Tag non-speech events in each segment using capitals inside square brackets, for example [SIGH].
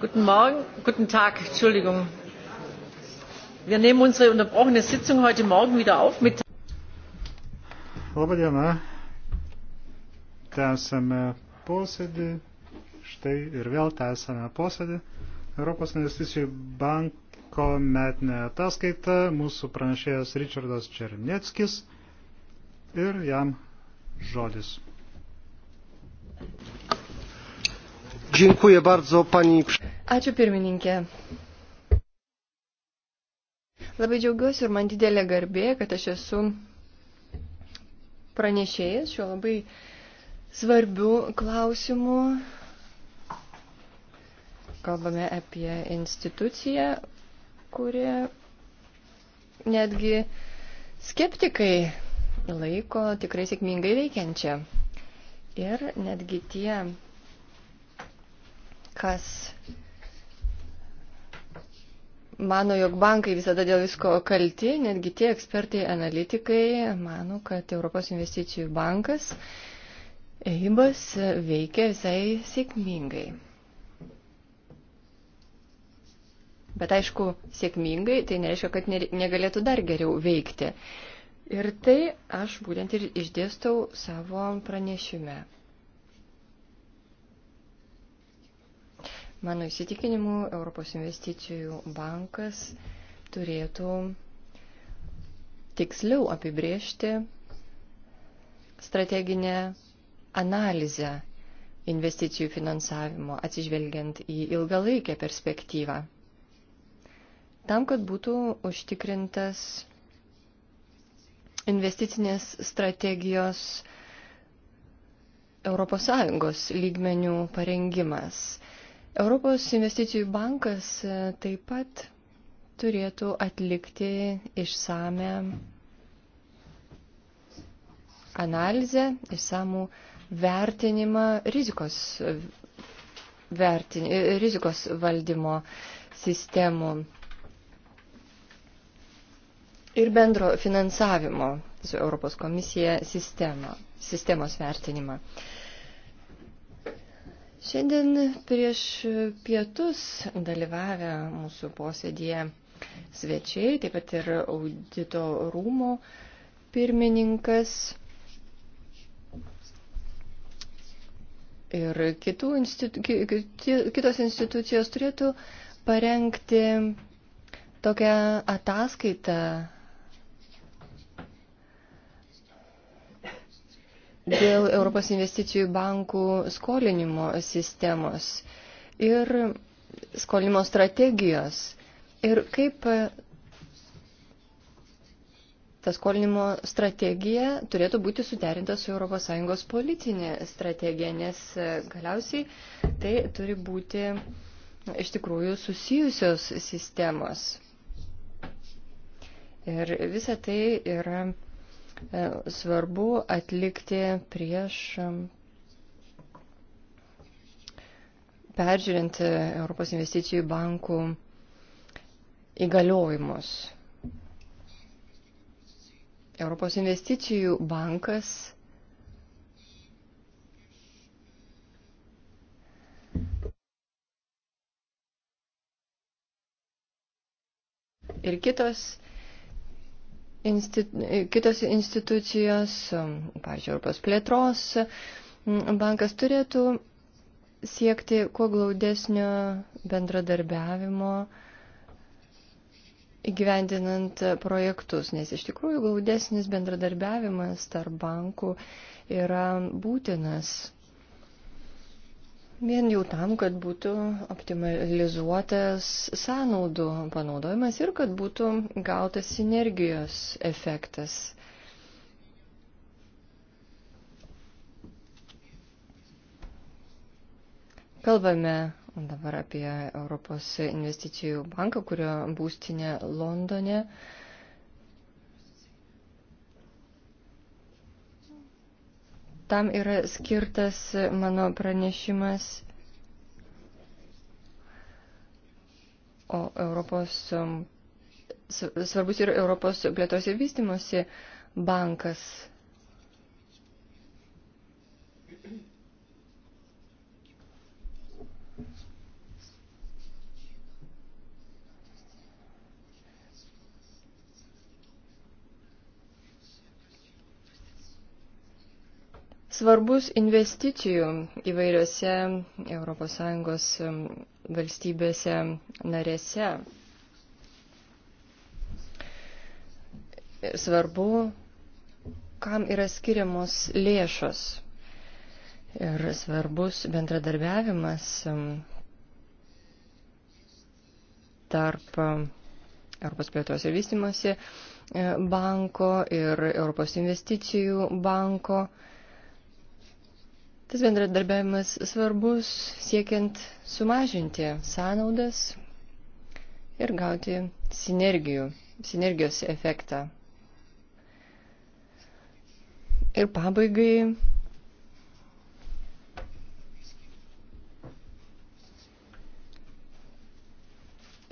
Guten Morgen, guten Tag, Entschuldigung. Wir nehmen unsere unterbrochene Sitzung heute Morgen wieder auf mit. Labą dieną. Tęsame posėdį. Štai ir vėl tęsame posėdį. Europos investicijų banko metinė ataskaita. Mūsų pranešėjas Richardas Černieckis. Ir jam žodis. Dziękuję bardzo pani. Ačiū pirmininkė. Labai džiaugiuosi ir man didelė garbė, kad aš esu pranešėjas šiuo labai svarbiu klausimu. Kalbame apie instituciją, kuri netgi skeptikai laiko tikrai sėkmingai veikiančią. Ir netgi tie kas mano, jog bankai visada dėl visko kalti, netgi tie ekspertai, analitikai mano, kad Europos investicijų bankas EIBAS veikia visai sėkmingai. Bet aišku, sėkmingai tai nereiškia, kad negalėtų dar geriau veikti. Ir tai aš būtent ir išdėstau savo pranešime. Mano įsitikinimu, Europos investicijų bankas turėtų tiksliau apibriežti strateginę analizę investicijų finansavimo, atsižvelgiant į ilgalaikę perspektyvą. Tam, kad būtų užtikrintas investicinės strategijos ES lygmenių parengimas. Europos investicijų bankas e, taip pat turėtų atlikti išsame analizę, išsamų vertinimą rizikos, e, vertin, e, rizikos valdymo sistemų ir bendro finansavimo su Europos komisija sistema, sistemos vertinimą. Uh, Šiandien prieš pietus dalyvavę mūsų posėdėje svečiai, taip pat ir audito rūmo pirmininkas ir institu, kitos institucijos turėtų parengti tokią ataskaitą dėl Europos investicijų bankų skolinimo sistemos ir skolinimo strategijos. Ir kaip ta skolinimo strategija turėtų būti suderinta su ES politinė strategija, nes galiausiai tai turi būti iš tikrųjų susijusios sistemos. Ir visa tai yra E, svarbu atlikti prieš e, peržiūrint Europos investicijų bankų įgaliojimus. Europos investicijų bankas ir kitos institu, kitos institucijos, um, pavyzdžiui, Europos plėtros um, bankas turėtų siekti kuo glaudesnio bendradarbiavimo įgyvendinant projektus, nes iš tikrųjų glaudesnis bendradarbiavimas tarp bankų yra būtinas Vien jau tam, kad būtų optimalizuotas sąnaudų panaudojimas ir kad būtų gautas sinergijos efektas. Kalbame dabar apie Europos investicijų banką, kurio būstinė Londone. Uh, tam yra skirtas mano pranešimas. O Europos, svarbus ir Europos plėtos ir vystimosi bankas svarbus investicijų įvairiose ES valstybėse narėse. Svarbu, kam yra skiriamos lėšos ir svarbus bendradarbiavimas tarp Europos plėtos ir vystimosi e, banko ir Europos investicijų banko. Tas bendradarbiavimas svarbus siekiant sumažinti sąnaudas ir gauti sinergijų, sinergijos efektą. Ir pabaigai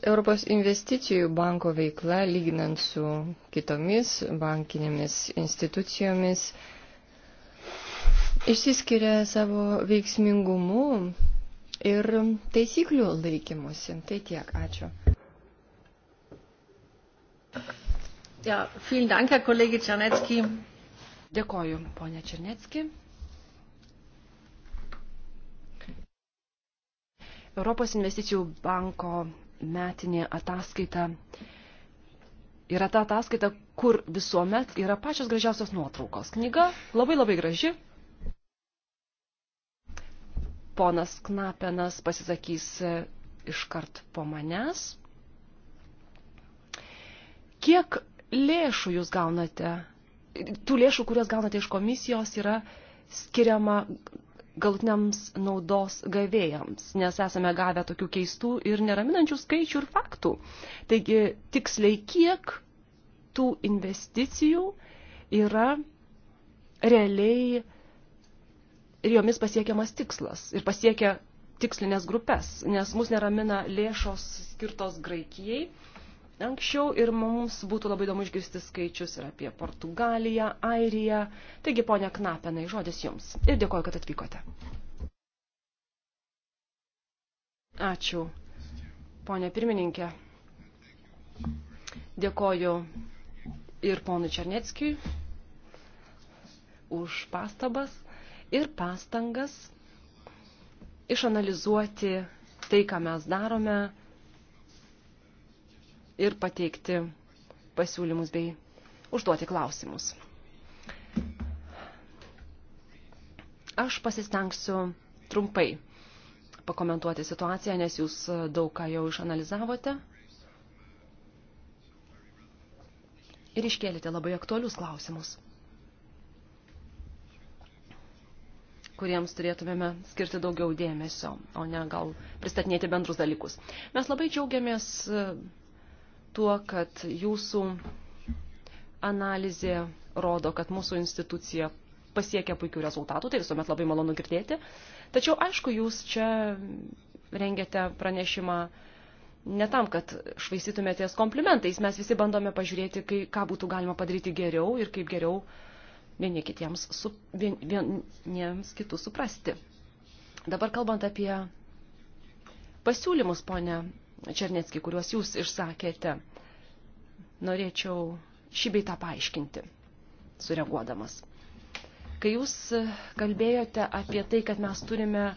Europos investicijų banko veikla, lyginant su kitomis bankinėmis institucijomis, išsiskiria savo veiksmingumu ir taisyklių laikymusi. Tai tiek, ačiū. Ja, vielen Dank, Herr Kollege Czernetski. Dėkoju, ponė Černetski. Europos investicijų banko metinė ataskaita yra ta ataskaita, kur visuomet yra pačios gražiausios nuotraukos. Knyga labai labai graži, Ponas Knapenas pasisakys e, iškart po manęs. Kiek lėšų jūs gaunate, tų lėšų, kurias gaunate iš komisijos, yra skiriama galutiniams naudos gavėjams, nes esame gavę tokių keistų ir neraminančių skaičių ir faktų. Taigi tiksliai kiek tų investicijų yra realiai ir jomis pasiekiamas tikslas ir pasiekia tikslinės grupės, nes mus neramina lėšos skirtos Graikijai. Anksčiau ir mums būtų labai įdomu išgirsti skaičius ir apie Portugaliją, Airiją. Taigi, ponia Knapenai, žodis jums. Ir dėkoju, kad atvykote. Ačiū, ponia pirmininkė. Dėkoju ir ponui Černeckiui už pastabas ir pastangas išanalizuoti tai, ką mes darome ir pateikti pasiūlymus bei užduoti klausimus. Aš pasistengsiu trumpai pakomentuoti situaciją, nes jūs daug ką jau išanalizavote ir iškėlėte labai aktualius klausimus. kuriems turėtumėme skirti daugiau dėmesio, o ne gal pristatinėti bendrus dalykus. Mes labai džiaugiamės e, tuo, kad jūsų analizė rodo, kad mūsų institucija pasiekia puikių rezultatų, tai visuomet labai malonu girdėti. Tačiau, aišku, jūs čia rengiate pranešimą ne tam, kad švaistytumėtės komplimentais, mes visi bandome pažiūrėti, kai, ką būtų galima padaryti geriau ir kaip geriau uh, vieni kitiems su, vien, vieniems kitus suprasti. Dabar kalbant apie pasiūlymus, ponė Černetski, kuriuos jūs išsakėte, norėčiau šį beitą paaiškinti, sureaguodamas. Kai jūs kalbėjote apie tai, kad mes turime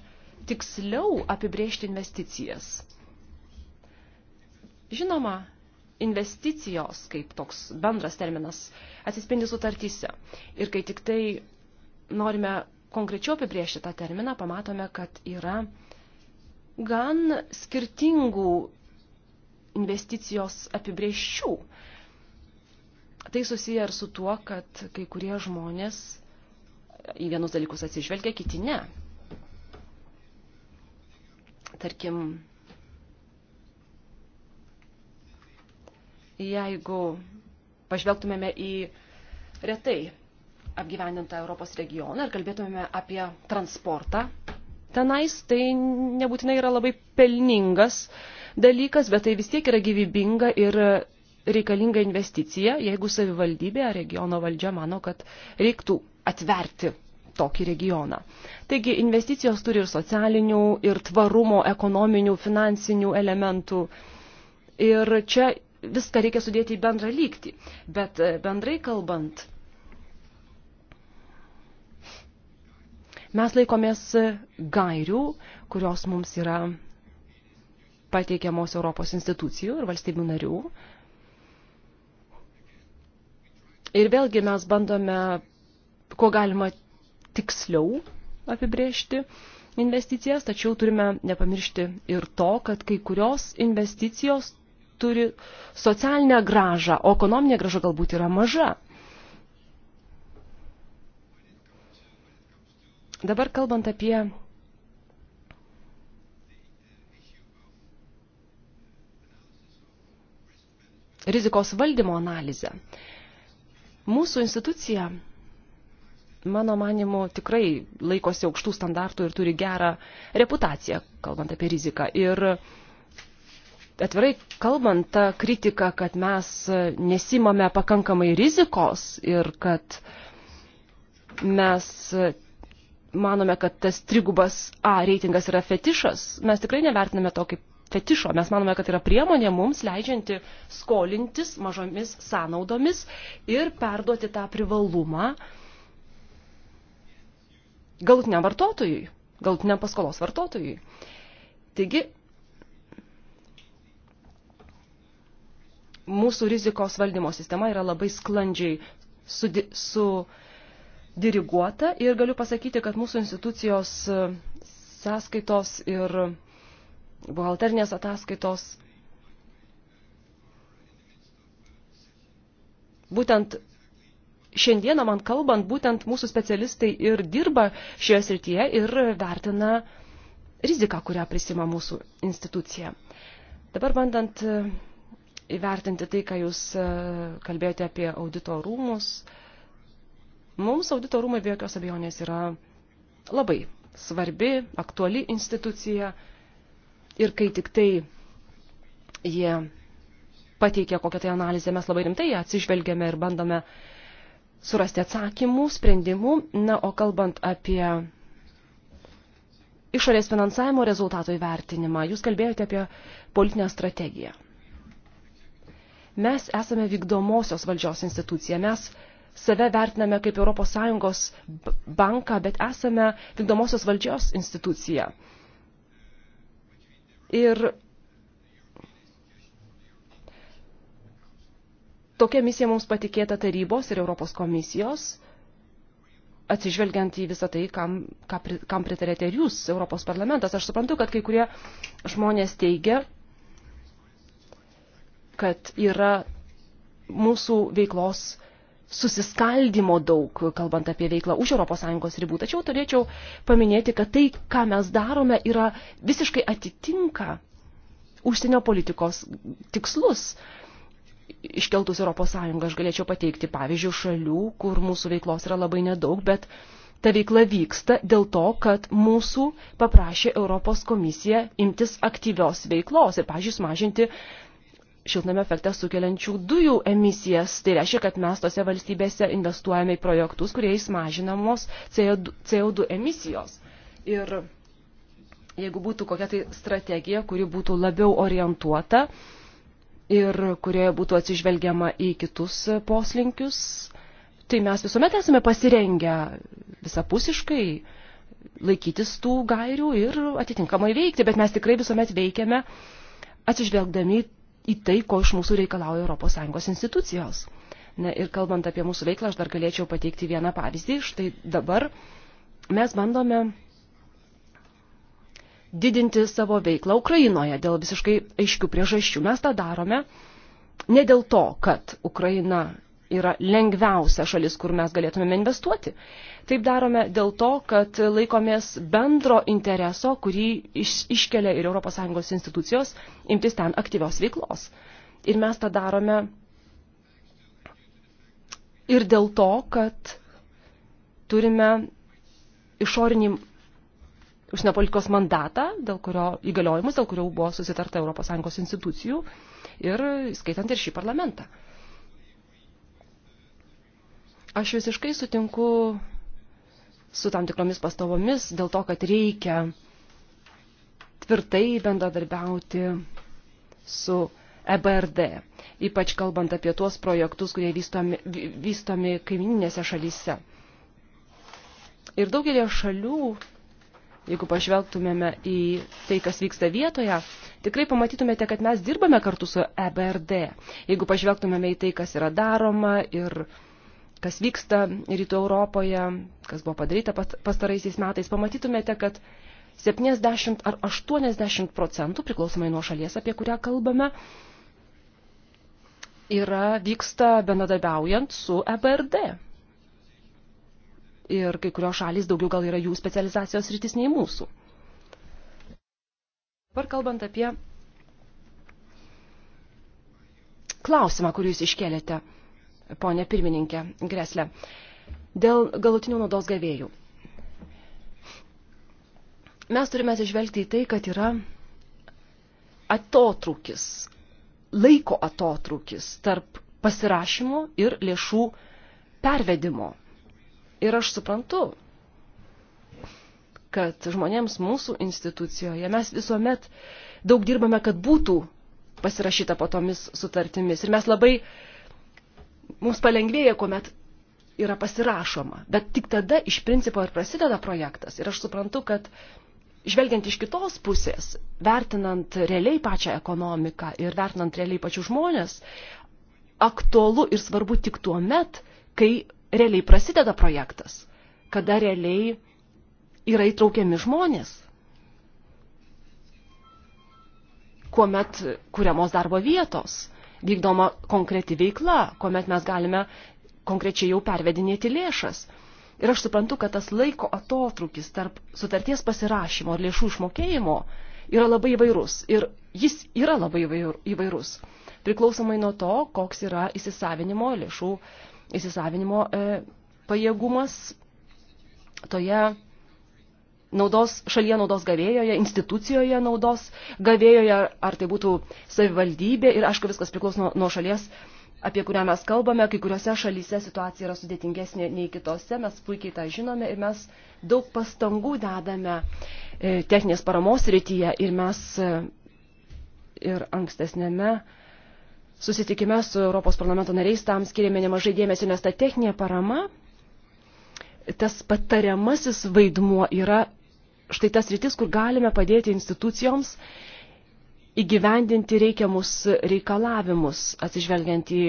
tiksliau apibrėžti investicijas. Žinoma, investicijos, kaip toks bendras terminas, atsispindi sutartyse. Ir kai tik tai norime konkrečiau apibriežti tą terminą, pamatome, kad yra gan skirtingų investicijos apibrėžčių. Tai susiję ir su tuo, kad kai kurie žmonės į vienus dalykus atsižvelgia, kiti ne. Tarkim, jeigu pažvelgtumėme į retai apgyvendintą Europos regioną ir kalbėtumėme apie transportą tenais, tai nebūtinai yra labai pelningas dalykas, bet tai vis tiek yra gyvybinga ir reikalinga investicija, jeigu savivaldybė ar regiono valdžia mano, kad reiktų atverti tokį regioną. Taigi investicijos turi ir socialinių, ir tvarumo, ekonominių, finansinių elementų. Ir čia viską reikia sudėti į bendrą lygtį. Bet e, bendrai kalbant, mes laikomės gairių, kurios mums yra pateikiamos Europos institucijų ir valstybių narių. Ir vėlgi mes bandome, kuo galima tiksliau apibrėžti investicijas, tačiau turime nepamiršti ir to, kad kai kurios investicijos turi socialinę gražą, o ekonominė graža galbūt yra maža. Dabar kalbant apie rizikos valdymo analizę. Mūsų institucija, mano manimu, tikrai laikosi aukštų standartų ir turi gerą reputaciją, kalbant apie riziką. Ir atvirai kalbant, ta kritika, kad mes nesimame pakankamai rizikos ir kad mes manome, kad tas trigubas A reitingas yra fetišas, mes tikrai nevertiname to kaip fetišo. Mes manome, kad yra priemonė mums leidžianti skolintis mažomis sąnaudomis ir perduoti tą privalumą galutiniam vartotojui, galutiniam paskolos vartotojui. Taigi, mūsų rizikos valdymo sistema yra labai sklandžiai sudiriguota su ir galiu pasakyti, kad mūsų institucijos e, sąskaitos ir buhalternės ataskaitos būtent šiandieną man kalbant, būtent mūsų specialistai ir dirba šioje srityje ir vertina riziką, kurią prisima mūsų institucija. Dabar bandant e, įvertinti tai, ką jūs e, kalbėjote apie audito rūmus. Mums audito rūmai be jokios abejonės yra labai svarbi, aktuali institucija ir kai tik tai jie pateikia kokią tai analizę, mes labai rimtai atsižvelgiame ir bandome surasti atsakymų, sprendimų. Na, o kalbant apie išorės finansavimo rezultato įvertinimą, jūs kalbėjote apie politinę strategiją. Mes esame vykdomosios valdžios institucija, mes save vertiname kaip ES banką, bet esame vykdomosios valdžios institucija. Ir tokia misija mums patikėta tarybos ir Europos komisijos, atsižvelgiant į visą tai, kam, kam pritarėte ir jūs, Europos parlamentas. Aš suprantu, kad kai kurie žmonės teigia, kad yra mūsų veiklos susiskaldimo daug, kalbant apie veiklą už ES ribų. Tačiau turėčiau paminėti, kad tai, ką mes darome, yra visiškai atitinka užsienio politikos tikslus iškeltus ES. Aš galėčiau pateikti pavyzdžių šalių, kur mūsų veiklos yra labai nedaug, bet ta veikla vyksta dėl to, kad mūsų paprašė Europos komisija imtis aktyvios veiklos ir, pažiūrėjus, mažinti šiltnamio efektą sukeliančių dujų emisijas. Tai reiškia, kad mes tose valstybėse investuojame į projektus, kuriais mažinamos CO2 emisijos. Ir jeigu būtų kokia tai strategija, kuri būtų labiau orientuota ir kurioje būtų atsižvelgiama į kitus poslinkius, tai mes visuomet esame pasirengę visapusiškai laikytis tų gairių ir atitinkamai veikti, bet mes tikrai visuomet veikiame atsižvelgdami į tai, ko iš mūsų reikalauja ES institucijos. Na ir kalbant apie mūsų veiklą, aš dar galėčiau pateikti vieną pavyzdį. Štai dabar mes bandome didinti savo veiklą Ukrainoje dėl visiškai aiškių priežasčių. Mes tą darome ne dėl to, kad Ukraina yra lengviausia šalis, kur mes galėtumėme investuoti, Taip darome dėl to, kad laikomės bendro intereso, kurį iš, iškelia ir ES institucijos imtis ten aktyvios veiklos. Ir mes tą darome ir dėl to, kad turime išorinį užsienio politikos mandatą, dėl kurio įgaliojimus, dėl kurio buvo susitarta ES institucijų ir skaitant ir šį parlamentą. Aš visiškai sutinku su tam tikromis pastovomis dėl to, kad reikia tvirtai bendradarbiauti su EBRD, ypač kalbant apie tuos projektus, kurie vystomi, vystomi kaimininėse šalyse. Ir daugelio šalių, jeigu pažvelgtumėme į tai, kas vyksta vietoje, tikrai pamatytumėte, kad mes dirbame kartu su EBRD. Jeigu pažvelgtumėme į tai, kas yra daroma ir kas vyksta rytų Europoje, kas buvo padaryta pastaraisiais metais, pamatytumėte, kad 70 ar 80 procentų, priklausomai nuo šalies, apie kurią kalbame, yra vyksta bendradarbiaujant su EBRD. Ir kai kurios šalys daugiau gal yra jų specializacijos rytis nei mūsų. Dabar kalbant apie klausimą, kurį jūs iškėlėte ponė pirmininkė Greslė. Dėl galutinių naudos gavėjų. Mes turime atsižvelgti į tai, kad yra atotrūkis, laiko atotrūkis tarp pasirašymo ir lėšų pervedimo. Ir aš suprantu, kad žmonėms mūsų institucijoje mes visuomet daug dirbame, kad būtų pasirašyta po tomis sutartimis. Ir mes labai uh, mums palengvėja, kuomet yra pasirašoma. Bet tik tada iš principo ir prasideda projektas. Ir aš suprantu, kad žvelgiant iš kitos pusės, vertinant realiai pačią ekonomiką ir vertinant realiai pačių žmonės, aktualu ir svarbu tik tuo met, kai realiai prasideda projektas, kada realiai yra įtraukiami žmonės, kuomet kuriamos darbo vietos, vykdoma konkreti veikla, kuomet mes galime konkrečiai jau pervedinėti lėšas. Ir aš suprantu, kad tas laiko atotrukis tarp sutarties pasirašymo ir lėšų išmokėjimo yra labai įvairus. Ir jis yra labai įvairus. Priklausomai nuo to, koks yra įsisavinimo lėšų, įsisavinimo e, pajėgumas toje naudos, šalyje naudos gavėjoje, institucijoje naudos gavėjoje, ar tai būtų savivaldybė ir aišku viskas priklauso nuo, nuo šalies, apie kurią mes kalbame. Kai kuriuose šalyse situacija yra sudėtingesnė nei kitose, mes puikiai tą žinome ir mes daug pastangų dedame e, techninės paramos rytyje ir mes e, ir ankstesnėme susitikime su Europos parlamento nariais tam skirėme nemažai dėmesio, nes ta techninė parama tas patariamasis vaidmuo yra štai tas rytis, kur galime padėti institucijoms įgyvendinti reikiamus reikalavimus, atsižvelgiant į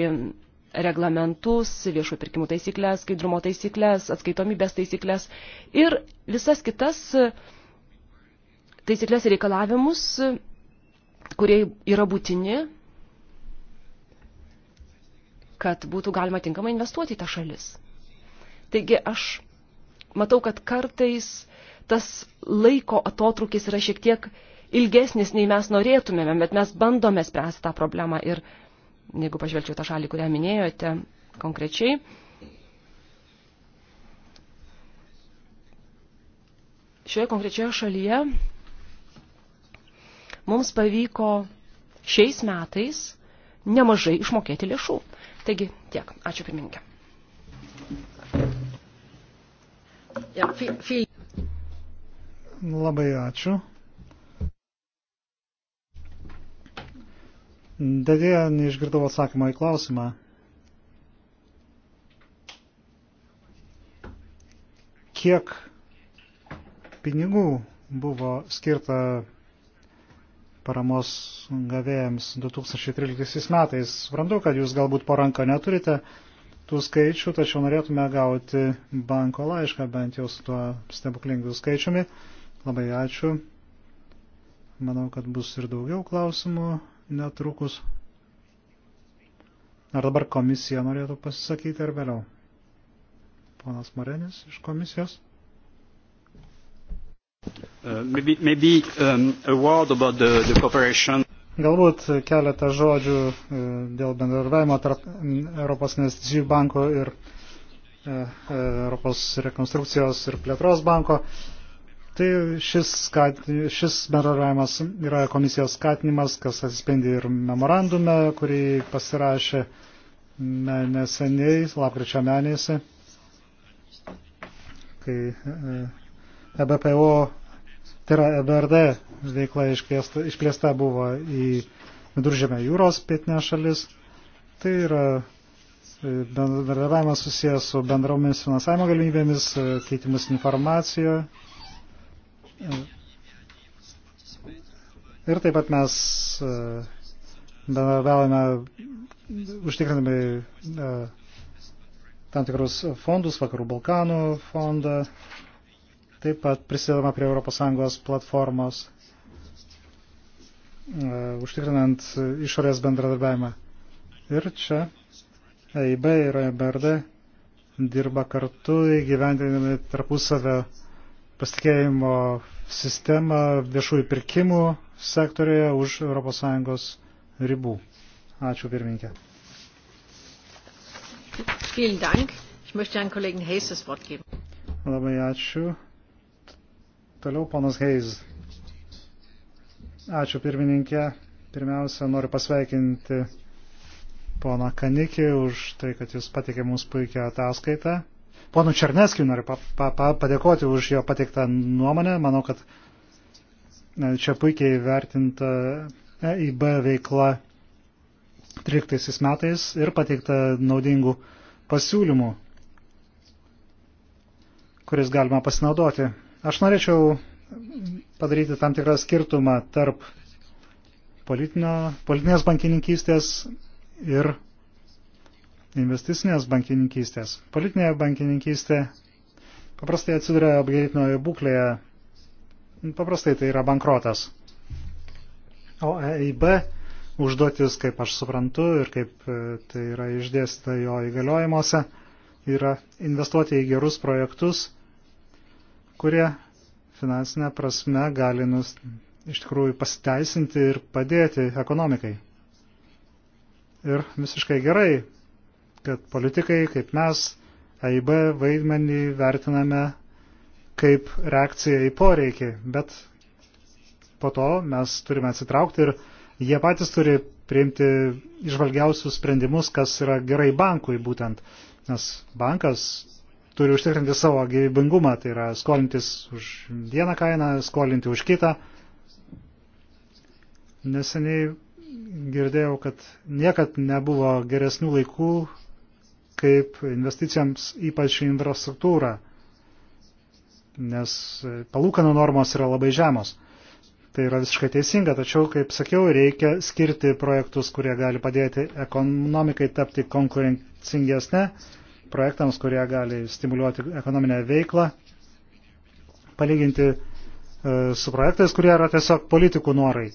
reglamentus, viešų pirkimų taisyklės, skaidrumo taisyklės, atskaitomybės taisyklės ir visas kitas taisyklės ir reikalavimus, kurie yra būtini, kad būtų galima tinkamai investuoti į tą šalis. Taigi aš matau, kad kartais tas laiko atotrukis yra šiek tiek ilgesnis, nei mes norėtumėme, bet mes bandome spręsti tą problemą ir jeigu pažvelgčiau tą šalį, kurią minėjote konkrečiai, šioje konkrečioje šalyje mums pavyko šiais metais nemažai išmokėti lėšų. Taigi tiek. Ačiū pirmininkė. Ja, viel, viel. Labai ačiū. Dėdėja, neišgirdau atsakymą į klausimą. Kiek pinigų buvo skirta paramos gavėjams 2013 metais? Suprantu, kad jūs galbūt po ranką neturite tų skaičių, tačiau norėtume gauti banko laišką bent jau su tuo stebuklingu skaičiumi. Labai ačiū. Manau, kad bus ir daugiau klausimų netrukus. Ar dabar komisija norėtų pasisakyti ar vėliau? Ponas Marenis iš komisijos. Uh, maybe, maybe, um, the, the Galbūt keletą žodžių uh, dėl bendradarbiavimo tarp mm, Europos investicijų banko ir uh, uh, Europos rekonstrukcijos ir plėtros banko. Uh, Tai šis, skat, šis bendradarbiavimas yra komisijos skatinimas, kas atsispindi ir memorandume, kurį pasirašė neseniai, lapkričio mėnesį, kai EBPO, e tai yra EBRD veikla išplėsta, išplėsta buvo į viduržėmę jūros pietinę šalis. Tai yra e, bendradarbiavimas susijęs su bendromis finansavimo galimybėmis, e, keitimus informacijoje Ir taip pat mes e, bendradarbiavame užtikrindami e, tam tikrus fondus, Vakarų Balkanų fondą, taip pat prisidedama prie ES platformos, e, užtikrinant išorės bendradarbiavimą. Ir čia EIB ir EBRD dirba kartu įgyvendinami tarpusavę pasitikėjimo sistemą viešųjų pirkimų sektorioje už ES ribų. Ačiū pirmininkė. Labai ačiū. Toliau ponas Heis. Ačiū pirmininkė. Pirmiausia, noriu pasveikinti poną Kanikį už tai, kad jis patikė mums puikią ataskaitą. Ponu Černeskiu noriu pa, pa, pa, padėkoti už jo pateiktą nuomonę. Manau, kad e, čia puikiai vertinta EIB e veikla 13 metais ir pateikta naudingų pasiūlymų, kuris galima pasinaudoti. Aš norėčiau padaryti tam tikrą skirtumą tarp politinės bankininkystės ir investicinės bankininkystės. Politinė bankininkystė paprastai atsiduria apgailitinoje būklėje, paprastai tai yra bankrotas. O EIB užduotis, kaip aš suprantu ir kaip e, tai yra išdėsta jo įgaliojimuose, yra investuoti į gerus projektus, kurie finansinė prasme gali nus, iš tikrųjų pasiteisinti ir padėti ekonomikai. Ir visiškai gerai, kad politikai, kaip mes, AIB vaidmenį vertiname kaip reakcija į poreikį, bet po to mes turime atsitraukti ir jie patys turi priimti išvalgiausius sprendimus, kas yra gerai bankui būtent, nes bankas turi užtikrinti savo gyvybingumą, tai yra skolintis už vieną kainą, skolinti už kitą. Neseniai girdėjau, kad niekad nebuvo geresnių laikų kaip investicijams ypač į infrastruktūrą, nes palūkanų normos yra labai žemos. Tai yra visiškai teisinga, tačiau, kaip sakiau, reikia skirti projektus, kurie gali padėti ekonomikai tapti konkurencingesnė, projektams, kurie gali stimuliuoti ekonominę veiklą, palyginti e, su projektais, kurie yra tiesiog politikų norai.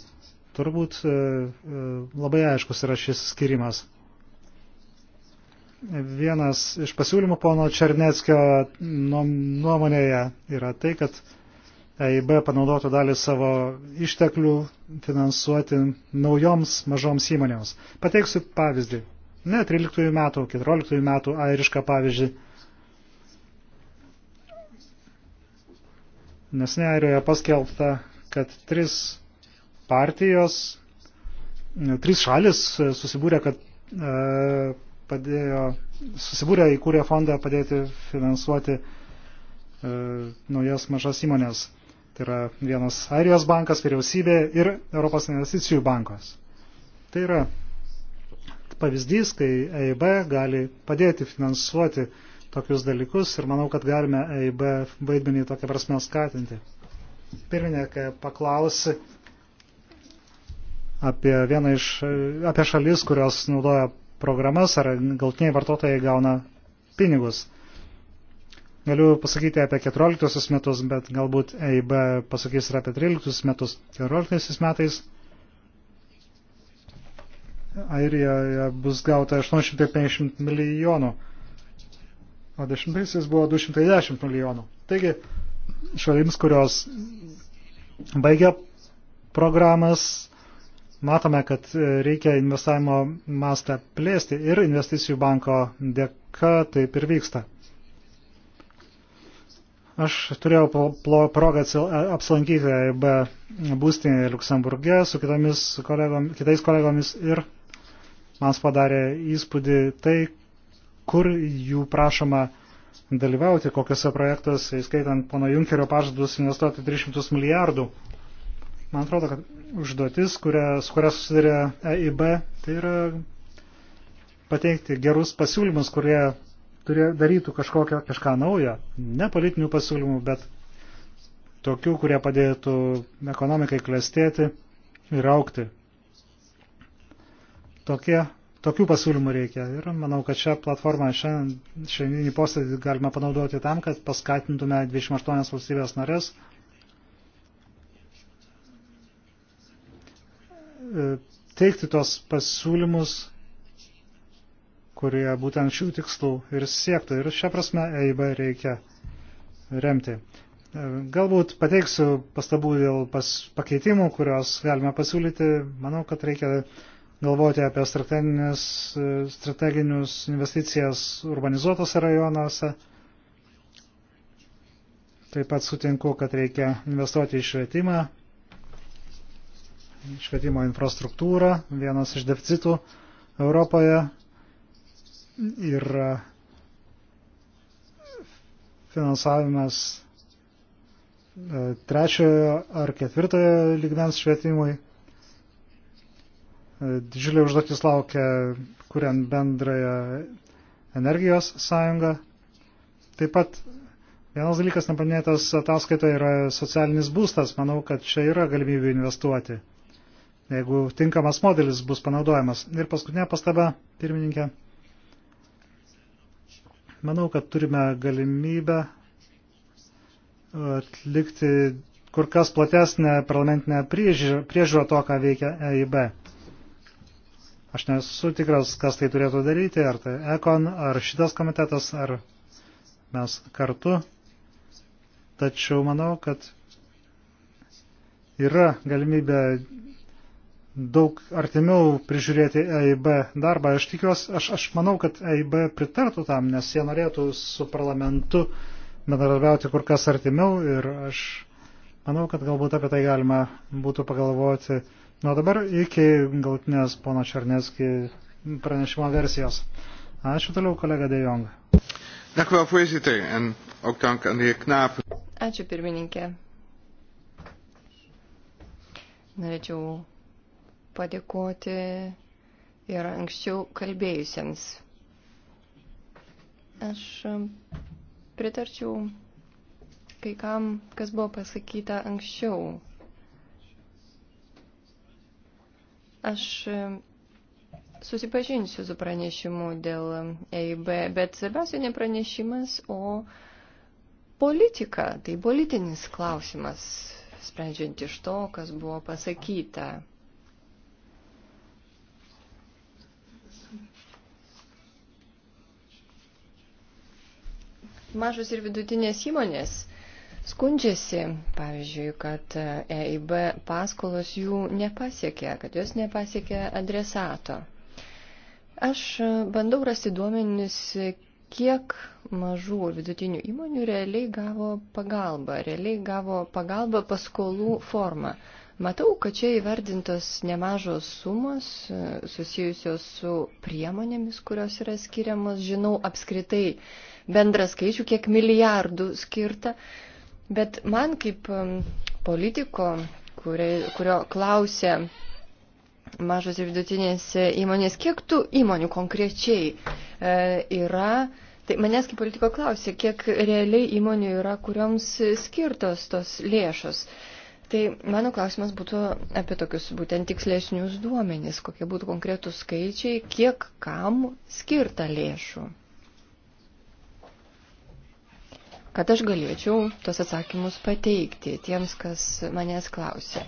Turbūt e, e, labai aiškus yra šis skirimas vienas iš pasiūlymų pono Černeckio nuomonėje yra tai, kad EIB panaudotų dalį savo išteklių finansuoti naujoms mažoms įmonėms. Pateiksiu pavyzdį. Ne 13 metų, 14 metų airišką pavyzdį. Nes ne Airijoje paskelbta, kad tris partijos, trys šalis susibūrė, kad e, padėjo, susibūrė įkūrė fondą padėti finansuoti e, naujas mažas įmonės. Tai yra vienas Airijos bankas, vyriausybė ir Europos investicijų bankas. Tai yra pavyzdys, kai EIB gali padėti finansuoti tokius dalykus ir manau, kad galime EIB vaidmenį tokią prasme skatinti. Pirmininkė paklausi apie vieną iš, apie šalis, kurios naudoja programas, ar galtiniai vartotojai gauna pinigus. Galiu pasakyti apie 14 metus, bet galbūt EIB pasakys ir apie 13 metus. 14 metais Airijoje bus gauta 850 milijonų, o 10 buvo 210 milijonų. Taigi, šalims, kurios baigia programas, matome, kad e, reikia investavimo mastą plėsti ir investicijų banko dėka taip ir vyksta. Aš turėjau progą apsilankyti AIB būstinėje Luksemburgė su kitomis kolegom, kitais kolegomis ir man padarė įspūdį tai, kur jų prašoma dalyvauti, kokiuose projektuose, įskaitant pono Junkerio pažadus investuoti 300 milijardų Man atrodo, kad užduotis, kuria, su kuria susidarė EIB, tai yra pateikti gerus pasiūlymus, kurie turė, darytų kažkokią, kažką naujo. Ne politinių pasiūlymų, bet tokių, kurie padėtų ekonomikai klestėti ir aukti. Tokie, tokių pasiūlymų reikia. Ir manau, kad šią platformą šiandien, šiandienį posėdį galime panaudoti tam, kad paskatintume 28 valstybės narės E, teikti tos pasiūlymus, kurie būtent šių tikslų ir siektų. Ir šią prasme EIB reikia remti. E, galbūt pateiksiu pastabų dėl pas, pakeitimų, kurios galime pasiūlyti. Manau, kad reikia galvoti apie strateginius, e, strateginius investicijas urbanizuotose rajonuose. Taip pat sutinku, kad reikia investuoti į švietimą, švietimo infrastruktūrą. Vienas iš deficitų Europoje yra e, finansavimas e, trečiojo ar ketvirtojo lygmens švietimui. E, didžiulė užduotis laukia, kuriant bendrąją energijos sąjungą. Taip pat vienas dalykas nepaminėtas ataskaitoje yra socialinis būstas. Manau, kad čia yra galimybė investuoti jeigu tinkamas modelis bus panaudojamas. Ir paskutinė pastaba, pirmininkė. Manau, kad turime galimybę atlikti kur kas platesnę parlamentinę priežiūrą to, ką veikia EIB. Aš nesu tikras, kas tai turėtų daryti, ar tai ECON, ar šitas komitetas, ar mes kartu. Tačiau manau, kad yra galimybė daug artimiau prižiūrėti EIB darbą. Aš tikiuosi, aš, aš manau, kad EIB pritartų tam, nes jie norėtų su parlamentu bendradarbiauti kur kas artimiau ir aš manau, kad galbūt apie tai galima būtų pagalvoti nuo dabar iki galtinės pono Černeski pranešimo versijos. Ačiū toliau, kolega De Jong. Ačiū pirmininkė. Norėčiau padėkoti ir anksčiau kalbėjusiems. Aš pritarčiau kai kam, kas buvo pasakyta anksčiau. Aš susipažinsiu su pranešimu dėl EIB, bet svarbiausia ne pranešimas, o politika. Tai politinis klausimas, sprendžiant iš to, kas buvo pasakyta. mažos ir vidutinės įmonės skundžiasi, pavyzdžiui, kad EIB paskolos jų nepasiekia, kad jos nepasiekia adresato. Aš bandau rasti duomenis, kiek mažų ir vidutinių įmonių realiai gavo pagalbą, realiai gavo pagalbą paskolų formą. Matau, kad čia įvardintos nemažos sumos e, susijusios su priemonėmis, kurios yra skiriamos. Žinau apskritai, bendrą skaičių, kiek milijardų skirta. Bet man kaip politiko, kurio, kurio klausė mažos ir vidutinės e, įmonės, kiek tų įmonių konkrečiai e, yra, tai manęs kaip politiko klausė, kiek realiai įmonių yra, kurioms skirtos tos lėšos. Tai mano klausimas būtų apie tokius būtent tikslesnius duomenys, kokie būtų konkretūs skaičiai, kiek kam skirta lėšų. kad aš galėčiau tos atsakymus pateikti tiems, kas manęs klausė.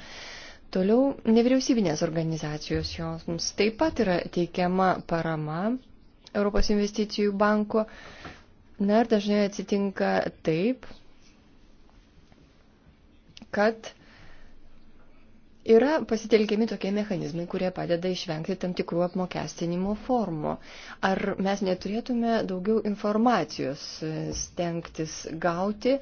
Toliau nevyriausybinės organizacijos joms taip pat yra teikiama parama Europos investicijų banko. Na ir dažnai atsitinka taip, kad Yra pasitelkiami tokie mechanizmai, kurie padeda išvengti tam tikrų apmokestinimo formų. Ar mes neturėtume daugiau informacijos e, stengtis gauti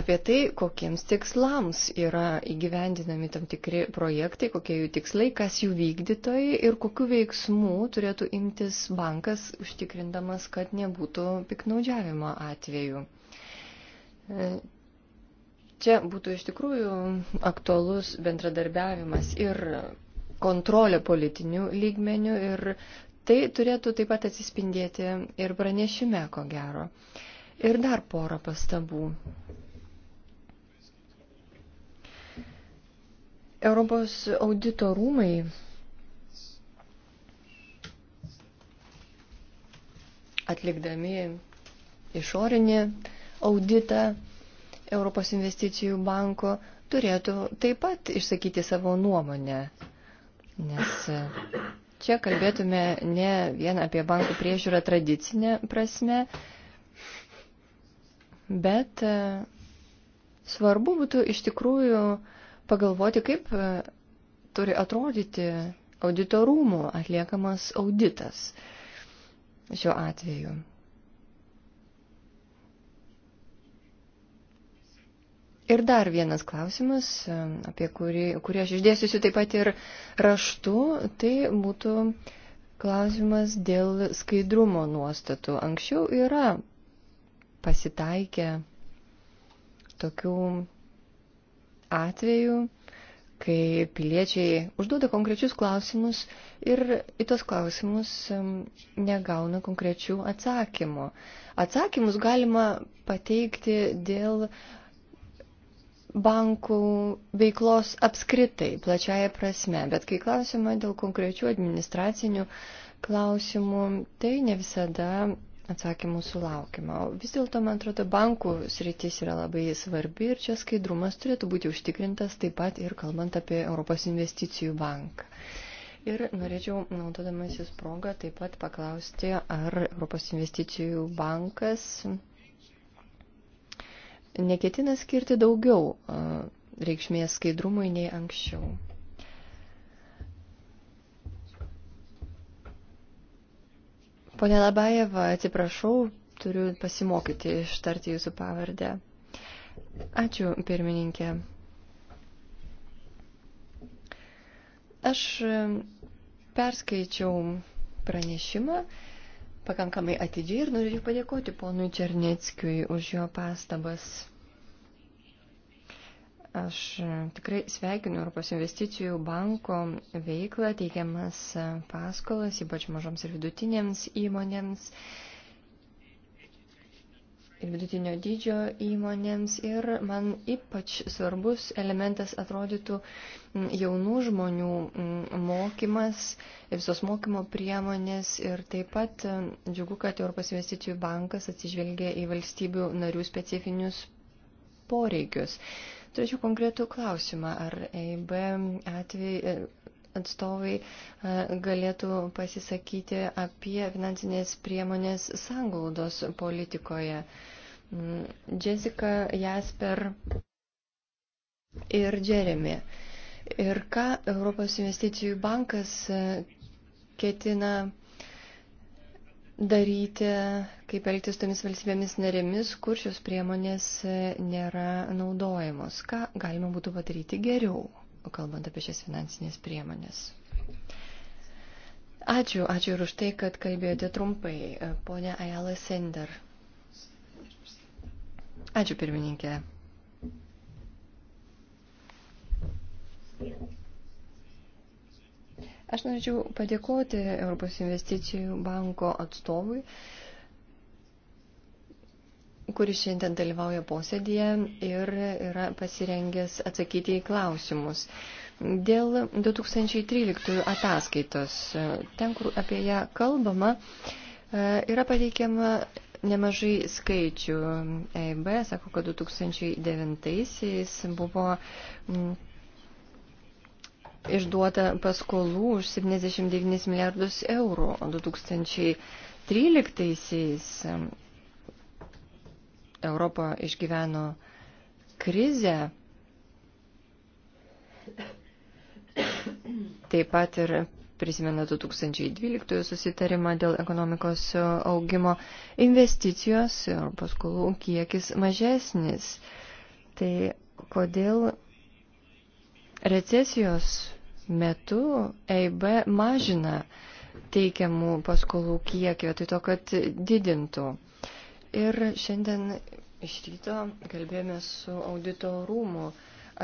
apie tai, kokiems tikslams yra įgyvendinami tam tikri projektai, kokie jų tikslai, kas jų vykdytojai ir kokiu veiksmu turėtų imtis bankas, užtikrindamas, kad nebūtų piknaudžiavimo atveju. E, Čia būtų iš tikrųjų aktualus bendradarbiavimas ir kontrolė politinių lygmenių ir tai turėtų taip pat atsispindėti ir pranešime, ko gero. Ir dar porą pastabų. Europos audito rūmai atlikdami išorinį auditą Europos investicijų banko turėtų taip pat išsakyti savo nuomonę. Nes e, čia kalbėtume ne vien apie bankų priežiūrą tradicinę prasme, bet e, svarbu būtų iš tikrųjų pagalvoti, kaip e, turi atrodyti auditorumų atliekamas auditas šiuo atveju. Ir dar vienas klausimas, apie kurį, kurį aš išdėsiu taip pat ir raštu, tai būtų klausimas dėl skaidrumo nuostatų. Anksčiau yra pasitaikę tokių atvejų, kai piliečiai užduoda konkrečius klausimus ir į tos klausimus negauna konkrečių atsakymų. Atsakymus galima pateikti dėl uh, bankų veiklos apskritai, plačiaja prasme. Bet kai klausima dėl konkrečių administracinių klausimų, tai ne visada atsakymų sulaukime. O vis dėlto, man atrodo, bankų sritis yra labai svarbi ir čia skaidrumas turėtų būti užtikrintas taip pat ir kalbant apie Europos investicijų banką. Ir norėčiau, naudodamasis progą, taip pat paklausti, ar Europos investicijų bankas neketina skirti daugiau reikšmės skaidrumui nei anksčiau. Pone Labajeva, atsiprašau, turiu pasimokyti ištarti jūsų pavardę. Ačiū, pirmininkė. Aš e, perskaičiau pranešimą pakankamai atidžiai ir norėčiau padėkoti ponui Černeckiui už jo pastabas. Aš tikrai sveikinu Europos investicijų banko veiklą, teikiamas paskolas, ypač mažoms ir vidutinėms įmonėms ir vidutinio dydžio įmonėms. Ir man ypač svarbus elementas atrodytų mm, jaunų žmonių mm, mokymas, visos mokymo priemonės. Ir taip pat mm, džiugu, kad Europos investicijų bankas atsižvelgia į valstybių narių specifinius poreikius. Tačiau konkretų klausimą, ar EIB atveju atstovai e, galėtų pasisakyti apie finansinės priemonės sanglaudos politikoje. Mm, Jessica Jasper ir Jeremy. Ir ką Europos investicijų bankas e, ketina daryti, kaip elgtis tomis valstybėmis narėmis, kur šios priemonės e, nėra naudojamos, ką galima būtų padaryti geriau kalbant apie šias finansinės priemonės. Ačiū, ačiū ir už tai, kad kalbėjote trumpai, e, ponia Ajala Sender. Ačiū, pirmininkė. Aš norėčiau padėkoti Europos investicijų banko atstovui kuris šiandien dalyvauja posėdėje ir yra pasirengęs atsakyti į klausimus. Dėl 2013 ataskaitos, ten, kur apie ją kalbama, yra pateikiama nemažai skaičių. EIB sako, kad 2009-aisiais buvo mm, išduota paskolų už 79 milijardus eurų, o 2013-aisiais Europa išgyveno krizę, taip pat ir prisimena 2012 susitarimą dėl ekonomikos augimo, investicijos ir paskolų kiekis mažesnis. Tai kodėl recesijos metu EIB mažina teikiamų paskolų kiekį, vietoj tai to, kad didintų. Uh, Ir šiandien iš ryto kalbėjome su audito rūmų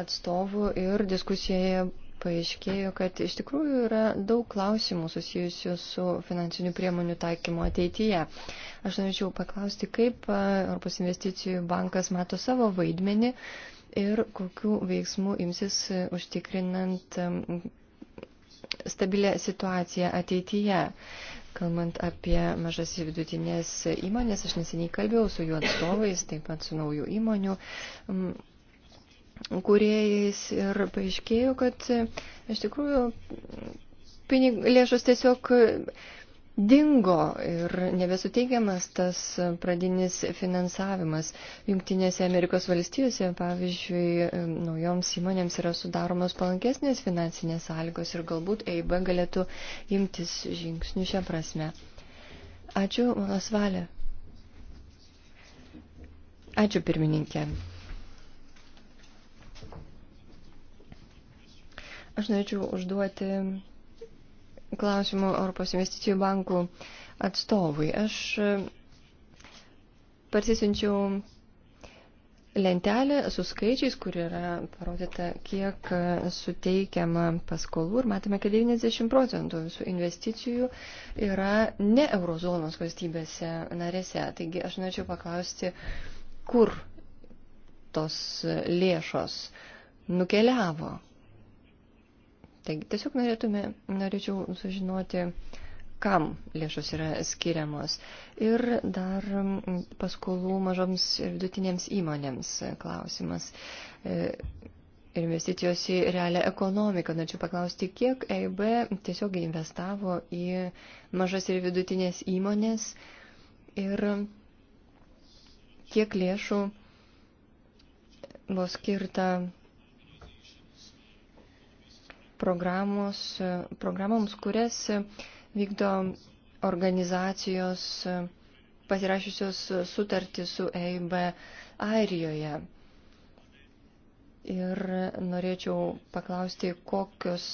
atstovu ir diskusijoje paaiškėjo, kad iš tikrųjų yra daug klausimų susijusių su finansinių priemonių taikymu ateityje. Aš norėčiau paklausti, kaip Europos investicijų bankas mato savo vaidmenį ir kokiu veiksmu imsis e, užtikrinant stabilę situaciją ateityje. Kalbant apie mažas ir vidutinės įmonės, aš neseniai kalbėjau su jų atstovais, taip pat su naujų įmonių kuriejais ir paaiškėjo, kad e, iš tikrųjų pinig, lėšos tiesiog dingo ir nebesuteikiamas tas pradinis finansavimas. Junktinėse Amerikos valstijose, pavyzdžiui, naujoms įmonėms yra sudaromos palankesnės finansinės sąlygos ir galbūt EIB galėtų imtis žingsnių šią prasme. Ačiū, manas Valė. Ačiū, pirmininkė. Aš norėčiau užduoti klausimų Europos investicijų bankų atstovui. Aš e, pasisinčiau lentelę su skaičiais, kur yra parodyta, kiek e, suteikiama paskolų ir matome, kad 90 procentų visų investicijų yra ne eurozonos valstybėse narėse. Taigi aš norėčiau paklausti, kur tos lėšos nukeliavo, Taigi, tiesiog norėtume, norėčiau sužinoti, kam lėšos yra skiriamos. Ir dar paskolų mažoms ir vidutinėms įmonėms klausimas. E, ir investicijos į realią ekonomiką. Norėčiau paklausti, kiek EIB tiesiog investavo į mažas ir vidutinės įmonės ir kiek lėšų buvo skirta programoms, kurias vykdo organizacijos pasirašysios sutartį su EIB Airijoje. Ir norėčiau paklausti, kokios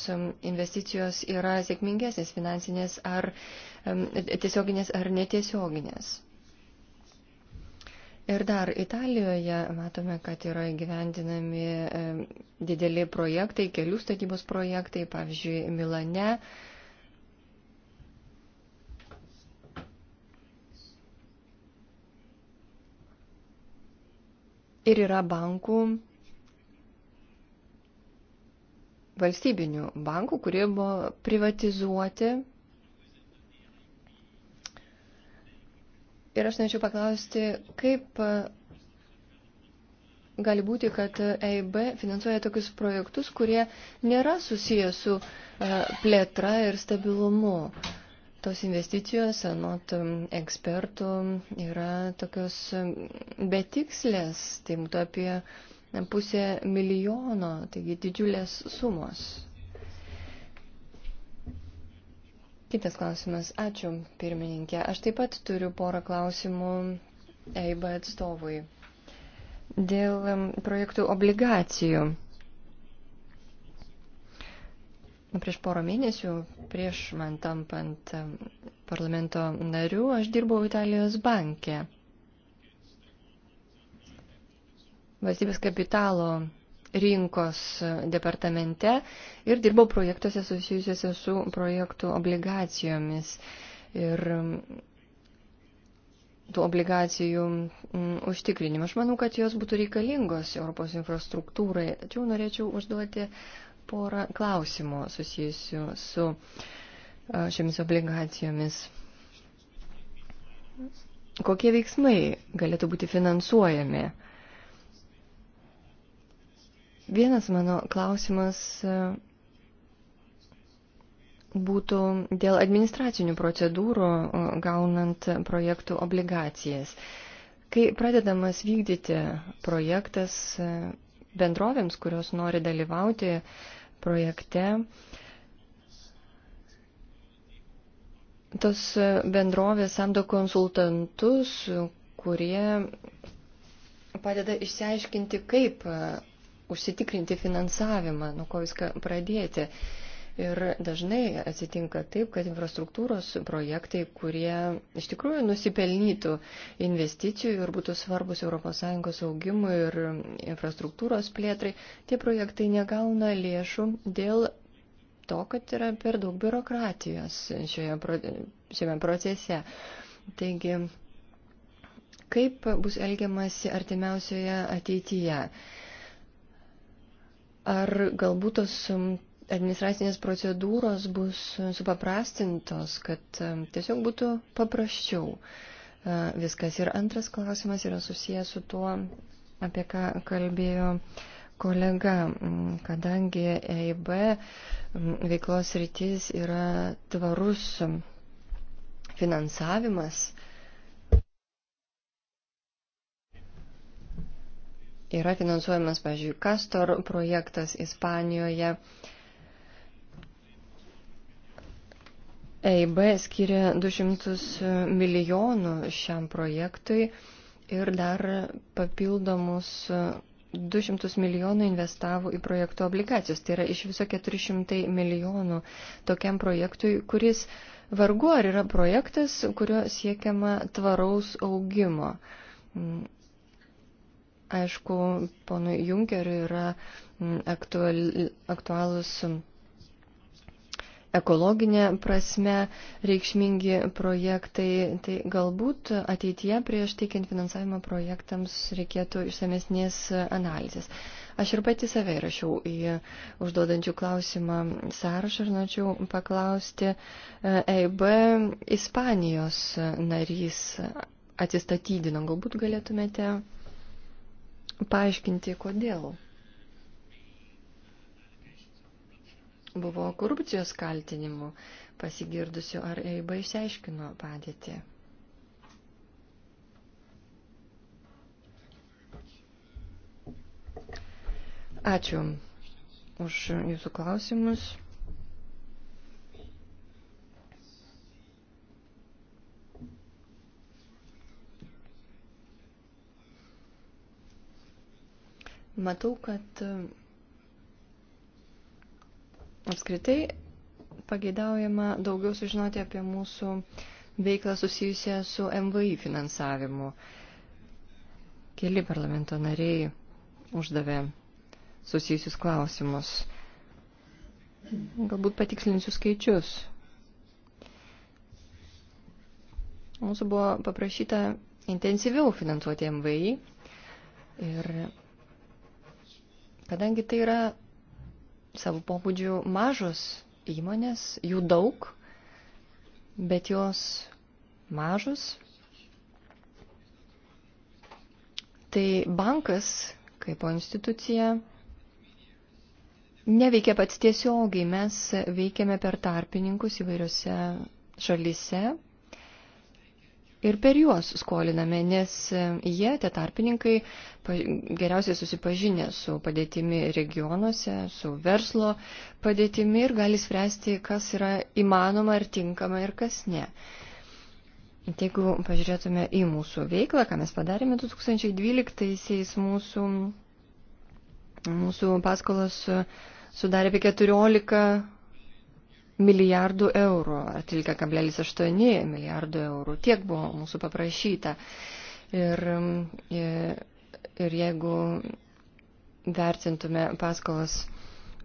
investicijos yra sėkmingesnės finansinės ar tiesioginės ar netiesioginės. Ir dar Italijoje matome, kad yra gyvendinami e, dideli projektai, kelių statybos projektai, pavyzdžiui, Milane. Ir yra bankų, valstybinių bankų, kurie buvo privatizuoti Ir aš norėčiau paklausti, kaip e, gali būti, kad EIB finansuoja tokius projektus, kurie nėra susiję su e, plėtra ir stabilumu. Tos investicijos, anot ekspertų, yra tokios betikslės, tai būtų apie pusę milijono, taigi didžiulės sumos. Kitas klausimas. Ačiū, pirmininkė. Aš taip pat turiu porą klausimų EIB atstovui. Dėl projektų obligacijų. Nu, prieš porą mėnesių, prieš man tampant parlamento narių, aš dirbau Italijos banke. Valstybės kapitalo rinkos departamente ir dirbau projektuose susijusiuose su projektų obligacijomis. Ir mm, tų obligacijų mm, užtikrinimą. Aš manau, kad jos būtų reikalingos Europos infrastruktūrai. Tačiau norėčiau užduoti porą klausimų susijusių su šiomis obligacijomis. Kokie veiksmai galėtų būti finansuojami? Vienas mano klausimas e, būtų dėl administracinių procedūrų e, gaunant projektų obligacijas. Kai pradedamas vykdyti projektas e, bendrovėms, kurios nori dalyvauti projekte, tos bendrovės samdo konsultantus, kurie padeda išsiaiškinti, kaip užsitikrinti finansavimą, nuo ko viską pradėti. Ir dažnai atsitinka taip, kad infrastruktūros projektai, kurie iš tikrųjų nusipelnytų investicijų ir būtų svarbus ES augimui ir infrastruktūros plėtrai, tie projektai negauna lėšų dėl to, kad yra per daug biurokratijos šioje, šiame procese. Taigi, kaip bus elgiamasi artimiausioje ateityje? Ar galbūt tos um, administracinės procedūros bus supaprastintos, kad um, tiesiog būtų paprasčiau uh, viskas. Ir antras klausimas yra susijęs su tuo, apie ką kalbėjo kolega, mm, kadangi EIB mm, veiklos rytis yra tvarus mm, finansavimas, yra finansuojamas, pavyzdžiui, Castor projektas Ispanijoje. EIB skiria 200 milijonų šiam projektui ir dar papildomus 200 milijonų investavo į projektų obligacijas. Tai yra iš viso 400 milijonų tokiam projektui, kuris vargu ar yra projektas, kurio siekiama tvaraus augimo. Aišku, ponui Junkeriu yra mm, aktual, aktualus ekologinė prasme reikšmingi projektai, tai galbūt ateityje prieš teikiant finansavimą projektams reikėtų išsamesnės analizės. Aš ir pati save įrašiau į užduodančių klausimą sąrašą ir norėčiau paklausti EIB e Ispanijos narys atsistatydino. Galbūt galėtumėte paaiškinti, kodėl buvo korupcijos kaltinimų pasigirdusių, ar EIB išsiaiškino padėtį. Ačiū už Jūsų klausimus. matau, kad e, apskritai pageidaujama daugiau sužinoti apie mūsų veiklą susijusią su MVI finansavimu. Keli parlamento nariai uždavė susijusius klausimus. Galbūt patikslinsiu skaičius. Mūsų buvo paprašyta intensyviau finansuoti MVI ir Kadangi tai yra savo pobūdžių mažos įmonės, jų daug, bet jos mažos, tai bankas kaip institucija neveikia pats tiesiogiai, mes veikiame per tarpininkus įvairiose šalyse, ir per juos skoliname, nes jie, tie tarpininkai, geriausiai susipažinę su padėtimi regionuose, su verslo padėtimi ir gali spręsti, kas yra įmanoma ir tinkama ir kas ne. Jeigu pažiūrėtume į mūsų veiklą, ką mes padarėme 2012-aisiais, mūsų, mūsų paskolos e, sudarė apie 14 milijardų eurų, 13,8 milijardų eurų. Tiek buvo mūsų paprašyta. Ir, e, ir jeigu vertintume paskolas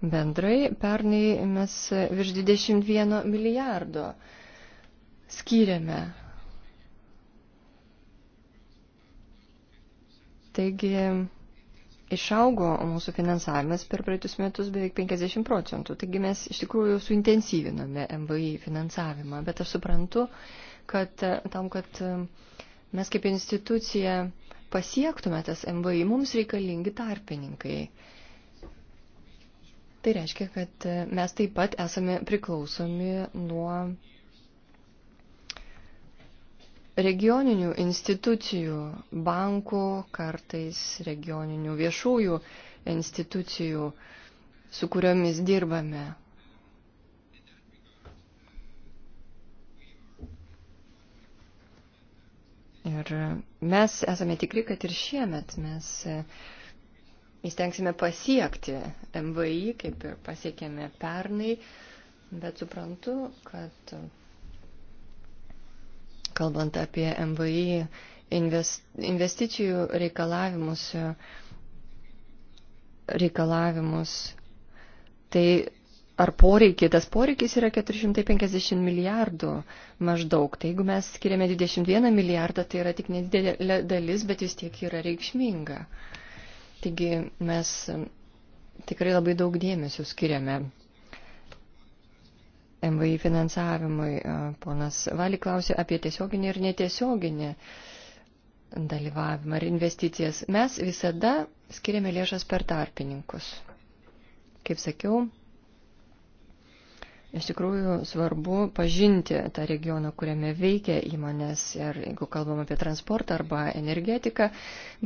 bendrai, pernai mes virš 21 milijardo skyrėme. Taigi, išaugo mūsų finansavimas per praeitus metus beveik 50 procentų. Taigi mes iš tikrųjų suintensyviname MVI finansavimą, bet aš suprantu, kad e, tam, kad e, mes kaip institucija pasiektume tas MVI, mums reikalingi tarpininkai. Tai reiškia, kad e, mes taip pat esame priklausomi nuo regioninių institucijų, bankų, kartais regioninių viešųjų institucijų, su kuriomis dirbame. Ir mes esame tikri, kad ir šiemet mes e, įstengsime pasiekti MVI, kaip ir pasiekėme pernai, bet suprantu, kad kalbant apie MVI investicijų reikalavimus, reikalavimus. Tai ar poreikiai, tas poreikis yra 450 milijardų maždaug. Tai jeigu mes skiriame 21 milijardą, tai yra tik nedidelė dalis, bet vis tiek yra reikšminga. Taigi mes tikrai labai daug dėmesio skiriame MVI finansavimui. Ponas Vali klausė apie tiesioginį ir netiesioginį dalyvavimą ir investicijas. Mes visada skiriame lėšas per tarpininkus. Kaip sakiau, iš tikrųjų svarbu pažinti tą regioną, kuriame veikia įmonės ir jeigu kalbam apie transportą arba energetiką,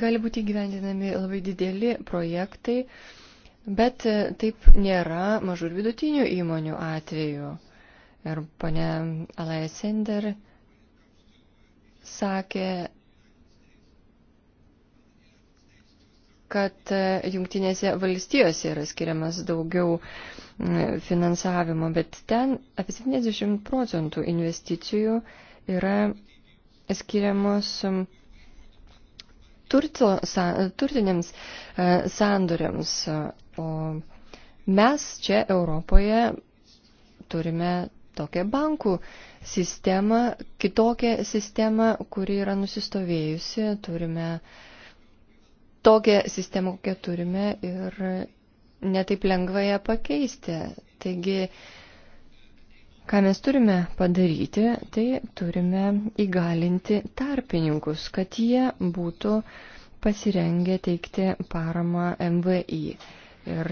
gali būti įgyvendinami labai dideli projektai, uh, Bet e, taip nėra mažų ir vidutinių įmonių atveju. Ir ponia Alaja Sender sakė, kad e, jungtinėse valstijose yra skiriamas daugiau finansavimo, bet ten apie 70 procentų investicijų yra skiriamos turto, turtiniams e, sandoriams. E, o mes čia Europoje turime tokią bankų sistemą, kitokią sistemą, kuri yra nusistovėjusi. Turime tokią sistemą, kokią turime ir netaip lengva ją pakeisti. Taigi, Ką mes turime padaryti, tai turime įgalinti tarpininkus, kad jie būtų pasirengę teikti paramą MVI. Ir,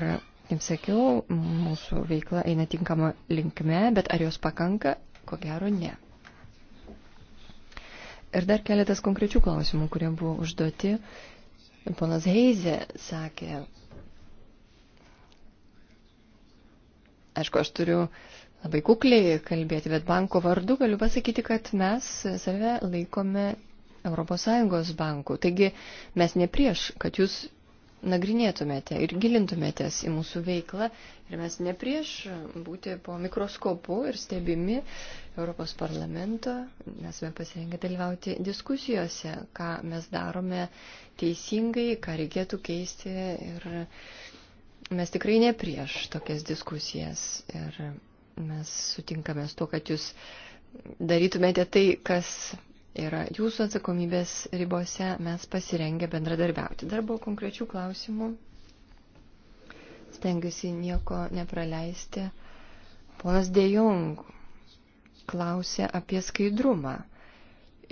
kaip sakiau, mūsų veikla eina tinkama linkme, bet ar jos pakanka, ko gero ne. Ir dar keletas konkrečių klausimų, kurie buvo užduoti. Ponas Heizė sakė, aišku, aš turiu uh, labai kukliai kalbėti, bet banko vardu galiu pasakyti, kad mes save laikome ES bankų. Taigi mes ne prieš, kad jūs nagrinėtumėte ir gilintumėtės į mūsų veiklą ir mes ne prieš būti po mikroskopu ir stebimi Europos parlamento, mes mes pasirengę dalyvauti diskusijose, ką mes darome teisingai, ką reikėtų keisti ir mes tikrai ne prieš tokias diskusijas. Ir Mes sutinkame su to, kad jūs darytumėte tai, kas yra jūsų atsakomybės ribose. Mes pasirengę bendradarbiauti. Dar buvo konkrečių klausimų. Stengiuosi nieko nepraleisti. Ponas Dejong klausė apie skaidrumą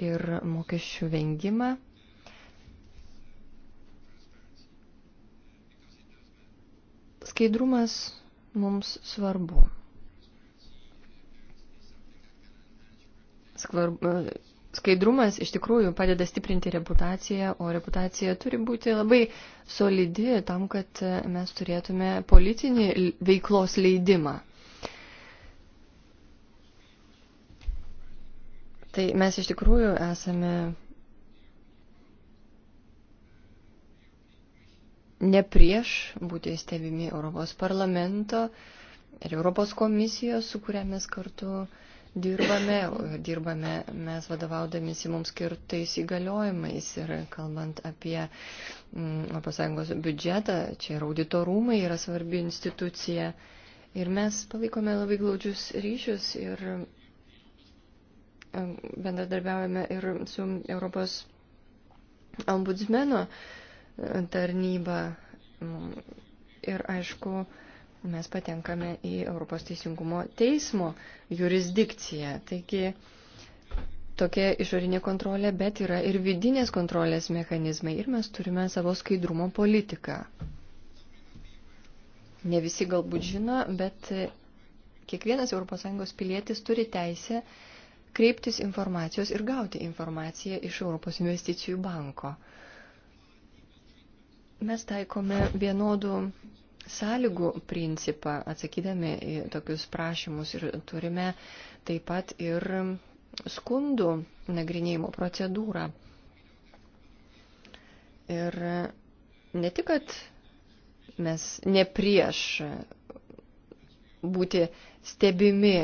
ir mokesčių vengimą. Skaidrumas mums svarbu. E, skaidrumas iš tikrųjų padeda stiprinti reputaciją, o reputacija turi būti labai solidi tam, kad e, mes turėtume politinį veiklos leidimą. Tai mes iš tikrųjų esame ne prieš būti stebimi Europos parlamento ir Europos komisijos, su kuria mes kartu uh, dirbame, dirbame mes vadovaudamėsi mums skirtais įgaliojimais ir kalbant apie mm, ES biudžetą, čia ir auditorumai yra svarbi institucija. Ir mes palaikome labai glaudžius ryšius ir bendradarbiavame ir su Europos ombudsmeno e, tarnyba. Mm, ir aišku, mes patenkame į Europos teisingumo teismo jurisdikciją. Taigi tokia išorinė kontrolė, bet yra ir vidinės kontrolės mechanizmai ir mes turime savo skaidrumo politiką. Ne visi galbūt žino, bet kiekvienas ES pilietis turi teisę kreiptis informacijos ir gauti informaciją iš Europos investicijų banko. Mes taikome vienodų sąlygų principą atsakydami į tokius prašymus ir turime taip pat ir skundų nagrinėjimo procedūrą. Ir ne tik, kad mes ne prieš būti stebimi,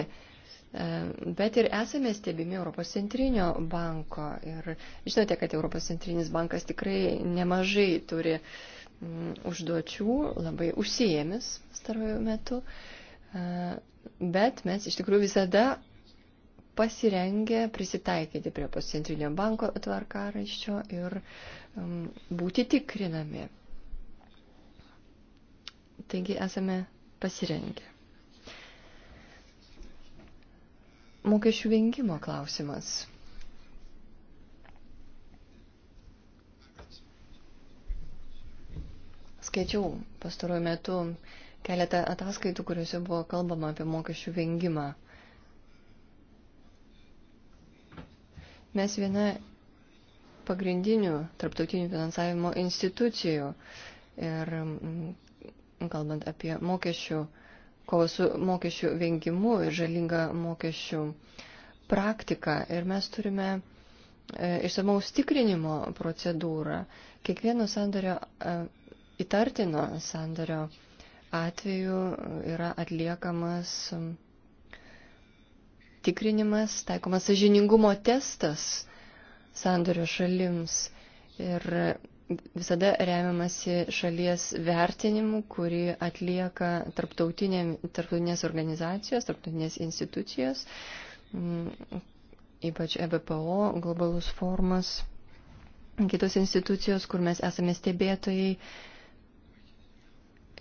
bet ir esame stebimi Europos centrinio banko. Ir žinote, kad Europos centrinis bankas tikrai nemažai turi uh, Mm, užduočių, labai užsijėmis starojų metu, bet mes iš tikrųjų visada pasirengę prisitaikyti prie puscentrinio banko tvarkaraščio ir um, būti tikrinami. Taigi esame pasirengę. Mokesčių vengimo klausimas. Skaičiau pastaruoju metu keletą ataskaitų, kuriuose buvo kalbama apie mokesčių vengimą. Mes viena pagrindinių tarptautinių finansavimo institucijų ir mm, kalbant apie mokesčių, kovą su mokesčių vengimu ir žalingą mokesčių praktiką. Ir mes turime e, išsamaus tikrinimo procedūrą. Kiekvieno sandario e, įtartino sandario atveju yra atliekamas um, tikrinimas, taikomas sažiningumo testas sandario šalims ir visada remiamasi šalies vertinimu, kurį atlieka tarptautinės organizacijos, tarptautinės institucijos, mm, ypač EBPO, globalus formas, kitos institucijos, kur mes esame stebėtojai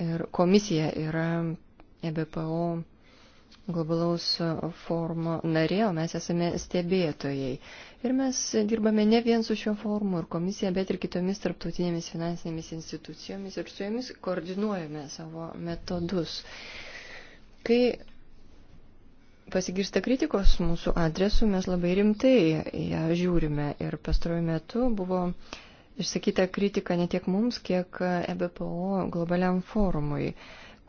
ir komisija yra EBPO globalaus formo narė, o mes esame stebėtojai. Ir mes dirbame ne vien su šio formu ir komisija, bet ir kitomis tarptautinėmis finansinėmis institucijomis ir su jomis koordinuojame savo metodus. Kai pasigirsta kritikos mūsų adresu, mes labai rimtai ją žiūrime ir pastaruoju metu buvo uh, išsakytą kritiką ne tiek mums, kiek EBPO globaliam forumui,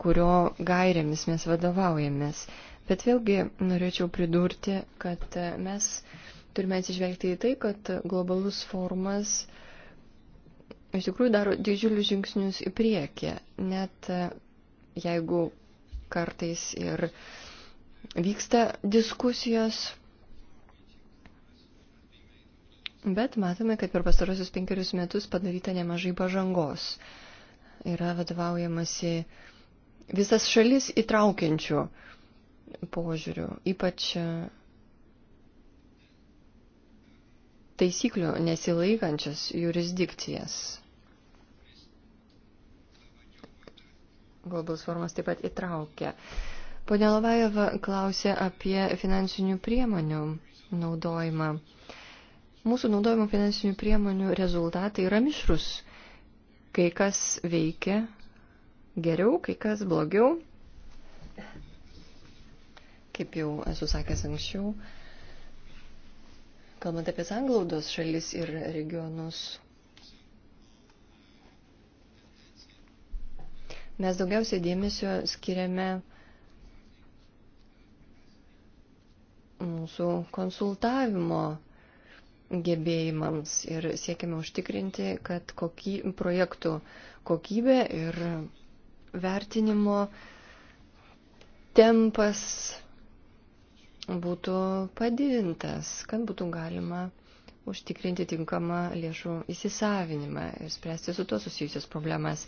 kurio gairėmis mes vadovaujamės. Bet vėlgi norėčiau pridurti, kad mes turime atsižvelgti į tai, kad globalus forumas iš tikrųjų daro didžiulius žingsnius į priekį, net jeigu kartais ir vyksta diskusijos Bet matome, kad per pastarosius penkerius metus padaryta nemažai pažangos. Yra vadovaujamasi visas šalis įtraukiančių požiūrių, ypač e, taisyklių nesilaikančias jurisdikcijas. Globalus formas taip pat įtraukia. Pone Lavajeva klausė apie finansinių priemonių naudojimą Mūsų naudojimo finansinių priemonių rezultatai yra mišrus. Kai kas veikia geriau, kai kas blogiau. Kaip jau esu sakęs anksčiau, kalbant apie sanglaudos šalis ir regionus, mes daugiausiai dėmesio skiriame mūsų konsultavimo gebėjimams ir siekime užtikrinti, kad koky, projektų kokybė ir vertinimo tempas būtų padidintas, kad būtų galima užtikrinti tinkamą lėšų įsisavinimą ir spręsti su to susijusias problemas.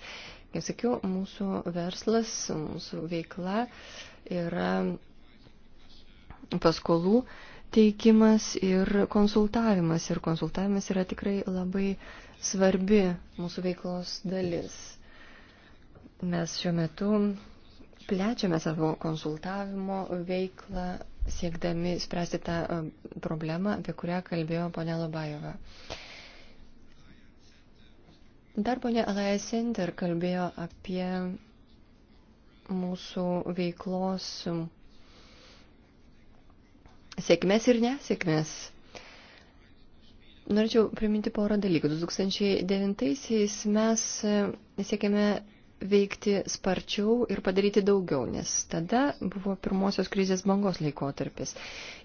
Kaip sakiau, mūsų verslas, mūsų veikla yra paskolų teikimas ir konsultavimas. Ir konsultavimas yra tikrai labai svarbi mūsų veiklos dalis. Mes šiuo metu plečiame savo konsultavimo veiklą, siekdami spręsti tą e, problemą, apie kurią kalbėjo ponė Labajova. Dar ponė Alaja Center kalbėjo apie mūsų veiklos sėkmės ir nesėkmės. Norėčiau priminti porą dalykų. 2009-aisiais mes e, siekėme veikti sparčiau ir padaryti daugiau, nes tada buvo pirmosios krizės bangos laikotarpis.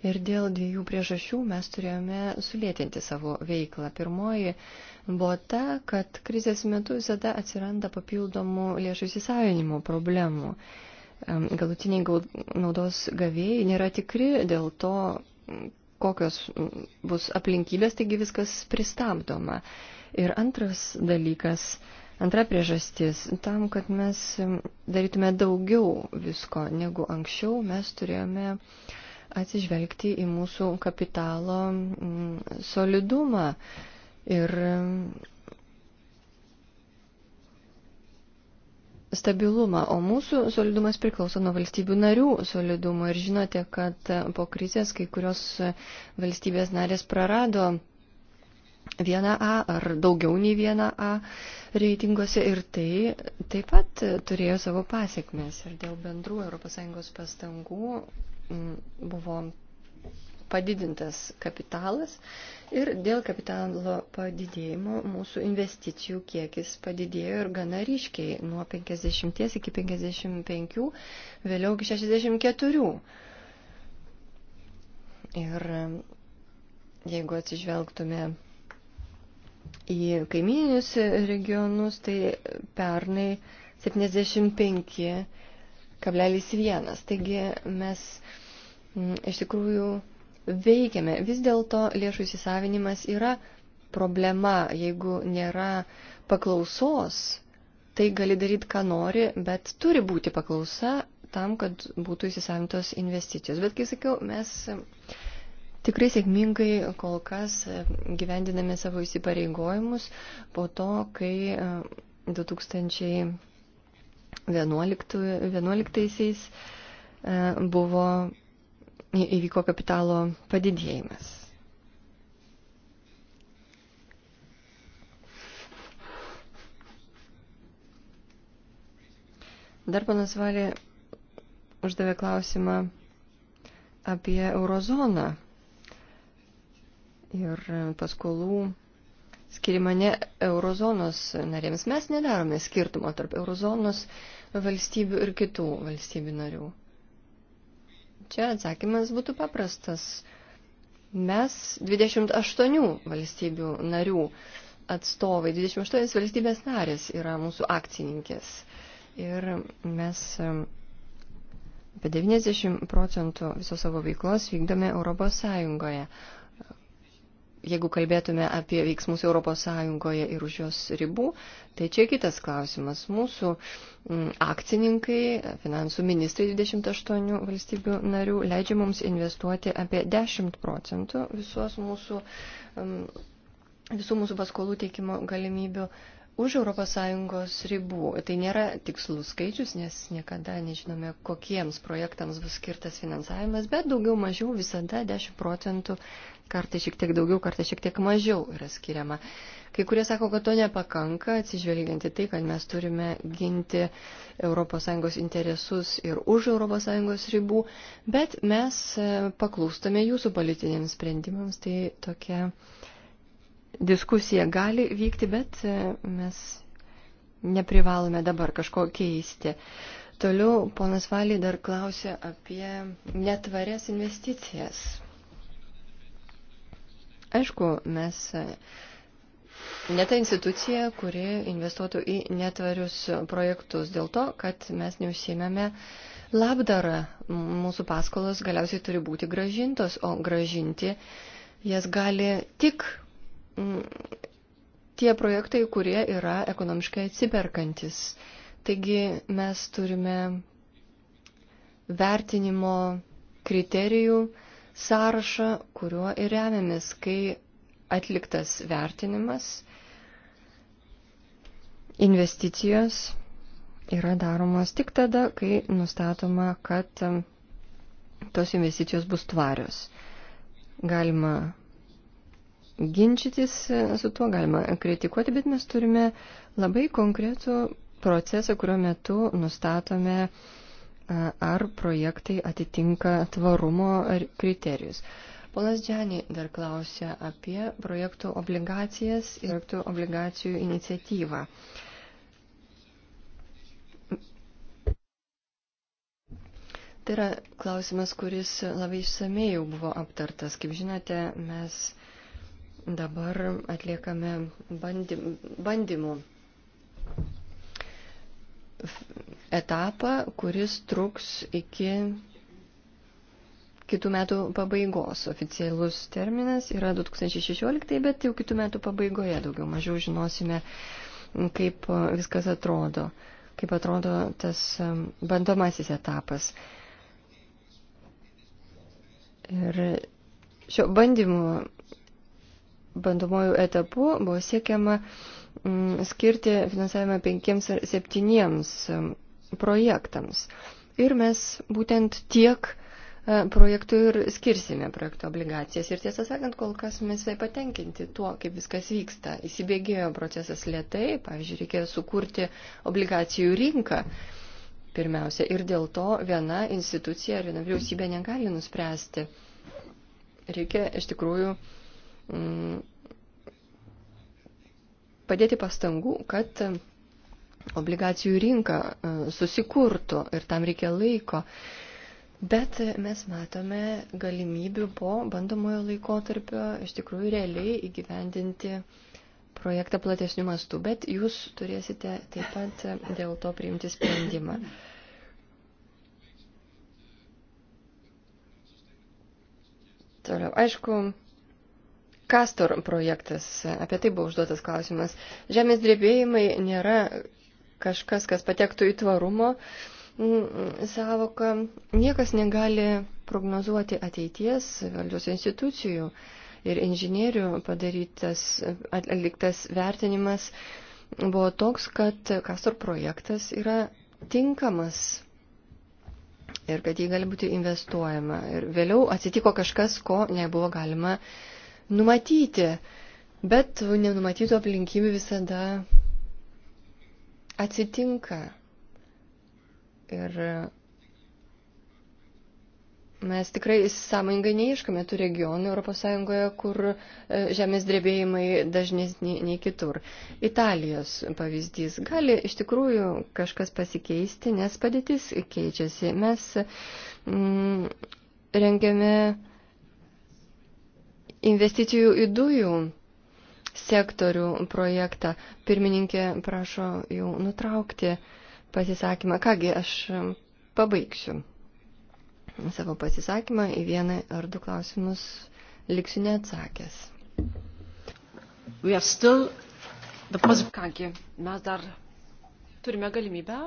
Ir dėl dviejų priežasčių mes turėjome sulėtinti savo veiklą. Pirmoji buvo ta, kad krizės metu visada atsiranda papildomų lėšų įsisavinimo problemų galutiniai naudos gavėjai nėra tikri dėl to, kokios bus aplinkybės, taigi viskas pristabdoma. Ir antras dalykas, antra priežastis, tam, kad mes darytume daugiau visko negu anksčiau, mes turėjome atsižvelgti į mūsų kapitalo solidumą. Ir stabilumą, o mūsų solidumas priklauso nuo valstybių narių solidumo. Ir žinote, kad po krizės kai kurios valstybės narės prarado vieną A ar daugiau nei vieną A reitinguose ir tai taip pat turėjo savo pasiekmes. Ir dėl bendrų ES pastangų mm, buvo padidintas kapitalas ir dėl kapitalo padidėjimo mūsų investicijų kiekis padidėjo ir gana ryškiai nuo 50 iki 55, vėliau iki 64. Ir jeigu atsižvelgtume į kaimyninius regionus, tai pernai 75,1. Taigi mes mm, iš tikrųjų veikiame. Vis dėlto lėšų įsisavinimas yra problema. Jeigu nėra paklausos, tai gali daryti, ką nori, bet turi būti paklausa tam, kad būtų įsisavintos investicijos. Bet, kai sakiau, mes tikrai sėkmingai kol kas gyvendiname savo įsipareigojimus po to, kai 2011 e, e, buvo įvyko kapitalo padidėjimas. Dar panas Valė uždavė klausimą apie eurozoną ir paskolų skirimą ne eurozonos narėms. Mes nedarome skirtumo tarp eurozonos valstybių ir kitų valstybių narių. Čia atsakymas būtų paprastas. Mes 28 valstybių narių atstovai, 28 valstybės narės yra mūsų akcininkės. Ir mes apie 90 procentų viso savo veiklos vykdome Europos Sąjungoje jeigu kalbėtume apie veiksmus ES ir už jos ribų, tai čia kitas klausimas. Mūsų mm, akcininkai, finansų ministrai 28 valstybių narių leidžia mums investuoti apie 10 procentų visos mūsų, mm, visų mūsų paskolų teikimo galimybių už ES ribų. Tai nėra tikslus skaičius, nes niekada nežinome, kokiems projektams bus skirtas finansavimas, bet daugiau mažiau visada 10 procentų, kartai šiek tiek daugiau, kartai šiek tiek mažiau yra skiriama. Kai kurie sako, kad to nepakanka, atsižvelgianti tai, kad mes turime ginti ES interesus ir už ES ribų, bet mes e, paklūstame jūsų politiniams sprendimams, tai tokia diskusija gali vykti, bet e, mes neprivalome dabar kažko keisti. Toliau ponas Valiai dar klausė apie netvarias investicijas. Aišku, mes e, ne ta institucija, kuri investuotų į netvarius projektus dėl to, kad mes neužsiemėme labdarą. Mūsų paskolos galiausiai turi būti gražintos, o gražinti jas gali tik Mm, tie projektai, kurie yra ekonomiškai atsiperkantis. Taigi mes turime vertinimo kriterijų sąrašą, kuriuo ir remiamės, kai atliktas vertinimas, investicijos yra daromos tik tada, kai nustatoma, kad tos investicijos bus tvarios. Galima ginčytis e, su tuo galima kritikuoti, bet mes turime labai konkretų procesą, kurio metu nustatome, e, ar projektai atitinka tvarumo kriterijus. Ponas Džiani dar klausė apie projektų obligacijas ir projektų obligacijų iniciatyvą. Tai yra klausimas, kuris labai išsamei jau buvo aptartas. Kaip žinote, mes Dabar atliekame bandymų etapą, kuris truks iki kitų metų pabaigos. Oficialus terminas yra 2016, bet jau kitų metų pabaigoje daugiau mažiau žinosime, kaip viskas atrodo, kaip atrodo tas um, bandomasis etapas. Ir šio bandymo bandomojų etapų buvo siekiama mm, skirti finansavimą penkiems ar septyniems mm, projektams. Ir mes būtent tiek e, projektų ir skirsime projektų obligacijas. Ir tiesą sakant, kol kas mes visai patenkinti tuo, kaip viskas vyksta. Įsibėgėjo procesas lietai, pavyzdžiui, reikėjo sukurti obligacijų rinką. Pirmiausia, ir dėl to viena institucija ar viena vyriausybė negali nuspręsti. Reikia iš tikrųjų uh, padėti pastangų, kad obligacijų rinka e, susikurtų ir tam reikia laiko. Bet mes matome galimybių po bandomojo laikotarpio iš tikrųjų realiai įgyvendinti projektą platesnių mastų, bet jūs turėsite taip pat dėl to priimti sprendimą. Toliau, aišku, Kastor projektas, apie tai buvo užduotas klausimas. Žemės drebėjimai nėra kažkas, kas patektų į tvarumo mm, savoką. Niekas negali prognozuoti ateities valdžios institucijų ir inžinierių padarytas, atliktas vertinimas buvo toks, kad Kastor projektas yra tinkamas ir kad jį gali būti investuojama. Ir vėliau atsitiko kažkas, ko nebuvo galima numatyti, bet nenumatytų aplinkybių visada atsitinka. Ir mes tikrai sąmoningai neieškame tų regionų ES, kur e, žemės drebėjimai dažnesni nei kitur. Italijos pavyzdys. Gali iš tikrųjų kažkas pasikeisti, nes padėtis keičiasi. Mes mm, rengiame investicijų į dujų sektorių projektą. Pirmininkė prašo jau nutraukti pasisakymą. Kągi, aš pabaigsiu savo pasisakymą į vieną ar du klausimus liksiu neatsakęs. Kągi, mes dar turime galimybę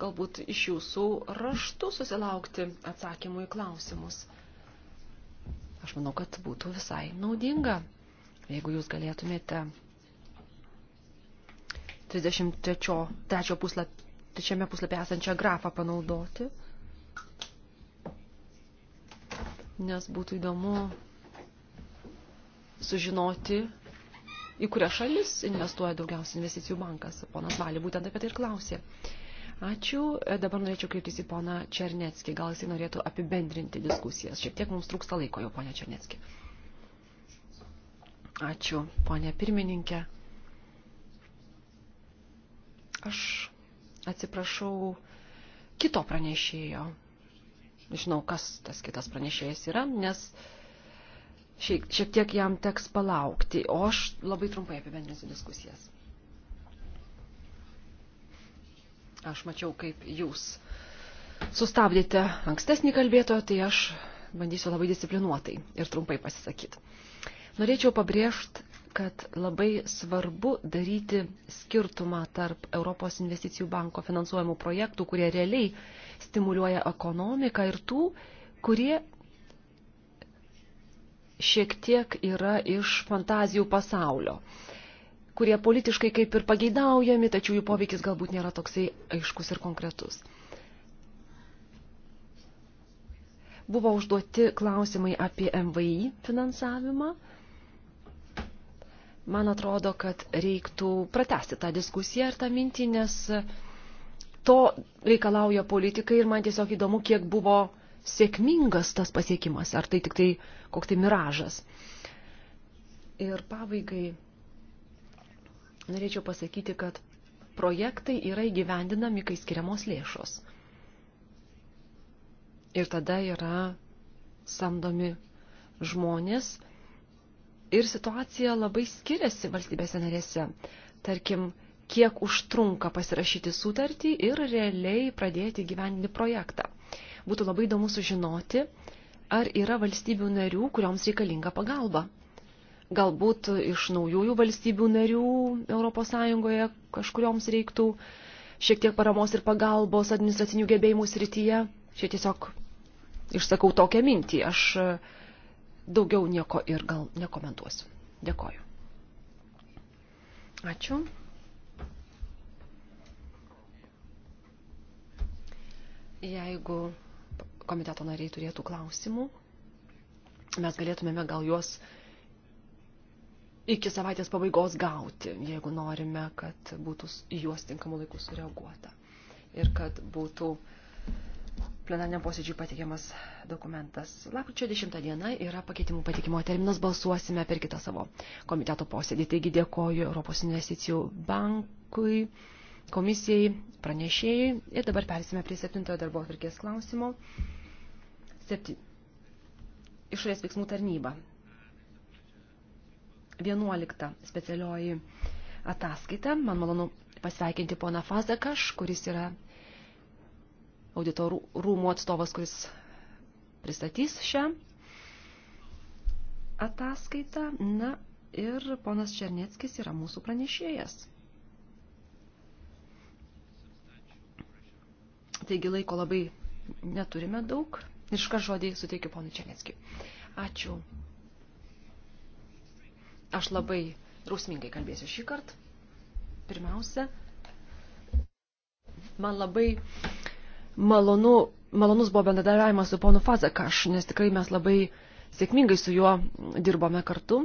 galbūt iš jūsų raštų susilaukti atsakymų į klausimus. Aš manau, kad būtų visai naudinga, jeigu jūs galėtumėte 33 puslapį, trečiame puslapį esančią grafą panaudoti, nes būtų įdomu sužinoti, į kurią šalis investuoja daugiausiai investicijų bankas. Ponas Valė būtent apie tai ir klausė. Ačiū. Dabar norėčiau kreiptis į poną Černetskį. Gal jisai norėtų apibendrinti diskusijas. Šiek tiek mums trūksta laiko jau, ponia Černetskį. Ačiū, ponia pirmininkė. Aš atsiprašau kito pranešėjo. Žinau, kas tas kitas pranešėjas yra, nes šiek, šiek tiek jam teks palaukti, o aš labai trumpai apibendrinsiu diskusijas. Aš mačiau, kaip jūs sustabdėte ankstesnį kalbėtoją, tai aš bandysiu labai disciplinuotai ir trumpai pasisakyti. Norėčiau pabrėžti, kad labai svarbu daryti skirtumą tarp Europos investicijų banko finansuojamų projektų, kurie realiai stimuliuoja ekonomiką ir tų, kurie šiek tiek yra iš fantazijų pasaulio kurie politiškai kaip ir pageidaujami, tačiau jų poveikis galbūt nėra toksai aiškus ir konkretus. Buvo užduoti klausimai apie MVI finansavimą. Man atrodo, kad reiktų pratesti tą diskusiją ir tą mintį, nes to reikalauja politikai ir man tiesiog įdomu, kiek buvo sėkmingas tas pasiekimas, ar tai tik tai koks tai miražas. Ir pabaigai norėčiau pasakyti, kad projektai yra įgyvendinami, kai skiriamos lėšos. Ir tada yra samdomi žmonės ir situacija labai skiriasi valstybėse narėse. Tarkim, kiek užtrunka pasirašyti sutartį ir realiai pradėti gyvendinti projektą. Būtų labai įdomu sužinoti, ar yra valstybių narių, kurioms reikalinga pagalba galbūt iš naujųjų valstybių narių ES kažkurioms reiktų šiek tiek paramos ir pagalbos administracinių gebėjimų srityje. Čia tiesiog išsakau tokią mintį. Aš e, daugiau nieko ir gal nekomentuosiu. Dėkoju. Ačiū. Jeigu komiteto nariai turėtų klausimų, mes galėtumėme gal juos iki savaitės pabaigos gauti, jeigu norime, kad būtų į juos tinkamų laikų sureaguota ir kad būtų plenariniam posėdžiui pateikiamas dokumentas. Lapkričio 10 diena yra pakeitimų patikimo terminas, balsuosime per kitą savo komiteto posėdį. Taigi dėkoju Europos investicijų bankui, komisijai, pranešėjai ir dabar persime prie 7 darbo atvirkės klausimo. 7. Išorės veiksmų tarnyba. 11 specialioji ataskaita. Man malonu pasveikinti poną Fazakaš, kuris yra auditorų rūmų atstovas, kuris pristatys šią ataskaitą. Na ir ponas Černieckis yra mūsų pranešėjas. Taigi laiko labai neturime daug. Ir iškart žodį suteikiu ponui Černieckiui. Ačiū, Aš labai drausmingai kalbėsiu šį kartą. Pirmiausia, man labai malonu, malonus buvo bendradarbiavimas su ponu Fazakaš, nes tikrai mes labai sėkmingai su juo dirbome kartu.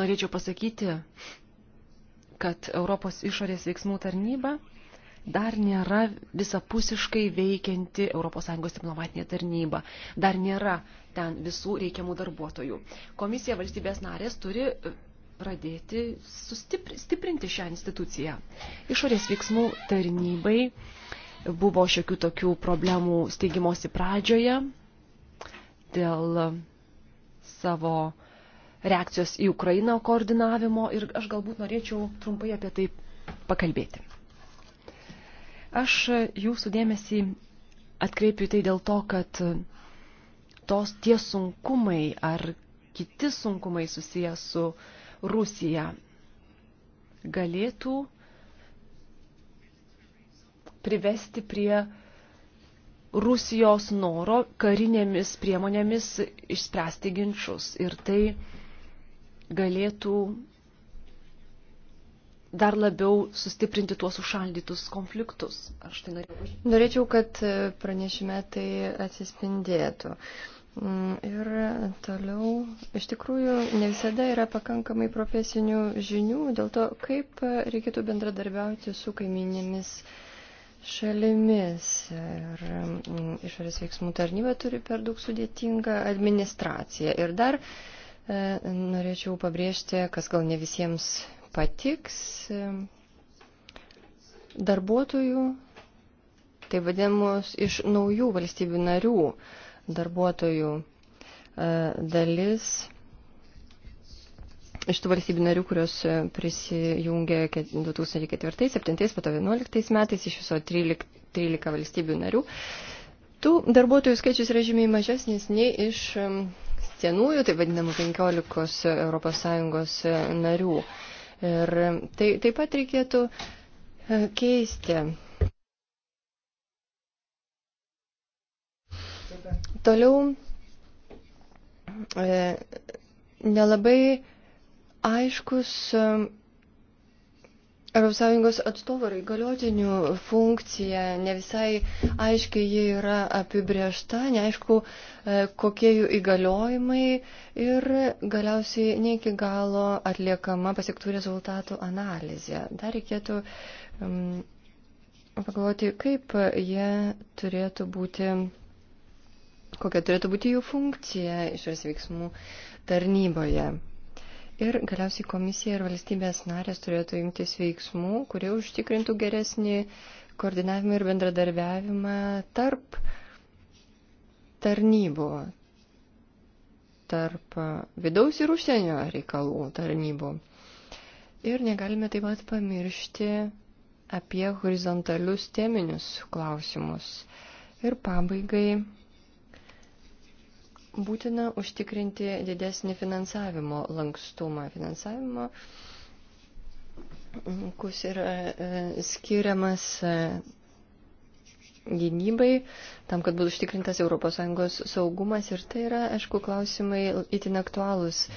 Norėčiau pasakyti, kad Europos išorės veiksmų tarnyba dar nėra visapusiškai veikianti ES diplomatinė tarnyba. Dar nėra ten visų reikiamų darbuotojų. Komisija valstybės narės turi e, pradėti sustiprinti šią instituciją. Išorės veiksmų tarnybai buvo šiokių tokių problemų steigimosi pradžioje dėl savo reakcijos į Ukrainą koordinavimo ir aš galbūt norėčiau trumpai apie tai pakalbėti. Aš jūsų dėmesį atkreipiu tai dėl to, kad tos tie sunkumai ar kiti sunkumai susiję su Rusija galėtų privesti prie Rusijos noro karinėmis priemonėmis išspręsti ginčius. Ir tai galėtų dar labiau sustiprinti tuos užšaldytus konfliktus. Aš tai norėjau. Norėčiau, kad pranešime tai atsispindėtų. Uh, Mm, ir toliau, iš tikrųjų, ne visada yra pakankamai profesinių žinių dėl to, kaip reikėtų bendradarbiauti su kaiminėmis šalimis. Ir mm, išorės veiksmų tarnyba turi per daug sudėtingą administraciją. Ir dar e, norėčiau pabrėžti, kas gal ne visiems patiks, e, darbuotojų, tai vadinamos iš naujų valstybių narių darbuotojų e, dalis iš tų valstybių narių, kurios prisijungė 2004-2007, po to 2011 metais, iš viso 13, 13 valstybių narių. Tų darbuotojų skaičius yra žymiai mažesnis nei iš senųjų, tai vadinamų 15 ES e, narių. Ir tai taip pat reikėtų e, keisti. Toliau e, nelabai aiškus ES atstovų ir įgaliotinių funkcija, ne visai aiškiai ji yra apibriešta, neaišku, e, kokie jų įgaliojimai ir galiausiai ne iki galo atliekama pasiektų rezultatų analizė. Dar reikėtų um, pagalvoti, kaip jie turėtų būti kokia turėtų būti jų funkcija išorės veiksmų tarnyboje. Ir galiausiai komisija ir valstybės narės turėtų imtis veiksmų, kurie užtikrintų geresnį koordinavimą ir bendradarbiavimą tarp tarnybų, tarp vidaus ir užsienio reikalų tarnybų. Ir negalime taip pat pamiršti apie horizontalius teminius klausimus. Ir pabaigai būtina užtikrinti didesnį finansavimo lankstumą. Finansavimo, mm, kus yra e, skiriamas e, gynybai, tam, kad būtų užtikrintas ES saugumas. Ir tai yra, aišku, klausimai itin aktualūs e,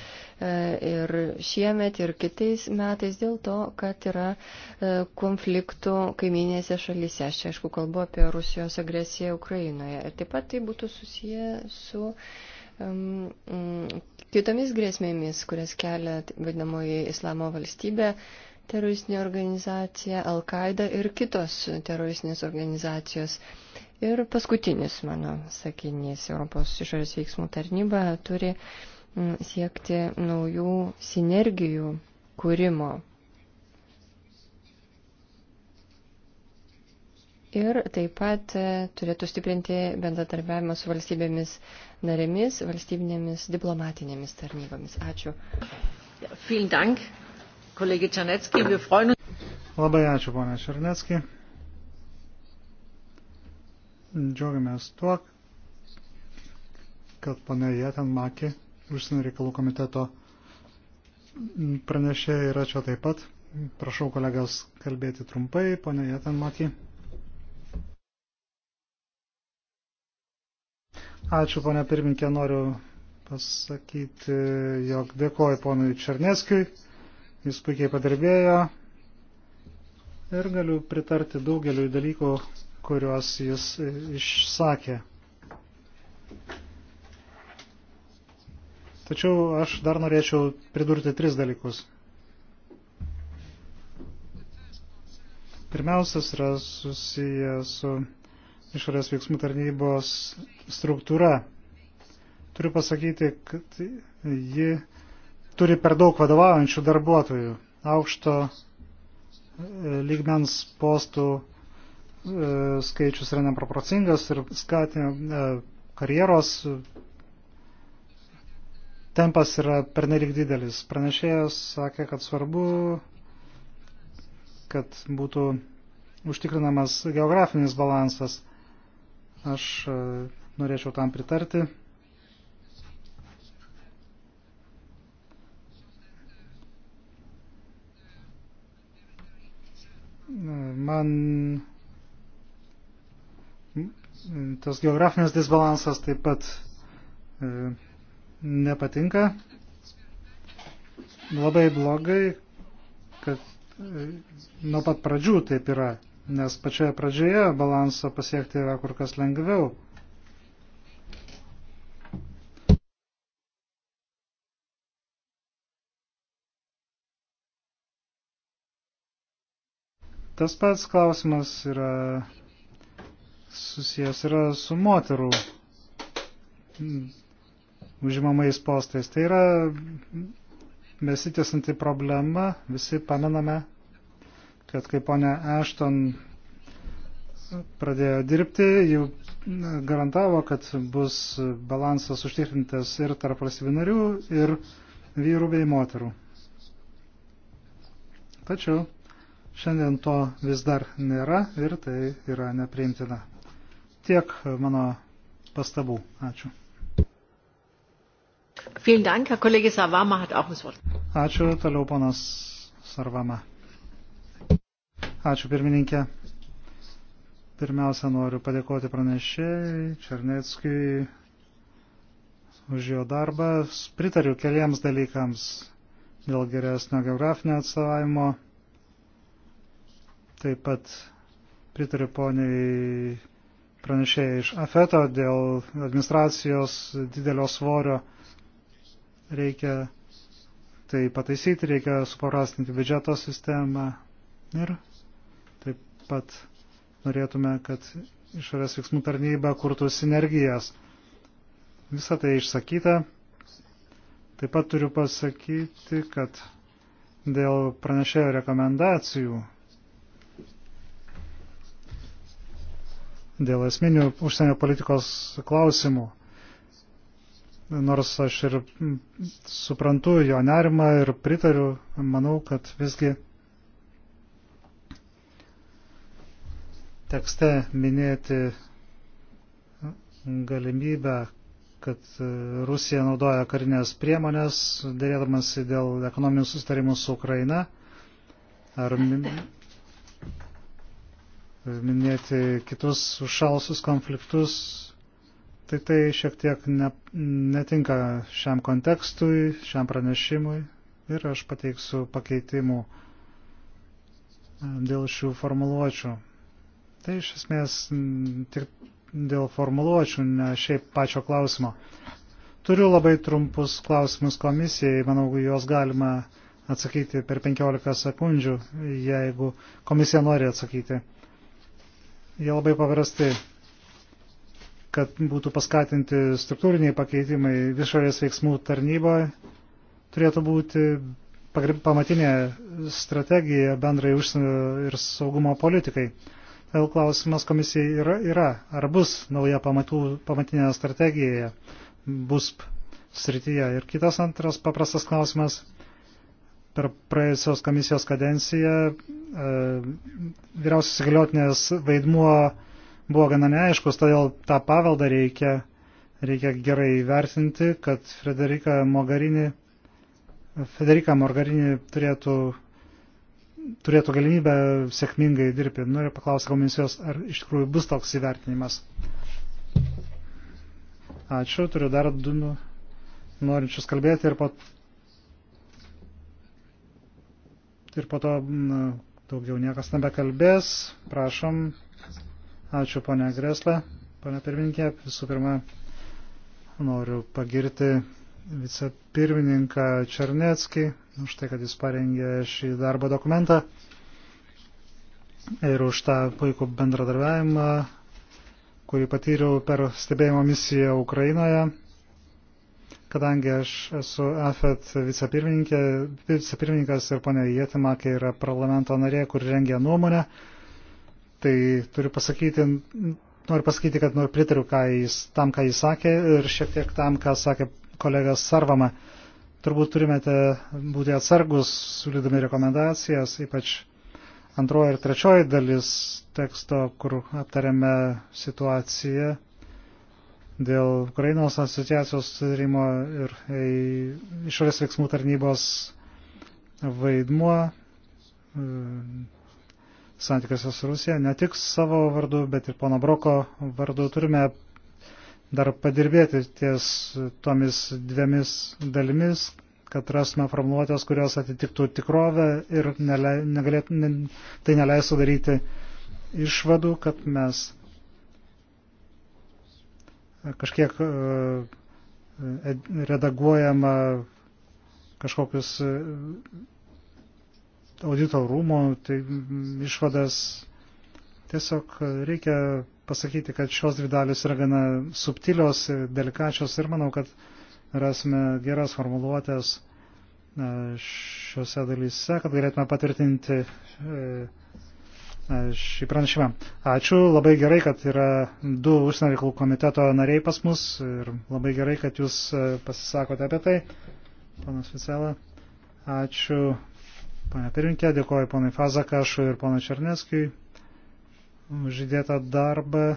ir šiemet, ir kitais metais dėl to, kad yra e, konfliktų kaiminėse šalyse. Aš čia, aišku, kalbu apie Rusijos agresiją Ukrainoje. Ir taip pat tai būtų susiję su. Um, um, Kitomis grėsmėmis, kurias kelia vadinamoji Islamo valstybė, uh, teroristinė organizacija Al-Qaeda ir kitos teroristinės organizacijos. Ir paskutinis mano sakinys, Europos išorės veiksmų tarnyba turi mm, siekti naujų sinergijų kūrimo Ir taip pat e, turėtų stiprinti bendradarbiavimą su valstybėmis narėmis, valstybinėmis diplomatinėmis tarnybomis. Ačiū. Vielen Dank. Kollege Czernetski. Wir freuen uns. Labai ačiū, ponia Černetski. Džiaugiamės tuo, kad ponia Jėten Maki, užsienio reikalų komiteto pranešė yra čia taip pat. Prašau kolegas kalbėti trumpai, ponia Jėten Maki. Ačiū, ponia pirminkė, noriu pasakyti, jog dėkoju ponui Černeskiui Jis puikiai padirbėjo ir galiu pritarti daugeliu dalykų, kuriuos jis išsakė. Tačiau aš dar norėčiau pridurti tris dalykus. Pirmiausias yra susijęs su išorės veiksmų tarnybos struktūra. Turiu pasakyti, kad ji turi per daug vadovaujančių darbuotojų, aukšto e, lygmens postų e, skaičius yra neproporcingas ir skatina e, karjeros tempas yra pernelik didelis. Pranešėjas sakė, kad svarbu, kad būtų užtikrinamas geografinis balansas. Aš norėčiau tam pritarti. Man tas geografinis disbalansas taip pat e, nepatinka. Labai blogai, kad e, nuo pat pradžių taip yra, nes pačioje pradžioje balanso pasiekti yra kur kas lengviau. Tas pats klausimas yra susijęs yra su moterų užimamais postais. Tai yra besitėsanti problema, visi pamename, kad kai ponia Ashton pradėjo dirbti, jau garantavo, kad bus balansas užtikrintas ir tarp valstybių narių, ir vyrų bei moterų. Tačiau Šiandien to vis dar nėra ir tai yra nepriimtina. Tiek mano pastabų. Ačiū. Ačiū toliau ponas Sarvama. Ačiū pirmininkė. Pirmiausia, noriu padėkoti pranešėjai Černeckiui už jo darbą. Pritariu keliams dalykams dėl geresnio geografinio atsavavimo Taip pat pritariu poniai pranešėjai iš AFETO dėl administracijos didelio svorio. Reikia tai pataisyti, reikia suparastinti biudžeto sistemą ir taip pat norėtume, kad išorės veiksmų tarnyba kurtų sinergijas. Visą tai išsakyta. Taip pat turiu pasakyti, kad dėl pranešėjo rekomendacijų dėl esminių užsienio politikos klausimų. Nors aš ir suprantu jo nerimą ir pritariu, manau, kad visgi tekste minėti galimybę, kad Rusija naudoja karinės priemonės, dėrėdamasi dėl ekonominių sustarimų su Ukraina, ar minėti kitus užšalusius konfliktus, tai tai šiek tiek ne, netinka šiam kontekstui, šiam pranešimui ir aš pateiksiu pakeitimų e, dėl šių formuluočių. Tai iš esmės tik dėl formuluočių, ne šiaip pačio klausimo. Turiu labai trumpus klausimus komisijai, manau, juos galima atsakyti per 15 sekundžių, jeigu komisija nori atsakyti. Jie labai paprasti, kad būtų paskatinti struktūriniai pakeitimai išorės veiksmų tarnyboje, turėtų būti pamatinė strategija bendrai užsienio ir saugumo politikai. Vėl klausimas komisijai yra, yra ar bus nauja pamatų, pamatinė strategija BUSP srityje. Ir kitas antras paprastas klausimas, per praėjusios komisijos kadenciją e, vyriausios įgaliotinės vaidmuo buvo gana neaiškus, todėl tą paveldą reikia, reikia gerai įvertinti, kad Frederika Mogarini, Federika Morgarini turėtų, turėtų galimybę sėkmingai dirbti. Noriu paklausti komisijos, ar iš tikrųjų bus toks įvertinimas. Ačiū, turiu dar du nu- norinčius kalbėti ir po ir po to na, daugiau niekas nebekalbės. Prašom. Ačiū ponia Greslė. Pane pirmininkė, visų pirma, noriu pagirti vicepirmininką Černecki už tai, kad jis parengė šį darbo dokumentą ir už tą puikų bendradarbiavimą, kurį patyriau per stebėjimo misiją Ukrainoje Kadangi aš esu AFET vicepirmininkas ir ponia Jėtima, kai yra parlamento narė, kur rengia nuomonę, tai turiu pasakyti, noriu pasakyti, kad noriu pritariu ką jis, tam, ką jis sakė ir šiek tiek tam, ką sakė kolegas Sarvama. Turbūt turimėte būti atsargus, siūlydami rekomendacijas, ypač antroji ir trečioji dalis teksto, kur aptarėme situaciją dėl Ukrainos asociacijos sutarimo ir e, išorės veiksmų tarnybos vaidmuo e, santykiuose su Rusija, ne tik savo vardu, bet ir pono Broko vardu turime dar padirbėti ties tomis dviemis dalimis, kad rastume formuluotės, kurios atitiktų tikrovę ir nelei, negalėt, ne, tai neleisų daryti išvadų, kad mes kažkiek e, redaguojama kažkokius e, audito rūmų tai išvadas. Tiesiog reikia pasakyti, kad šios dvi dalis yra gana subtilios, delikačios ir manau, kad rasime geras formuluotės e, šiuose dalyse, kad galėtume patvirtinti šį pranešimą. Ačiū, labai gerai, kad yra du užsienio reikalų komiteto nariai pas mus ir labai gerai, kad jūs e, pasisakote apie tai. Panas Vicela, ačiū, pane Pirinkė, dėkoju ponai Fazakašu ir ponai Černeskiui už įdėtą darbą.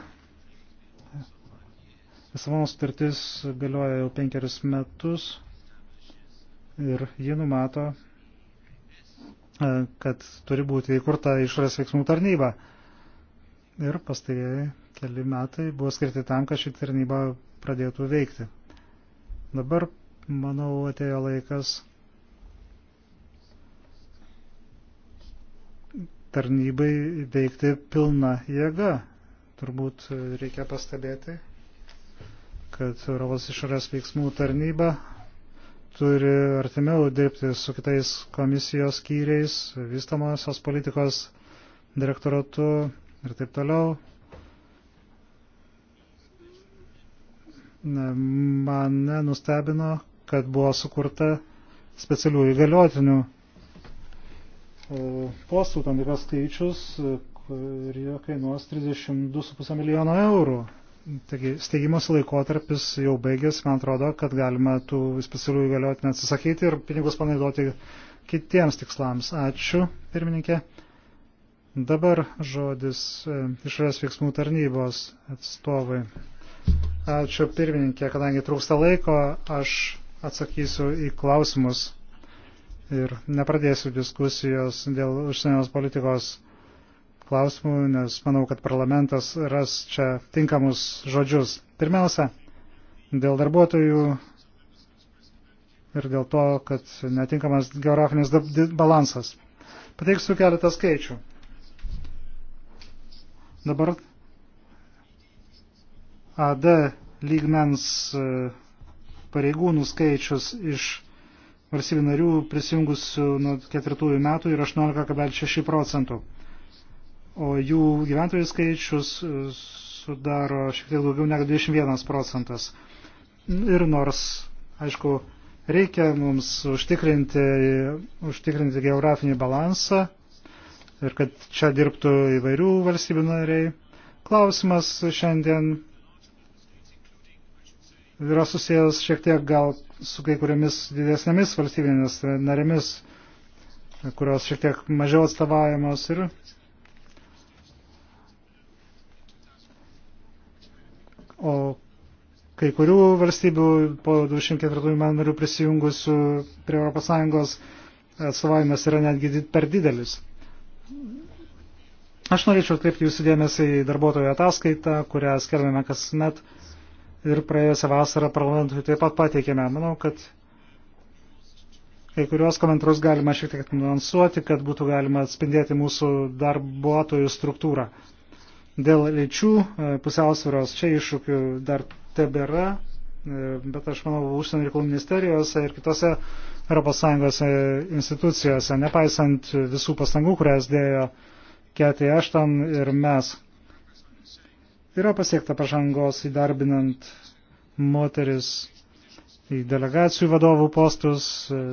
Visavano sutartis galioja jau penkerius metus ir ji numato E, kad turi būti įkurta išorės veiksmų tarnyba. Ir pastarėjai keli metai buvo skirti tam, kad ši tarnyba pradėtų veikti. Dabar, manau, atėjo laikas tarnybai veikti pilna jėga. Turbūt reikia pastebėti, kad Europos išorės veiksmų tarnyba turi artimiau dirbti su kitais komisijos skyriais, vystamosios politikos direktoratu ir taip toliau. Mane nustebino, kad buvo sukurta specialių įgaliotinių e, postų tam tikras skaičius, kurie kainuos 32,5 milijono eurų. Taigi, steigimos laikotarpis jau baigės, man atrodo, kad galima tų specialių įgaliotinę atsisakyti ir pinigus panaudoti kitiems tikslams. Ačiū, pirmininkė. Dabar žodis e, išorės veiksmų tarnybos atstovai. Ačiū, pirmininkė, kadangi trūksta laiko, aš atsakysiu į klausimus ir nepradėsiu diskusijos dėl užsienio politikos klausimų, nes manau, kad parlamentas ras čia tinkamus žodžius. Pirmiausia, dėl darbuotojų ir dėl to, kad netinkamas geografinis balansas. Pateiksiu keletą skaičių. Dabar AD lygmens e, pareigūnų skaičius iš valstybių narių prisijungusių nuo ketvirtųjų metų yra 18,6 procentų o jų gyventojų skaičius e, sudaro šiek tiek daugiau negu 21 procentas. Ir nors, aišku, reikia mums užtikrinti, užtikrinti geografinį balansą ir kad čia dirbtų įvairių valstybių nariai, klausimas šiandien yra susijęs šiek tiek gal su kai kuriamis didesnėmis valstybinėmis narėmis, kurios šiek tiek mažiau atstovaujamos ir O kai kurių valstybių po 204 narių prisijungusių prie ES atstovavimas yra netgi per didelis. Aš norėčiau atkreipti jūsų dėmesį į darbuotojų ataskaitą, kurią skelbėme kasmet ir praėjusią vasarą parlamentui taip pat pateikėme. Manau, kad kai kurios komentarus galima šiek tiek nuansuoti, kad būtų galima atspindėti mūsų darbuotojų struktūrą. Dėl lyčių e, pusiausvėros čia iššūkių dar tebėra, e, bet aš manau, užsienio reikalų ministerijose ir kitose ES institucijose, nepaisant visų pastangų, kurias dėjo Ketė Ašton ir mes, yra pasiekta pažangos įdarbinant moteris į delegacijų vadovų postus. E,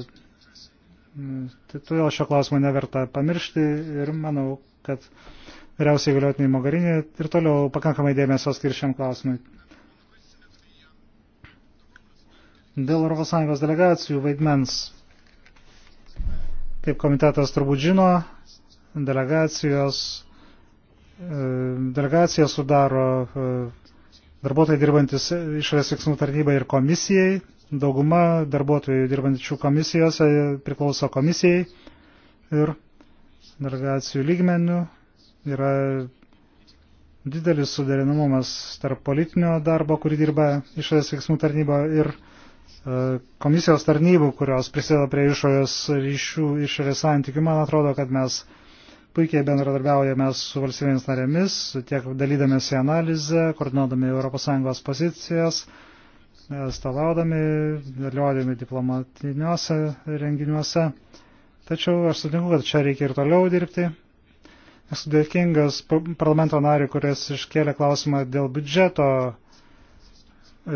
tai todėl šio klausimo neverta pamiršti ir manau, kad vyriausiai galiotiniai Mogarinė ir toliau pakankamai dėmesio skir šiam klausimui. Dėl ES delegacijų vaidmens. Kaip komitetas turbūt žino, delegacijos, e, delegacija sudaro e, darbuotojai dirbantis išorės veiksmų tarnybai ir komisijai. Dauguma darbuotojų dirbančių komisijose priklauso komisijai ir delegacijų lygmenių yra didelis suderinamumas tarp politinio darbo, kurį dirba išorės veiksmų tarnyba ir e, komisijos tarnybų, kurios prisideda prie išorės ryšių, išorės santykių. Man atrodo, kad mes puikiai bendradarbiaujame su valstybėmis narėmis, tiek dalydamėsi analizę, koordinuodami ES pozicijas, e, stalaudami, dalyvaudami diplomatiniuose renginiuose. Tačiau aš sutinku, kad čia reikia ir toliau dirbti. Esu dėkingas parlamento nariui, kuris iškėlė klausimą dėl biudžeto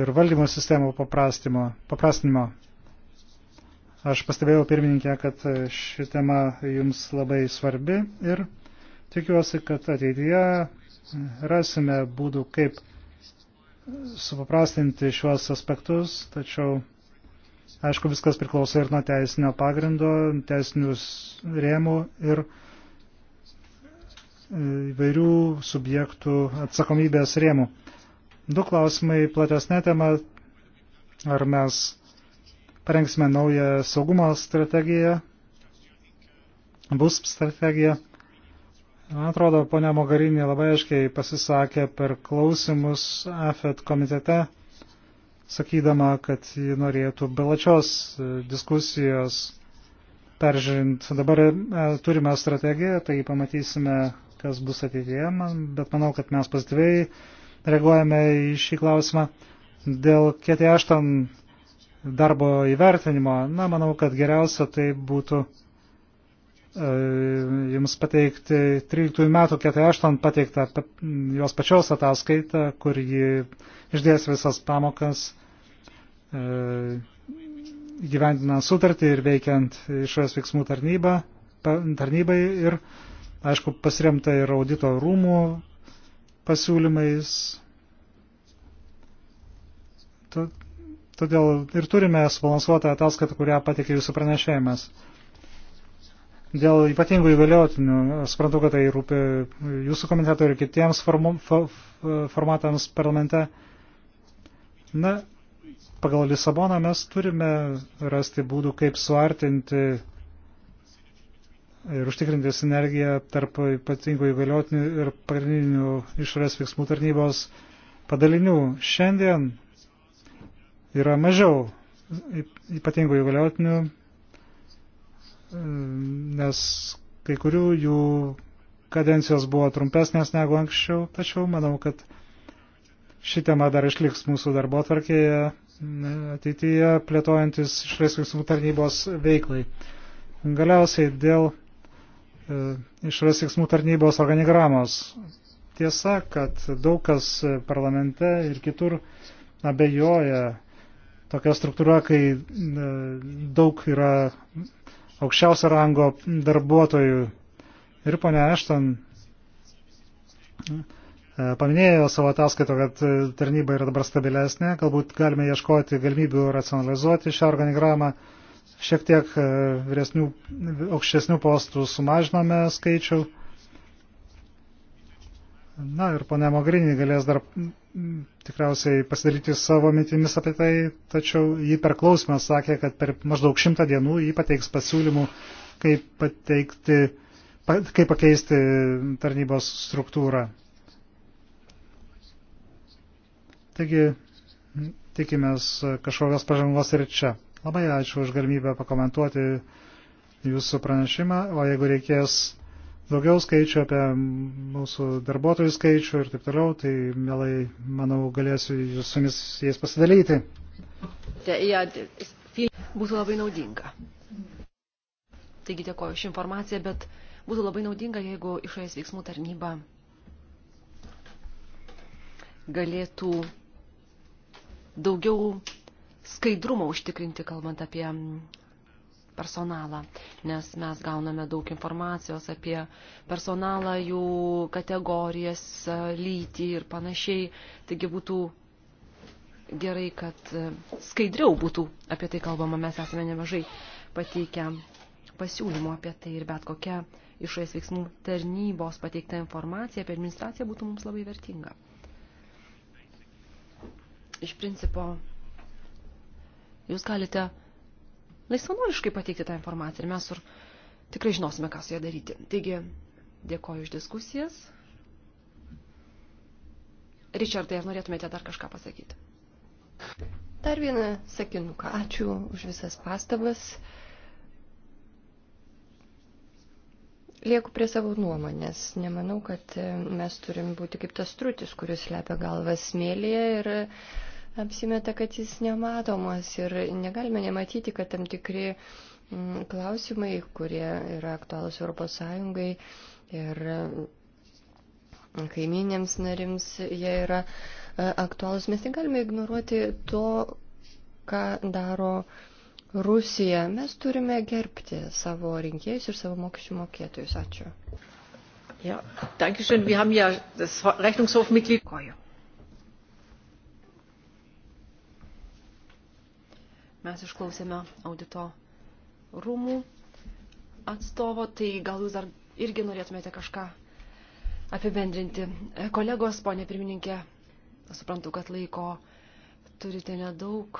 ir valdymo sistemų paprastinimo. Aš pastebėjau pirmininkę, kad ši tema jums labai svarbi ir tikiuosi, kad ateityje rasime būdų, kaip supaprastinti šiuos aspektus, tačiau, aišku, viskas priklauso ir nuo teisinio pagrindo, teisinius rėmų ir įvairių subjektų atsakomybės rėmų. Du klausimai platesnė tema. Ar mes parengsime naują saugumo strategiją? Bus strategija? Man atrodo, ponia Mogarinė labai aiškiai pasisakė per klausimus AFET komitete, sakydama, kad ji norėtų belačios diskusijos peržiūrint. Dabar e, turime strategiją, tai pamatysime kas bus ateityje, bet manau, kad mes pozityviai reaguojame į šį klausimą. Dėl kietai aštam darbo įvertinimo, na, manau, kad geriausia tai būtų e, jums pateikti 13 metų kietai aštam pateiktą jos pačios ataskaitą, kur ji išdės visas pamokas. E, gyvendinant sutartį ir veikiant išorės veiksmų tarnybą, tarnybai ir uh, Aišku, pasiremta ir audito rūmų pasiūlymais. Todėl ir turime subalansuotą ataskaitą, kurią patikė jūsų pranešėjimas. Dėl ypatingų įgaliotinių, suprantu, kad tai rūpi jūsų komiteto ir kitiems formu, fo, formatams parlamente. Na, pagal Lisaboną mes turime rasti būdų, kaip suartinti ir užtikrinti sinergiją tarp ypatingų įgaliotinių ir pagrindinių išorės veiksmų tarnybos padalinių. Šiandien yra mažiau ypatingų įgaliotinių, nes kai kurių jų kadencijos buvo trumpesnės negu anksčiau, tačiau manau, kad ši tema dar išliks mūsų darbo tvarkėje ateityje plėtojantis išorės veiksmų tarnybos veiklai. Galiausiai dėl E, išorės veiksmų tarnybos organigramos. Tiesa, kad daug kas parlamente ir kitur abejoja tokia struktūra, kai e, daug yra aukščiausio rango darbuotojų. Ir ponia Ešton e, paminėjo savo ataskaito, kad tarnyba yra dabar stabilesnė, galbūt galime ieškoti galimybių racionalizuoti šią organigramą Šiek tiek e, vyresnių, aukštesnių postų sumažinome skaičių. Na ir ponė Mogrinį galės dar tikriausiai pasidalyti savo mintimis apie tai, tačiau jį per klausimą sakė, kad per maždaug šimtą dienų jį pateiks pasiūlymų, kaip, pateikti, kaip pakeisti tarnybos struktūrą. Taigi tikimės kažkokios pažangos ir čia. Labai ačiū už galimybę pakomentuoti jūsų pranešimą, o jeigu reikės daugiau skaičių apie mūsų darbuotojų skaičių ir taip toliau, tai mielai, manau, galėsiu jūs su jais pasidalyti. Būtų labai naudinga. Taigi dėkoju šį informaciją, bet būtų labai naudinga, jeigu išorės veiksmų tarnyba galėtų daugiau skaidrumą užtikrinti, kalbant apie personalą, nes mes gauname daug informacijos apie personalą, jų kategorijas, lytį ir panašiai. Taigi būtų gerai, kad skaidriau būtų apie tai kalbama. Mes esame nemažai pateikę pasiūlymų apie tai ir bet kokia išorės veiksmų tarnybos pateikta informacija apie administraciją būtų mums labai vertinga. Iš principo, Jūs galite laisvanoriškai pateikti tą informaciją ir mes ir tikrai žinosime, ką su ją daryti. Taigi, dėkoju už diskusijas. Ričardai, ar norėtumėte dar kažką pasakyti? Dar vieną sakinuką. Ačiū už visas pastabas. Lieku prie savo nuomonės. Nemanau, kad mes turim būti kaip tas trutis, kuris lepia galvą smėlėje ir uh, apsimeta, kad jis nematomas ir negalime nematyti, kad tam tikri mm, klausimai, kurie yra aktualūs Europos Sąjungai ir mm, kaiminėms narims, jie yra e, aktualūs. Mes negalime ignoruoti to, ką daro Rusija. Mes turime gerbti savo rinkėjus ir savo mokesčių mokėtojus. Ačiū. Ja, danke schön. Wir haben ja das Rechnungshof Mitglied. Mes išklausėme audito rūmų atstovo, tai gal jūs dar irgi norėtumėte kažką apibendrinti. E, kolegos, ponė pirmininkė, suprantu, kad laiko turite nedaug.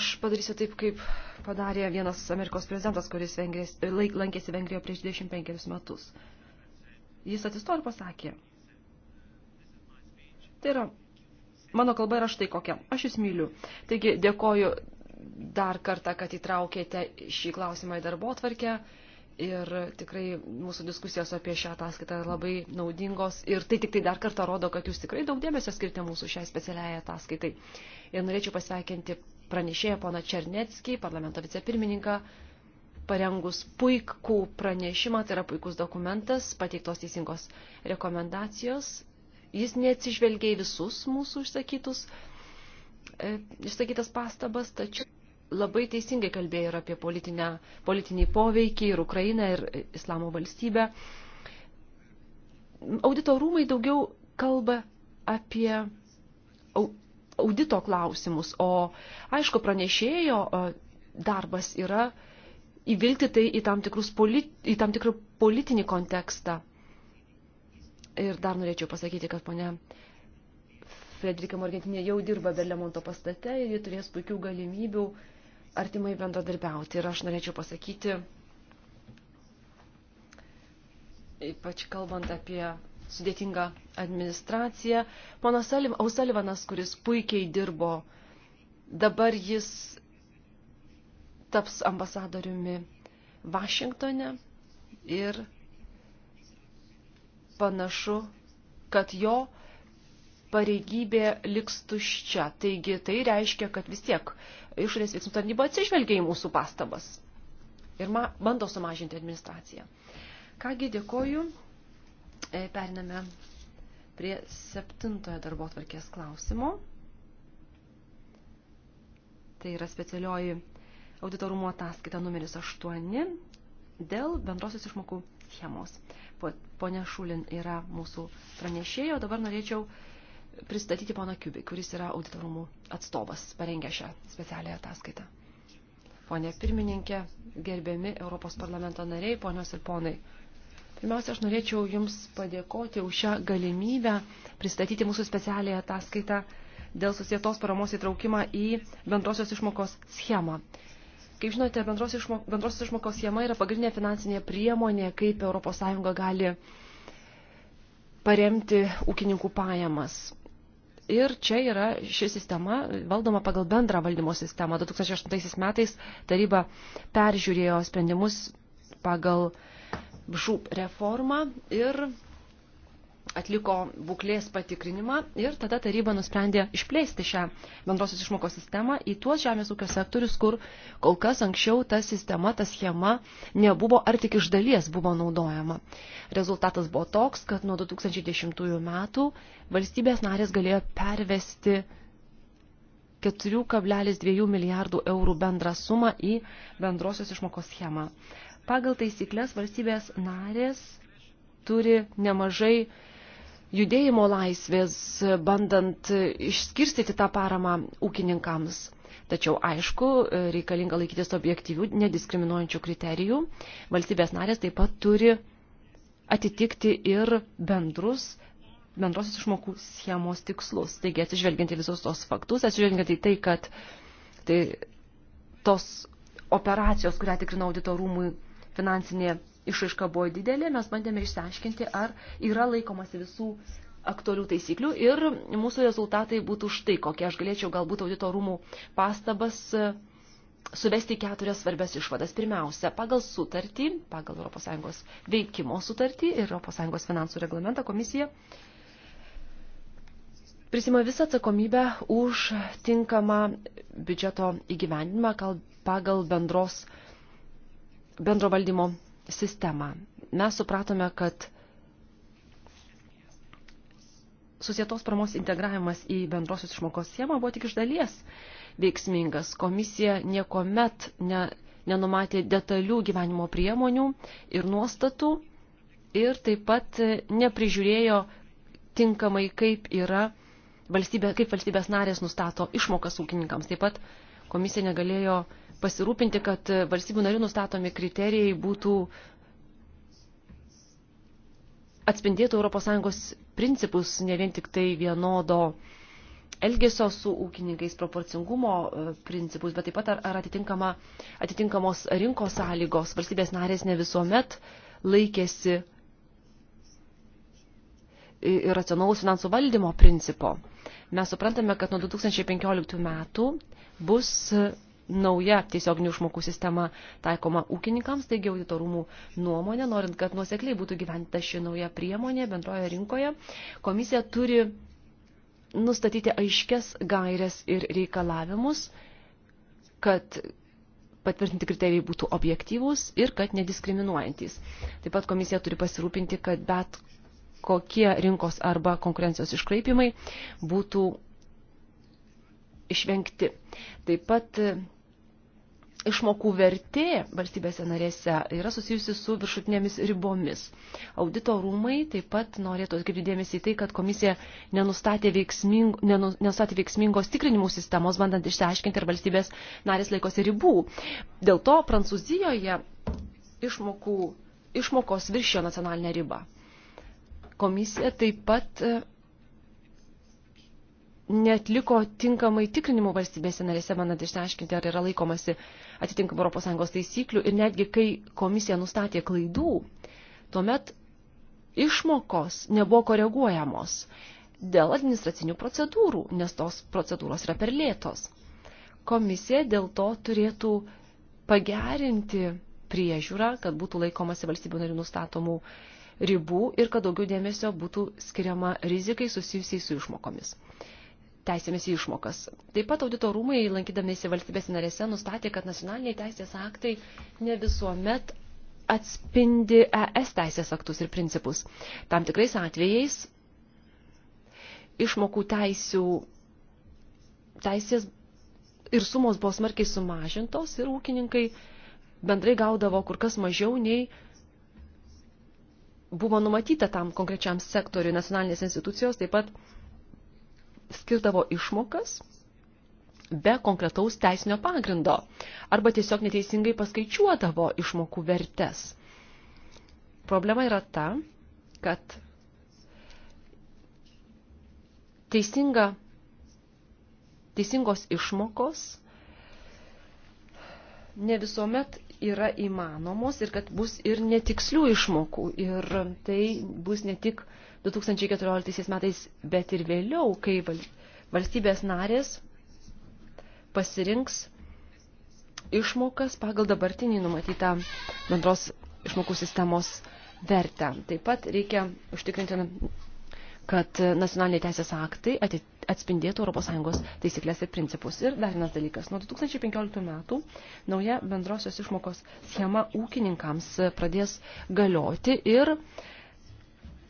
Aš padarysiu taip, kaip padarė vienas Amerikos prezidentas, kuris vengrės, lankėsi Vengrijoje prieš 25 metus. Jis atsistojo ir pasakė, Tai yra, mano kalba yra štai kokia. Aš jūs myliu. Taigi dėkoju dar kartą, kad įtraukėte šį klausimą į darbo tvarkę. Ir tikrai mūsų diskusijos apie šią ataskaitą labai naudingos. Ir tai tik tai dar kartą rodo, kad jūs tikrai daug dėmesio skirtė mūsų šiai specialiai ataskaitai. Ir norėčiau pasveikinti pranešėją poną Černetskį, parlamento vicepirmininką, parengus puikų pranešimą, tai yra puikus dokumentas, pateiktos teisingos rekomendacijos jis neatsižvelgia į visus mūsų išsakytus, e, išsakytas pastabas, tačiau labai teisingai kalbėjo ir apie politinę, politinį poveikį ir Ukrainą ir e, Islamo valstybę. Audito rūmai daugiau kalba apie audito klausimus, o aišku, pranešėjo darbas yra įvilgti tai į tam, polit, į tam tikrą politinį kontekstą Ir dar norėčiau pasakyti, kad ponia Frederika Morgentinė jau dirba Berlemonto pastate ir ji turės puikių galimybių artimai bendradarbiauti. Ir aš norėčiau pasakyti, ypač kalbant apie sudėtingą administraciją, ponas Ausalivanas, kuris puikiai dirbo, dabar jis taps ambasadoriumi Vašingtone ir panašu, kad jo pareigybė liks tuščia. Taigi tai reiškia, kad vis tiek išorės veiksmų tarnyba atsižvelgia į mūsų pastabas ir ma, bando sumažinti administraciją. Kągi dėkoju, e, periname prie septintojo darbo tvarkės klausimo. Tai yra specialioji auditorumo ataskaita numeris 8 dėl bendrosios išmokų schemos. Pone Šulin yra mūsų pranešėjo, dabar norėčiau pristatyti poną Kiubį, kuris yra auditorumų atstovas, parengė šią specialią ataskaitą. Pone pirmininkė, gerbiami Europos parlamento nariai, ponios ir ponai. Pirmiausia, aš norėčiau Jums padėkoti už šią galimybę pristatyti mūsų specialią ataskaitą dėl susietos paramos įtraukimą į bendrosios išmokos schemą. Kaip žinote, bendros išmok, bendros išmokos jama yra pagrindinė finansinė priemonė, kaip ES gali paremti ūkininkų pajamas. Ir čia yra ši sistema valdoma pagal bendrą valdymo sistemą. 2008 metais taryba peržiūrėjo sprendimus pagal žūp reformą ir atliko būklės patikrinimą ir tada taryba nusprendė išplėsti šią bendrosios išmokos sistemą į tuos žemės ūkio sektorius, kur kol kas anksčiau ta sistema, ta schema nebuvo ar tik iš dalies buvo naudojama. Rezultatas buvo toks, kad nuo 2010 metų valstybės narės galėjo pervesti 4,2 milijardų eurų bendrą sumą į bendrosios išmokos schemą. Pagal taisyklės valstybės narės turi nemažai judėjimo laisvės, bandant išskirstyti tą paramą ūkininkams. Tačiau, aišku, reikalinga laikytis objektyvių, nediskriminuojančių kriterijų. Valstybės narės taip pat turi atitikti ir bendrus bendrosios išmokų schemos tikslus. Taigi, atsižvelgiant į visus tos faktus, atsižvelgiant į tai, kad tai, tos operacijos, kurią tikrina audito rūmui, finansinė išaiška buvo didelė, mes bandėme išsiaiškinti, ar yra laikomasi visų aktualių taisyklių ir mūsų rezultatai būtų štai kokie. Aš galėčiau galbūt audito rūmų pastabas e, suvesti keturias svarbias išvadas. Pirmiausia, pagal sutartį, pagal ES veikimo sutartį ir ES finansų reglamentą komisija prisima visą atsakomybę už tinkamą biudžeto įgyvendinimą pagal bendros, bendro valdymo sistemą. Mes supratome, kad susietos paramos integravimas į bendrosios išmokos schemą buvo tik iš dalies veiksmingas. Komisija niekuomet ne, nenumatė detalių gyvenimo priemonių ir nuostatų ir taip pat neprižiūrėjo tinkamai, kaip, yra, valstybė, kaip valstybės narės nustato išmokas ūkininkams. Taip pat komisija negalėjo pasirūpinti, kad valstybių narių nustatomi kriterijai būtų atspindėtų ES principus ne vien tik tai vienodo elgesio su ūkininkais proporcingumo e, principus, bet taip pat ar, ar atitinkama, atitinkamos rinkos sąlygos valstybės narės ne visuomet laikėsi ir racionalaus finansų valdymo principo. Mes suprantame, kad nuo 2015 metų bus nauja tiesioginių išmokų sistema taikoma ūkininkams, taigi auditorumų nuomonė, norint, kad nuosekliai būtų gyventa ši nauja priemonė bendroje rinkoje, komisija turi nustatyti aiškias gairias ir reikalavimus, kad patvirtinti kriterijai būtų objektyvūs ir kad nediskriminuojantis. Taip pat komisija turi pasirūpinti, kad bet kokie rinkos arba konkurencijos iškraipimai būtų išvengti. Taip pat išmokų vertė valstybėse narėse yra susijusi su viršutinėmis ribomis. Audito rūmai taip pat norėtų atkreipti dėmesį į tai, kad komisija nenustatė, veiksming, nenu, nenustatė veiksmingos tikrinimų sistemos, bandant išsiaiškinti, ar valstybės narės laikosi ribų. Dėl to Prancūzijoje išmokų, išmokos viršio nacionalinę ribą. Komisija taip pat e, netliko tinkamai tikrinimų valstybėse narėse, manant išsiaiškinti, ar yra laikomasi atitinkamų ES taisyklių ir netgi kai komisija nustatė klaidų, tuomet išmokos nebuvo koreguojamos dėl administracinių procedūrų, nes tos procedūros yra per lėtos. Komisija dėl to turėtų pagerinti priežiūrą, kad būtų laikomasi valstybių narių nustatomų ribų ir kad daugiau dėmesio būtų skiriama rizikai susijusiai su išmokomis teisėmis į išmokas. Taip pat auditorumai, lankydamėsi valstybės narėse, nustatė, kad nacionaliniai teisės aktai ne visuomet atspindi ES teisės aktus ir principus. Tam tikrais atvejais išmokų teisių teisės ir sumos buvo smarkiai sumažintos ir ūkininkai bendrai gaudavo kur kas mažiau nei buvo numatyta tam konkrečiam sektoriui nacionalinės institucijos taip pat skirdavo išmokas be konkretaus teisinio pagrindo arba tiesiog neteisingai paskaičiuodavo išmokų vertes. Problema yra ta, kad teisinga, teisingos išmokos ne visuomet yra įmanomos ir kad bus ir netikslių išmokų. Ir tai bus ne tik uh, 2014 metais, bet ir vėliau, kai valstybės narės pasirinks išmokas pagal dabartinį numatytą bendros išmokų sistemos vertę. Taip pat reikia užtikrinti, kad nacionaliniai teisės aktai atspindėtų ES taisyklės ir principus. Ir dar vienas dalykas. Nuo 2015 metų nauja bendrosios išmokos schema ūkininkams pradės galioti ir uh,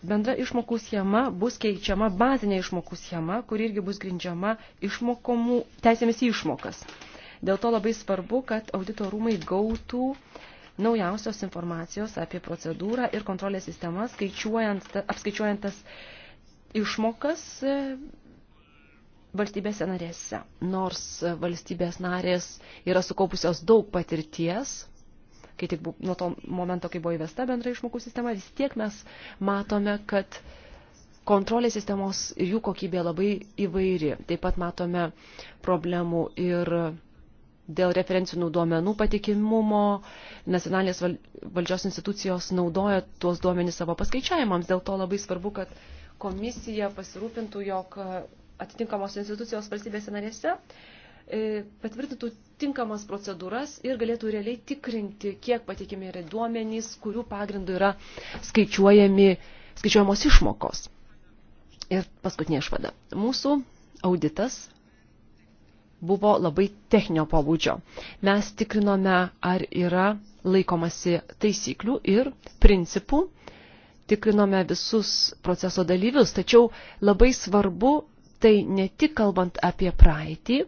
Bendra išmokų schema bus keičiama bazinė išmokų schema, kuri irgi bus grindžiama išmokomų teisėmis į išmokas. Dėl to labai svarbu, kad audito rūmai gautų naujausios informacijos apie procedūrą ir kontrolės sistemas, apskaičiuojant tas išmokas e, valstybėse narėse. Nors valstybės narės yra sukaupusios daug patirties kai tik bu, nuo to momento, kai buvo įvesta bendra išmokų sistema, vis tiek mes matome, kad kontrolės sistemos ir jų kokybė labai įvairi. Taip pat matome problemų ir dėl referencinų duomenų patikimumo. Nacionalinės valdžios institucijos naudoja tuos duomenys savo paskaičiavimams. Dėl to labai svarbu, kad komisija pasirūpintų, jog atitinkamos institucijos valstybėse narėse uh, E, patvirtintų tinkamas procedūras ir galėtų realiai tikrinti, kiek patikimi yra duomenys, kurių pagrindų yra skaičiuojamos išmokos. Ir paskutinė išvada. Mūsų auditas buvo labai techninio pobūdžio. Mes tikrinome, ar yra laikomasi taisyklių ir principų, tikrinome visus proceso dalyvius, tačiau labai svarbu tai ne tik kalbant apie praeitį,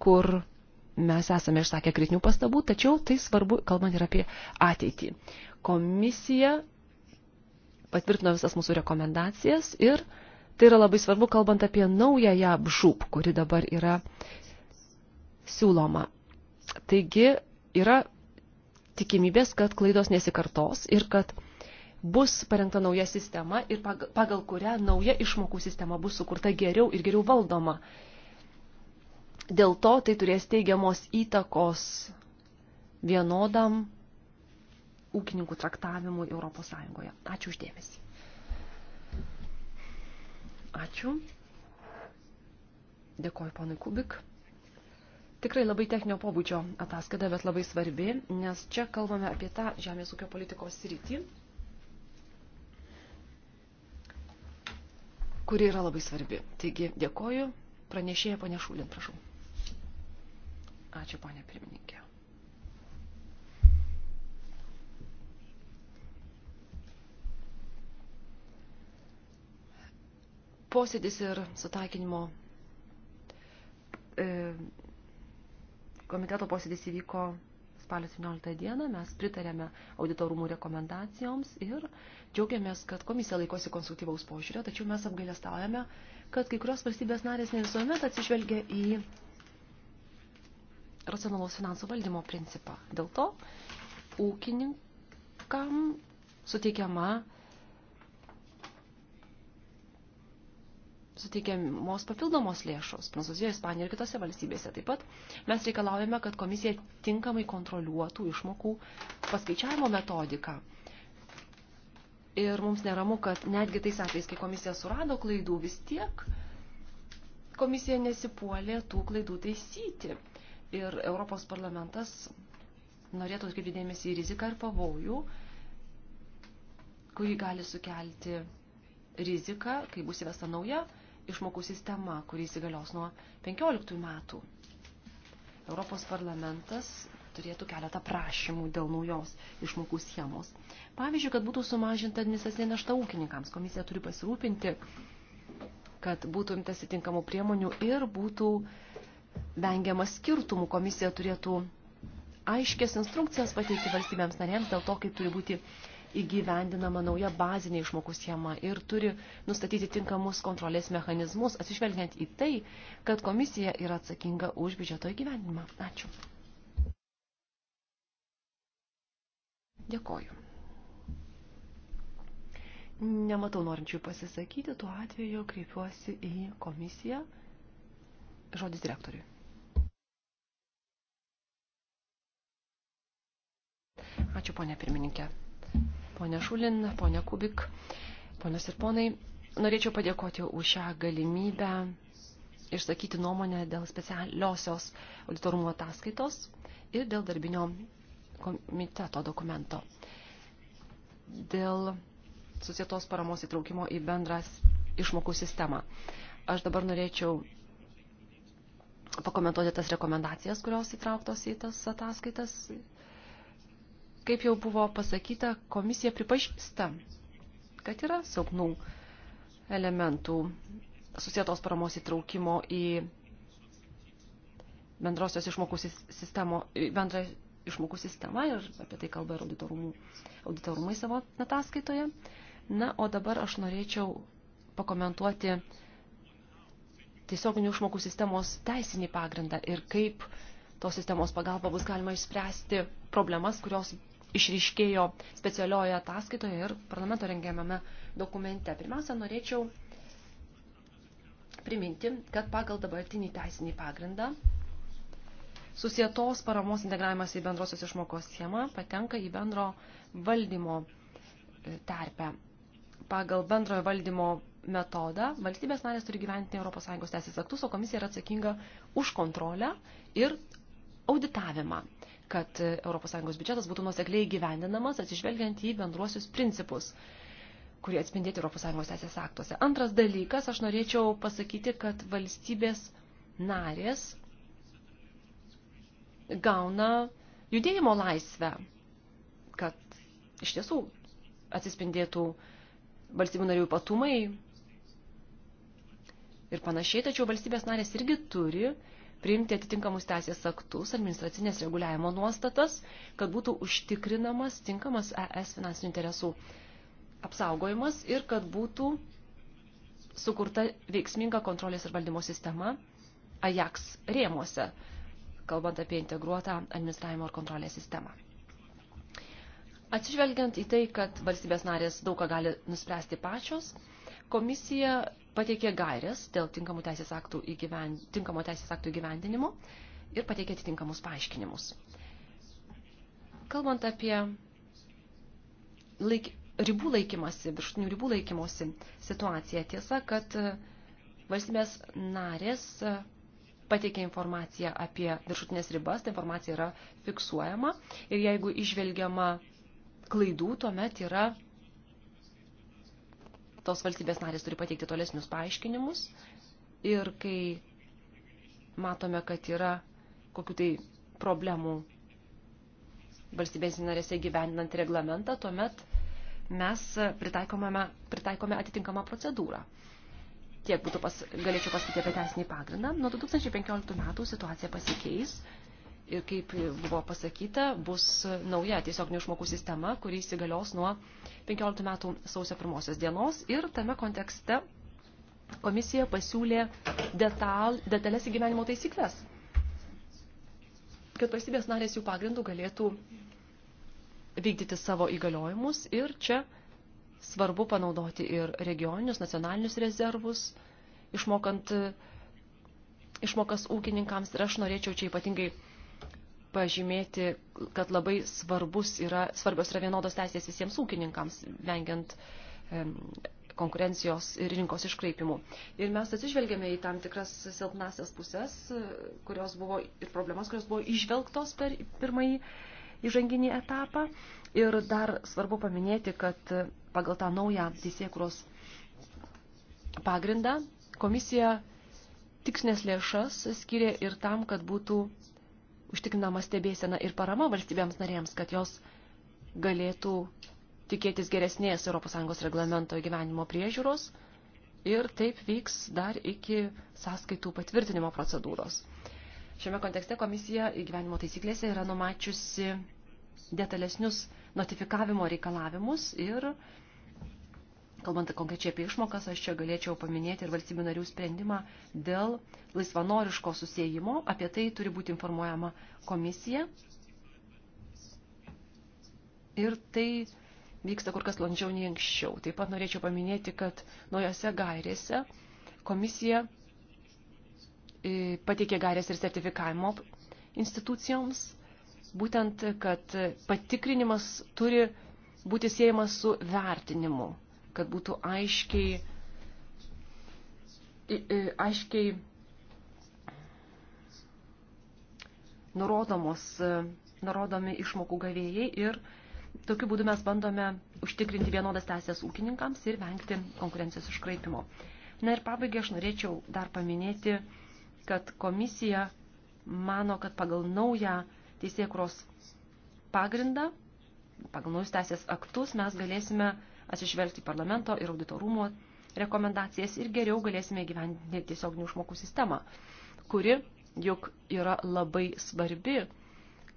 kur mes esame išsakę kritinių pastabų, tačiau tai svarbu, kalbant ir apie ateitį. Komisija patvirtino visas mūsų rekomendacijas ir tai yra labai svarbu, kalbant apie naująją bžūp, kuri dabar yra siūloma. Taigi yra tikimybės, kad klaidos nesikartos ir kad bus parengta nauja sistema ir pagal, pagal kurią nauja išmokų sistema bus sukurta geriau ir geriau valdoma Dėl to tai turės teigiamos įtakos vienodam ūkininkų traktavimui ES. Ačiū uždėmesį. Ačiū. Dėkoju ponui Kubik. Tikrai labai techninio pobūdžio ataskaita, bet labai svarbi, nes čia kalbame apie tą žemės ūkio politikos sritį, kuri yra labai svarbi. Taigi dėkoju, pranešėja ponė Šūlin, prašau. Ačiū, ponė pirmininkė. Posėdis ir sutaikinimo e, komiteto posėdis įvyko spalio 17 dieną, mes pritarėme auditorumų rekomendacijoms ir džiaugiamės, kad komisija laikosi konstruktyvaus požiūrio, tačiau mes apgailestavome, kad kai kurios valstybės narės ne visuomet atsižvelgia į racionalaus finansų valdymo principą. Dėl to ūkininkam suteikiama suteikiamos papildomos lėšos Prancūzijoje, Ispanijoje ir kitose valstybėse. Taip pat mes reikalaujame, kad komisija tinkamai kontroliuotų išmokų paskaičiavimo metodiką. Ir mums neramu, kad netgi tais atvejais, kai komisija surado klaidų, vis tiek komisija nesipuolė tų klaidų taisyti ir Europos parlamentas norėtų atkreipti dėmesį į riziką ir pavojų, kurį gali sukelti rizika, kai bus įvesta nauja išmokų sistema, kurį įsigalios nuo 15 metų. Europos parlamentas turėtų keletą prašymų dėl naujos išmokų schemos. Pavyzdžiui, kad būtų sumažinta administracinė našta ūkininkams. Komisija turi pasirūpinti, kad būtų imtasi tinkamų priemonių ir būtų uh, vengiama skirtumų. Komisija turėtų aiškės instrukcijas pateikti valstybėms narėms dėl to, kaip turi būti įgyvendinama nauja bazinė išmokų schema ir turi nustatyti tinkamus kontrolės mechanizmus, atsižvelgiant į tai, kad komisija yra atsakinga už biudžeto įgyvendinimą. Ačiū. Dėkoju. Nematau norinčių pasisakyti, tuo atveju kreipiuosi į komisiją žodis direktoriui. Ačiū, ponė pirmininkė. Pone Šulin, ponė Kubik, ponas ir ponai, norėčiau padėkoti už šią galimybę išsakyti nuomonę dėl specialiosios auditorumo ataskaitos ir dėl darbinio komiteto dokumento. Dėl susietos paramos įtraukimo į bendras išmokų sistemą. Aš dabar norėčiau pakomentuoti tas rekomendacijas, kurios įtrauktos į tas ataskaitas Kaip jau buvo pasakyta, komisija pripažįsta, kad yra silpnų elementų susietos paramos įtraukimo į bendrosios išmokų sistemo, bendrą išmokų sistemą ir apie tai kalba ir auditorumų, auditorumai savo ataskaitoje. Na, o dabar aš norėčiau pakomentuoti tiesioginių išmokų sistemos teisinį pagrindą ir kaip tos sistemos pagalba bus galima išspręsti problemas, kurios išryškėjo specialioje ataskaitoje ir parlamento rengiamame dokumente. Pirmiausia, norėčiau priminti, kad pagal dabartinį teisinį pagrindą susietos paramos integravimas į bendrosios išmokos schemą patenka į bendro valdymo e, terpę. Pagal bendrojo valdymo metodą valstybės narės turi gyventi ES teisės aktus, o komisija yra atsakinga už kontrolę ir auditavimą kad ES biudžetas būtų nuosekliai gyvendinamas, atsižvelgiant į bendruosius principus, kurie atspindėti ES teisės aktuose. Antras dalykas, aš norėčiau pasakyti, kad valstybės narės gauna judėjimo laisvę, kad iš tiesų atsispindėtų valstybių narių ypatumai ir panašiai, tačiau valstybės narės irgi turi priimti atitinkamus teisės aktus, administracinės reguliavimo nuostatas, kad būtų užtikrinamas tinkamas ES finansinių interesų apsaugojimas ir kad būtų sukurta veiksminga kontrolės ir valdymo sistema AJAX rėmuose, kalbant apie integruotą administravimo ir kontrolės sistemą. Atsižvelgiant į tai, kad valstybės narės daug ką gali nuspręsti pačios, Komisija pateikė gairias dėl tinkamų teisės aktų įgyvend... tinkamo teisės aktų įgyvendinimo ir pateikė atitinkamus paaiškinimus. Kalbant apie laik... ribų laikymasi, viršutinių ribų laikymosi situaciją, tiesa, kad e, valstybės narės e, pateikia informaciją apie viršutinės ribas, ta informacija yra fiksuojama ir jeigu išvelgiama klaidų, tuomet yra tos valstybės narės turi pateikti tolesnius paaiškinimus ir kai matome, kad yra kokiu tai problemų valstybės narėse gyvendinant reglamentą, tuomet mes pritaikome atitinkamą procedūrą. Tiek būtų pas, galėčiau pasakyti apie teisinį pagrindą. Nuo 2015 metų situacija pasikeis ir kaip buvo pasakyta, bus nauja tiesioginių išmokų sistema, kuri įsigalios nuo 15 metų sausio pirmosios dienos ir tame kontekste komisija pasiūlė detal, detalės įgyvenimo taisyklės, kad valstybės narės jų pagrindų galėtų vykdyti savo įgaliojimus ir čia svarbu panaudoti ir regioninius, nacionalinius rezervus, išmokant išmokas ūkininkams ir aš norėčiau čia ypatingai pažymėti, kad labai svarbus yra, svarbios yra vienodos teisės visiems ūkininkams, vengiant konkurencijos ir rinkos iškraipimų. Ir mes atsižvelgėme į tam tikras silpnasias pusės, kurios buvo ir problemas, kurios buvo išvelgtos per pirmąjį įžanginį etapą. Ir dar svarbu paminėti, kad pagal tą naują teisėkuros pagrindą komisija tiksnės lėšas skiria ir tam, kad būtų užtikrinama stebėsena ir parama valstybėms narėms, kad jos galėtų tikėtis geresnės ES reglamento gyvenimo priežiūros ir taip vyks dar iki sąskaitų patvirtinimo procedūros. Šiame kontekste komisija įgyvenimo taisyklėse yra numačiusi detalesnius notifikavimo reikalavimus ir uh, Kalbant konkrečiai apie išmokas, aš čia galėčiau paminėti ir valstybių narių sprendimą dėl laisvanoriško susijimo. Apie tai turi būti informuojama komisija. Ir tai vyksta kur kas landžiau nei anksčiau. Taip pat norėčiau paminėti, kad naujose gairėse komisija e, pateikė gairės ir sertifikavimo institucijoms, būtent, kad patikrinimas turi būti siejamas su vertinimu kad būtų aiškiai, aiškiai nurodomos, nurodomi išmokų gavėjai ir tokiu būdu mes bandome užtikrinti vienodas teisės ūkininkams ir vengti konkurencijos iškraipimo. Na ir pabaigai aš norėčiau dar paminėti, kad komisija mano, kad pagal naują teisėkros pagrindą, pagal naujus teisės aktus mes galėsime uh, atsižvelgti parlamento ir auditorumo rekomendacijas ir geriau galėsime gyventi tiesioginių išmokų sistemą, kuri juk yra labai svarbi,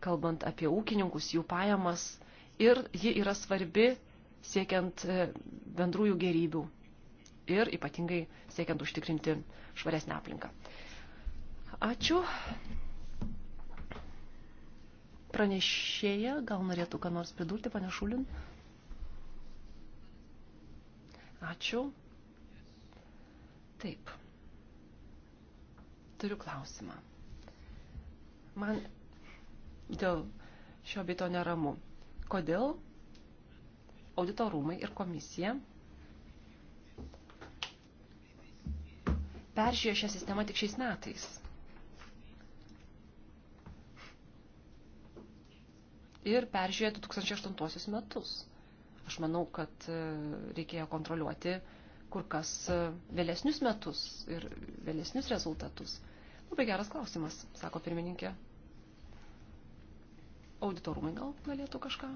kalbant apie ūkininkus, jų pajamas ir ji yra svarbi siekiant e, bendrųjų gerybių ir ypatingai siekiant užtikrinti švaresnę aplinką. Ačiū. Pranešėja, gal norėtų ką nors pridurti, panešulin? Šulin? Ačiū. Taip. Turiu klausimą. Man dėl šio bito neramu. Kodėl auditorumai ir komisija peržiūrėjo šią sistemą tik šiais metais? Ir peržiūrėjo 2008 metus. Aš manau, kad e, reikėjo kontroliuoti kur kas e, vėlesnius metus ir vėlesnius rezultatus. Labai geras klausimas, sako pirmininkė. Auditorumai gal galėtų kažką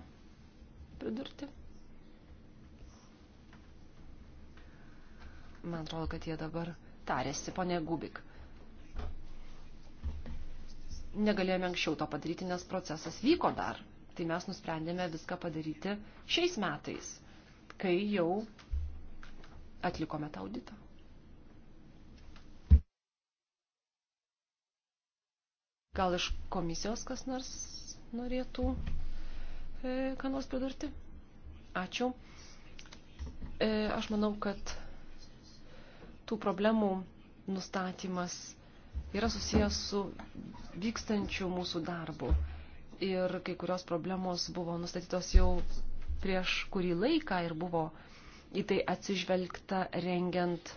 pridurti? Man atrodo, kad jie dabar tarėsi, ponė Gubik. Negalėjome anksčiau to padaryti, nes procesas vyko dar. Tai mes nusprendėme viską padaryti šiais metais, kai jau atlikome tą auditą. Gal iš komisijos kas nors norėtų e, ką nors pridurti? Ačiū. E, aš manau, kad tų problemų nustatymas yra susijęs su vykstančiu mūsų darbu ir kai kurios problemos buvo nustatytos jau prieš kurį laiką ir buvo į tai atsižvelgta rengiant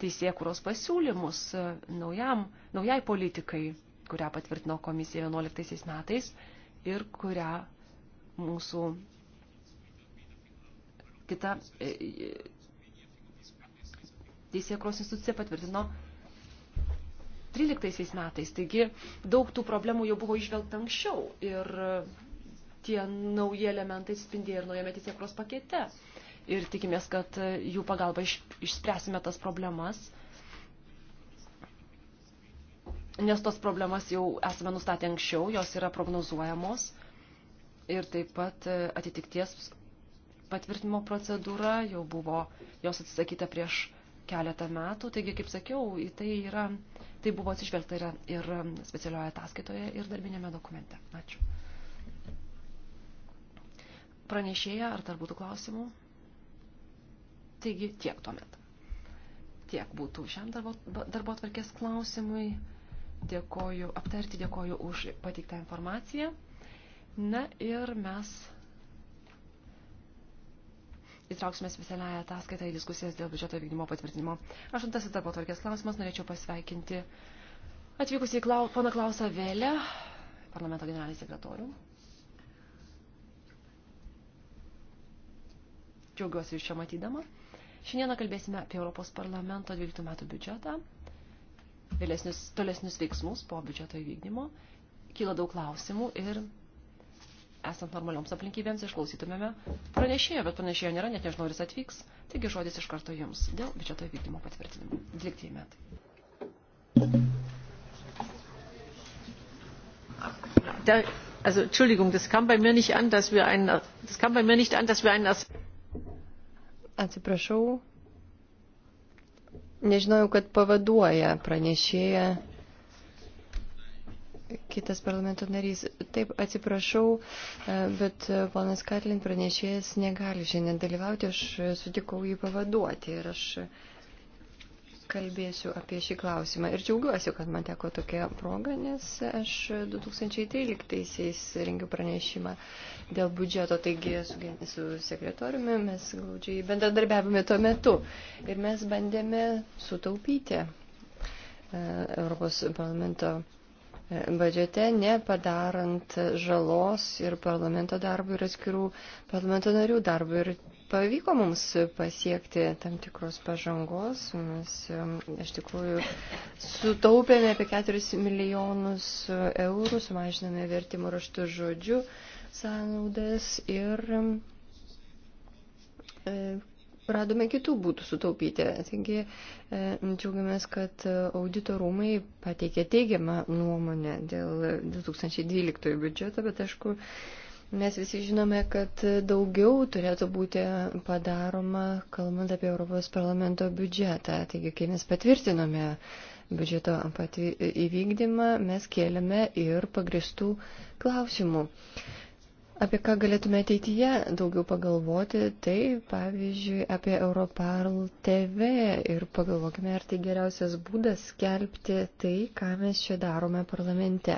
teisėkuros pasiūlymus e, naujam, naujai politikai, kurią patvirtino komisija 11 metais ir kurią mūsų kita e, e, teisėkuros institucija patvirtino 2013 metais. Taigi daug tų problemų jau buvo išvelgta anksčiau ir e, tie nauji elementai spindėjo ir naujame teisėkros pakete. Ir tikimės, kad e, jų pagalba iš, išspręsime tas problemas, nes tos problemas jau esame nustatę anksčiau, jos yra prognozuojamos ir taip pat e, atitikties patvirtinimo procedūra jau buvo jos atsisakyta prieš keletą metų. Taigi, kaip sakiau, į tai, yra, tai buvo atsižvelgta yra ir specialioje ataskaitoje, ir darbinėme dokumente. Ačiū. Pranešėja, ar dar būtų klausimų? Taigi, tiek tuomet. Tiek būtų šiam darbo, darbo atvarkės klausimui. Dėkoju, aptarti dėkoju už pateiktą informaciją. Na ir mes įtrauksime specialiąją ataskaitą į diskusijas dėl biudžeto vykdymo patvirtinimo. Aštuntasis darbo tvarkės klausimas. Norėčiau pasveikinti atvykusį klau, poną Klausą Vėlę, parlamento generalinį sekretorių. Džiaugiuosi jūs čia matydama. Šiandieną kalbėsime apie Europos parlamento 12 metų biudžetą, vėlesnius, tolesnius veiksmus po biudžeto įvykdymo. Kyla daug klausimų ir esant normalioms aplinkybėms, išklausytumėme pranešėjo, bet pranešėjo nėra, net nežinau, ar jis atvyks. Taigi žodis iš karto jums dėl biudžeto vykdymo patvirtinimo. 12 metai. Da, also, Entschuldigung, das kam bei mir nicht an, dass wir einen, das kam bei mir nicht an, dass wir einen Atsiprašau, nežinojau, kad pavaduoja pranešėja kitas parlamento narys. Taip, atsiprašau, e, bet e, ponas Katlin pranešėjas negali šiandien dalyvauti, aš e, sutikau jį pavaduoti ir aš kalbėsiu apie šį klausimą. Ir džiaugiuosi, kad man teko tokia proga, nes aš 2013-aisiais rengiu pranešimą dėl biudžeto, taigi su, su sekretoriumi mes glaudžiai bendradarbiavome tuo metu ir mes bandėme sutaupyti Europos parlamento biudžete, nepadarant žalos ir parlamento darbų ir atskirų parlamento narių darbų. Ir pavyko mums pasiekti tam tikros pažangos. Mes iš tikrųjų sutaupėme apie 4 milijonus eurų, sumažiname vertimų raštų žodžių sąnaudas ir radome kitų būdų sutaupyti. Taigi e, džiaugiamės, kad audito rūmai pateikė teigiamą nuomonę dėl 2012 biudžeto, bet aišku, mes visi žinome, kad daugiau turėtų būti padaroma, kalbant apie Europos parlamento biudžetą. Taigi, kai mes patvirtinome biudžeto įvykdymą, mes kėlėme ir pagristų klausimų. Uh, Apie ką galėtume ateityje daugiau pagalvoti, tai pavyzdžiui apie Europarl TV ir pagalvokime, ar tai geriausias būdas skelbti tai, ką mes čia darome parlamente.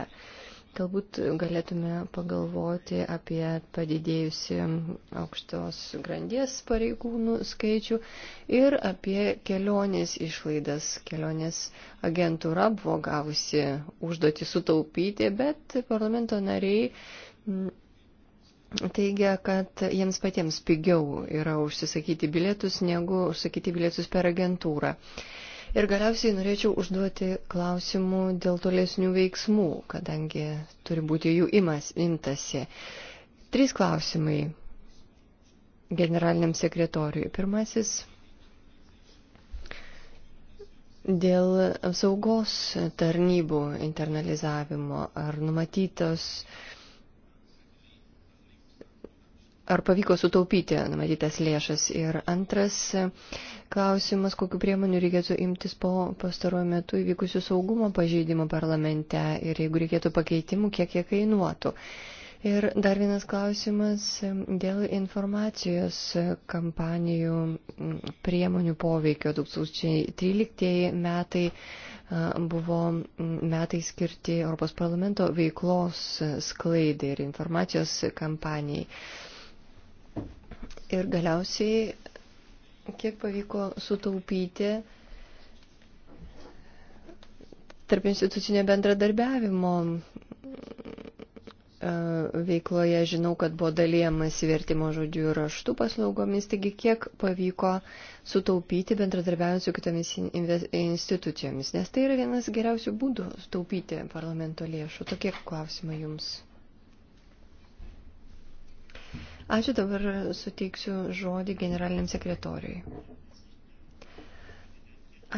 Galbūt galėtume pagalvoti apie padidėjusi aukštos grandies pareigūnų skaičių ir apie kelionės išlaidas. Kelionės agentūra buvo gavusi užduoti sutaupyti, bet parlamento nariai teigia, kad jiems patiems pigiau yra užsisakyti bilietus, negu užsakyti bilietus per agentūrą. Ir galiausiai norėčiau užduoti klausimų dėl tolesnių veiksmų, kadangi turi būti jų imas, imtasi. Trys klausimai generaliniam sekretoriui. Pirmasis dėl apsaugos tarnybų internalizavimo. Ar numatytos uh, ar pavyko sutaupyti numatytas lėšas. Ir antras klausimas, kokiu priemoniu reikėtų imtis po pastaruoju metu įvykusių saugumo pažeidimų parlamente ir jeigu reikėtų pakeitimų, kiek jie kainuotų. Ir dar vienas klausimas dėl informacijos kampanijų priemonių poveikio. 2013 metai buvo metai skirti Europos parlamento veiklos sklaidai ir informacijos kampanijai. Ir galiausiai, kiek pavyko sutaupyti tarp institucinio bendradarbiavimo e, veikloje, žinau, kad buvo dalyjamas vertimo žodžių ir raštų paslaugomis, taigi kiek pavyko sutaupyti bendradarbiaujant su kitomis institucijomis, nes tai yra vienas geriausių būdų sutaupyti parlamento lėšų. Tokie klausimai jums. Ačiū dabar suteiksiu žodį generaliniam sekretoriui.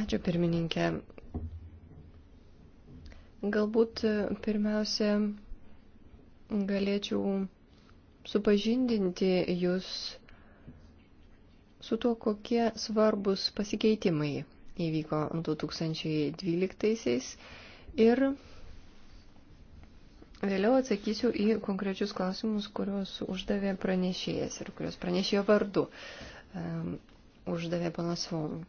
Ačiū pirmininkė. Galbūt pirmiausia galėčiau supažindinti jūs su tuo, kokie svarbus pasikeitimai įvyko 2012 ir Vėliau atsakysiu į konkrečius klausimus, kuriuos uždavė pranešėjas ir kuriuos pranešėjo vardu um, uždavė panas Volų.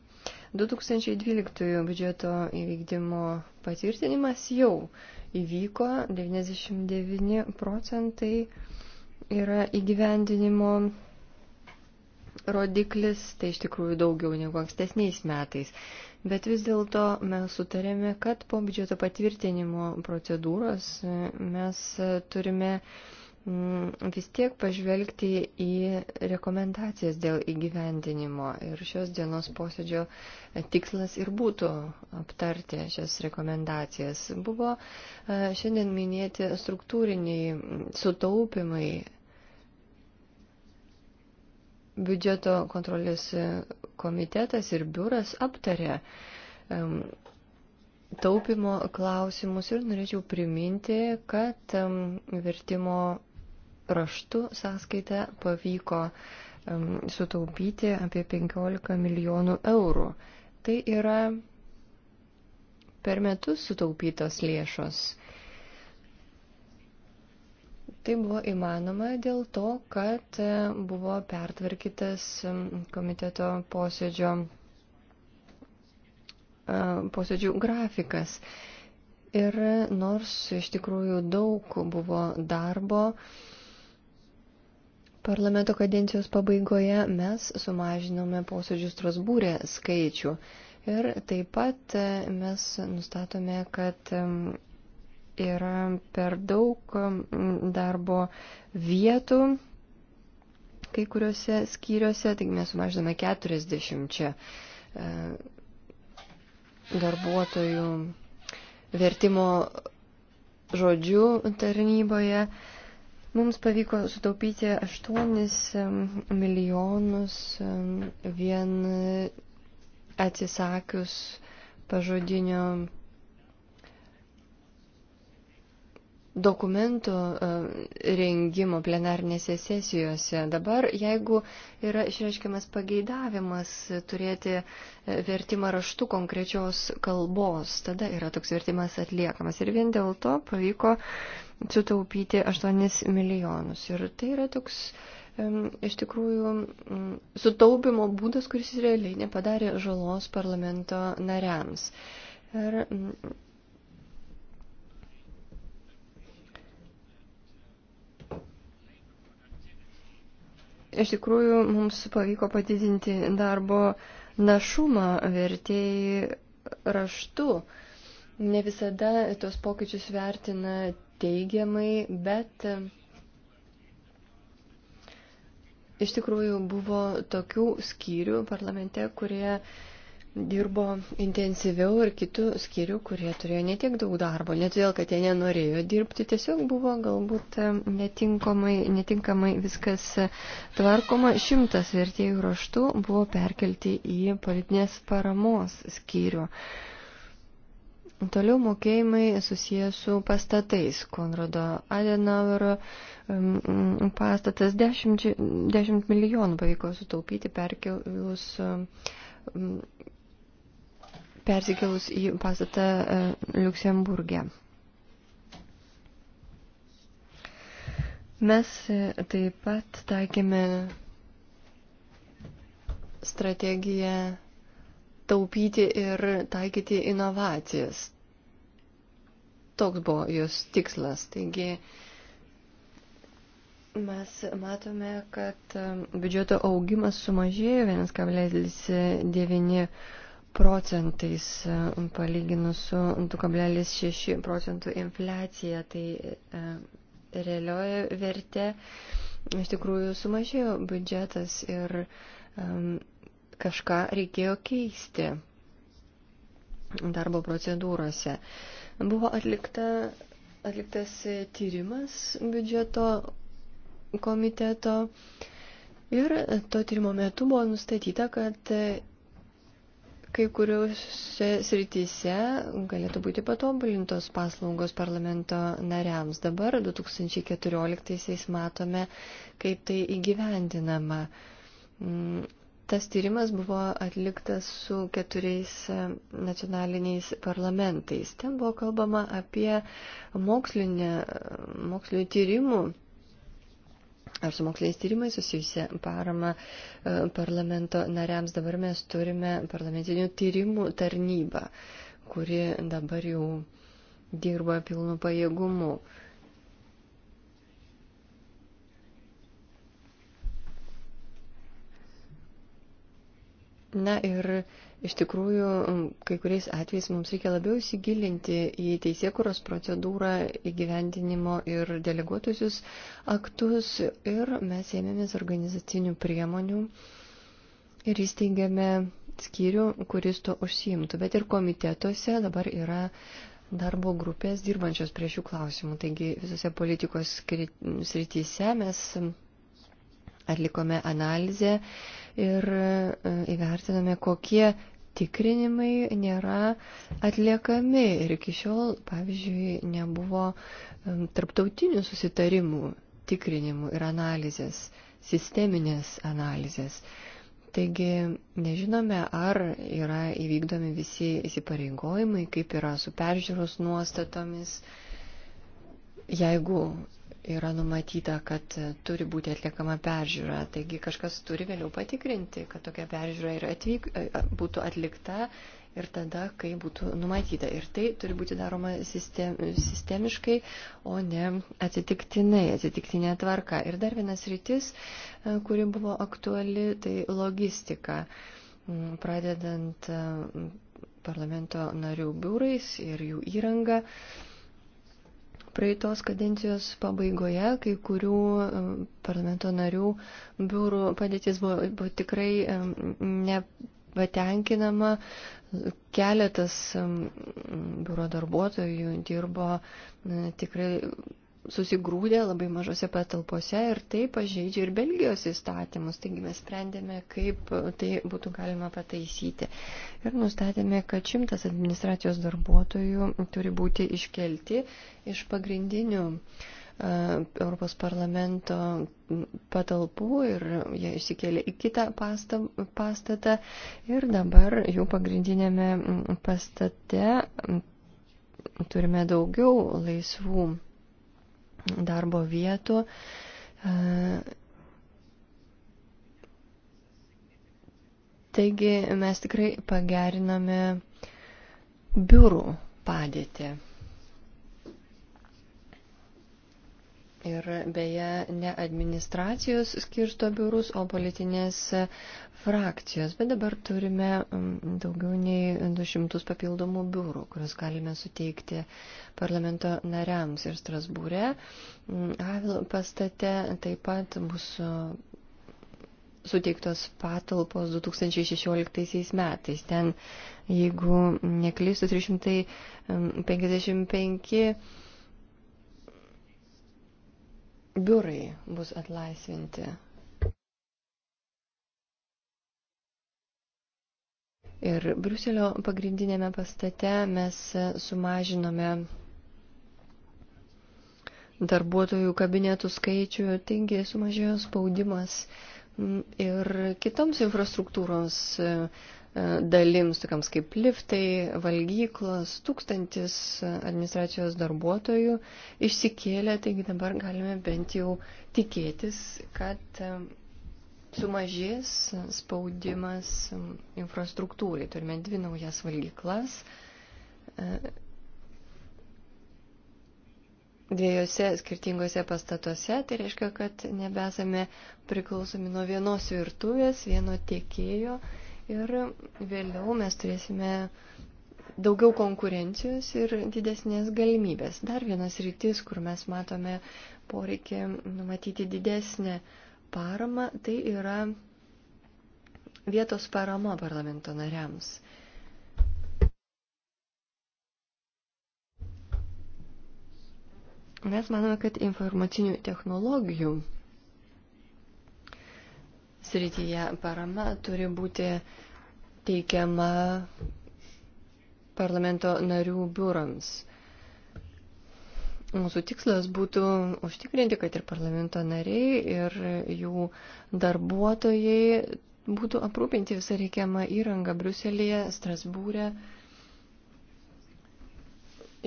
2012 biudžeto įvykdymo patvirtinimas jau įvyko, 99 procentai yra įgyvendinimo rodiklis, tai iš tikrųjų daugiau negu ankstesniais metais. Bet vis dėlto mes sutarėme, kad po biudžeto patvirtinimo procedūros e, mes e, turime mm, vis tiek pažvelgti į rekomendacijas dėl įgyvendinimo. Ir šios dienos posėdžio e, tikslas ir būtų aptarti šias rekomendacijas. Buvo šiandien minėti struktūriniai sutaupimai Biudžeto kontrolės komitetas ir biuras aptarė um, taupimo klausimus ir norėčiau priminti, kad um, vertimo raštu sąskaitą pavyko um, sutaupyti apie 15 milijonų eurų. Tai yra per metus sutaupytos lėšos. Tai buvo įmanoma dėl to, kad e, buvo pertvarkytas komiteto posėdžio, e, posėdžių grafikas. Ir nors iš tikrųjų daug buvo darbo, parlamento kadencijos pabaigoje mes sumažinome posėdžių Strasbūrė skaičių. Ir taip pat e, mes nustatome, kad yra per daug darbo vietų kai kuriuose skyriuose, taigi mes sumažiname 40 e, darbuotojų vertimo žodžių tarnyboje. Mums pavyko sutaupyti 8 e, milijonus e, vien atsisakius pažodinio dokumentų e, rengimo plenarnėse sesijose. Dabar, jeigu yra išreiškiamas pageidavimas turėti e, vertimą raštų konkrečios kalbos, tada yra toks vertimas atliekamas. Ir vien dėl to pavyko sutaupyti 8 milijonus. Ir tai yra toks e, iš tikrųjų sutaupimo būdas, kuris realiai nepadarė žalos parlamento nariams. Ir Iš tikrųjų, mums pavyko padidinti darbo našumą vertėjai raštu. Ne visada tos pokyčius vertina teigiamai, bet iš tikrųjų buvo tokių skyrių parlamente, kurie dirbo intensyviau ir kitų skyrių, kurie turėjo netiek daug darbo, ne todėl, kad jie nenorėjo dirbti, tiesiog buvo galbūt e, netinkamai, netinkamai viskas e, tvarkoma. Šimtas vertėjų raštų buvo perkelti į politinės paramos skyrių. Toliau mokėjimai susijęs su pastatais. Konrado Adenauerio pastatas 10, 10 milijonų pavyko sutaupyti perkelus persikėlus į pastatą e, Luksemburgė. Mes e, taip pat taikėme strategiją taupyti ir taikyti inovacijas. Toks buvo jos tikslas. Taigi mes matome, kad e, biudžeto augimas sumažėjo 1,9 procentais e, palyginus su 2,6 procentų infliacija, tai e, realioje vertė iš tikrųjų sumažėjo biudžetas ir um, kažką reikėjo keisti darbo procedūrose. Buvo atlikta, atliktas tyrimas biudžeto komiteto ir to tyrimo metu buvo nustatyta, kad kai kuriuose srityse galėtų būti patobulintos paslaugos parlamento nariams. Dabar 2014-aisiais matome, kaip tai įgyvendinama. Mm, tas tyrimas buvo atliktas su keturiais e, nacionaliniais parlamentais. Ten buvo kalbama apie mokslinio tyrimų ar su moksliniais tyrimais susijusią paramą e, parlamento nariams. Dabar mes turime parlamentinių tyrimų tarnybą, kuri dabar jau dirba pilnu pajėgumu. Na ir Iš tikrųjų, kai kuriais atvejais mums reikia labiau įsigilinti į teisėkuros procedūrą, įgyvendinimo ir deleguotusius aktus ir mes ėmėmės organizacinių priemonių ir įsteigėme skyrių, kuris to užsiimtų. Bet ir komitetuose dabar yra darbo grupės dirbančios prie šių klausimų. Taigi visose politikos srityse mes atlikome analizę ir e, įvertiname, kokie tikrinimai nėra atliekami. Ir iki šiol, pavyzdžiui, nebuvo e, tarptautinių susitarimų tikrinimų ir analizės, sisteminės analizės. Taigi nežinome, ar yra įvykdomi visi įsipareigojimai, kaip yra su peržiūros nuostatomis. Jeigu yra numatyta, kad e, turi būti atliekama peržiūra. Taigi kažkas turi vėliau patikrinti, kad tokia peržiūra ir atvyk, e, e, būtų atlikta ir tada, kai būtų numatyta. Ir tai turi būti daroma sistem, sistemiškai, o ne atsitiktinai, atsitiktinė tvarka. Ir dar vienas rytis, kuri buvo aktuali, tai logistika. Mm, pradedant parlamento narių biurais ir jų įrangą. Uh, Praeitos kadencijos pabaigoje kai kurių e, parlamento narių biurų padėtis buvo, buvo tikrai e, nepatenkinama. Keletas e, biuro darbuotojų dirbo tikrai susigrūdę labai mažose patalpose ir tai pažeidžia ir Belgijos įstatymus. Taigi mes sprendėme, kaip tai būtų galima pataisyti. Ir nustatėme, kad šimtas administracijos darbuotojų turi būti iškelti iš pagrindinių e, Europos parlamento patalpų ir jie išsikėlė į kitą pastatą ir dabar jų pagrindinėme pastate turime daugiau laisvų darbo vietų. E, taigi mes tikrai pagerinome biurų padėtį. Ir beje, ne administracijos skirsto biurus, o politinės frakcijos. Bet dabar turime mm, daugiau nei 200 papildomų biurų, kuriuos galime suteikti parlamento nariams ir Strasbūre. Mm, Avil pastate taip pat bus mm, suteiktos patalpos 2016 metais. Ten, jeigu neklystu, 355 biurai bus atlaisvinti. Ir Bruselio pagrindinėme pastate mes sumažinome darbuotojų kabinetų skaičių, taigi sumažėjo spaudimas ir kitoms infrastruktūroms E, dalims, tokiams kaip liftai, valgyklos, tūkstantis administracijos darbuotojų išsikėlė, taigi dabar galime bent jau tikėtis, kad e, sumažės spaudimas infrastruktūrai. Turime dvi naujas valgyklas. E, dviejose skirtingose pastatuose, tai reiškia, kad nebesame priklausomi nuo vienos virtuvės, vieno tiekėjo ir vėliau mes turėsime daugiau konkurencijos ir didesnės galimybės. Dar vienas rytis, kur mes matome poreikį numatyti didesnę paramą, tai yra vietos parama parlamento nariams. Mes manome, kad informacinių technologijų srityje parama turi būti teikiama parlamento narių biurams. Mūsų tikslas būtų užtikrinti, kad ir parlamento nariai, ir jų darbuotojai būtų aprūpinti visą reikiamą įrangą Bruselėje, Strasbūrė,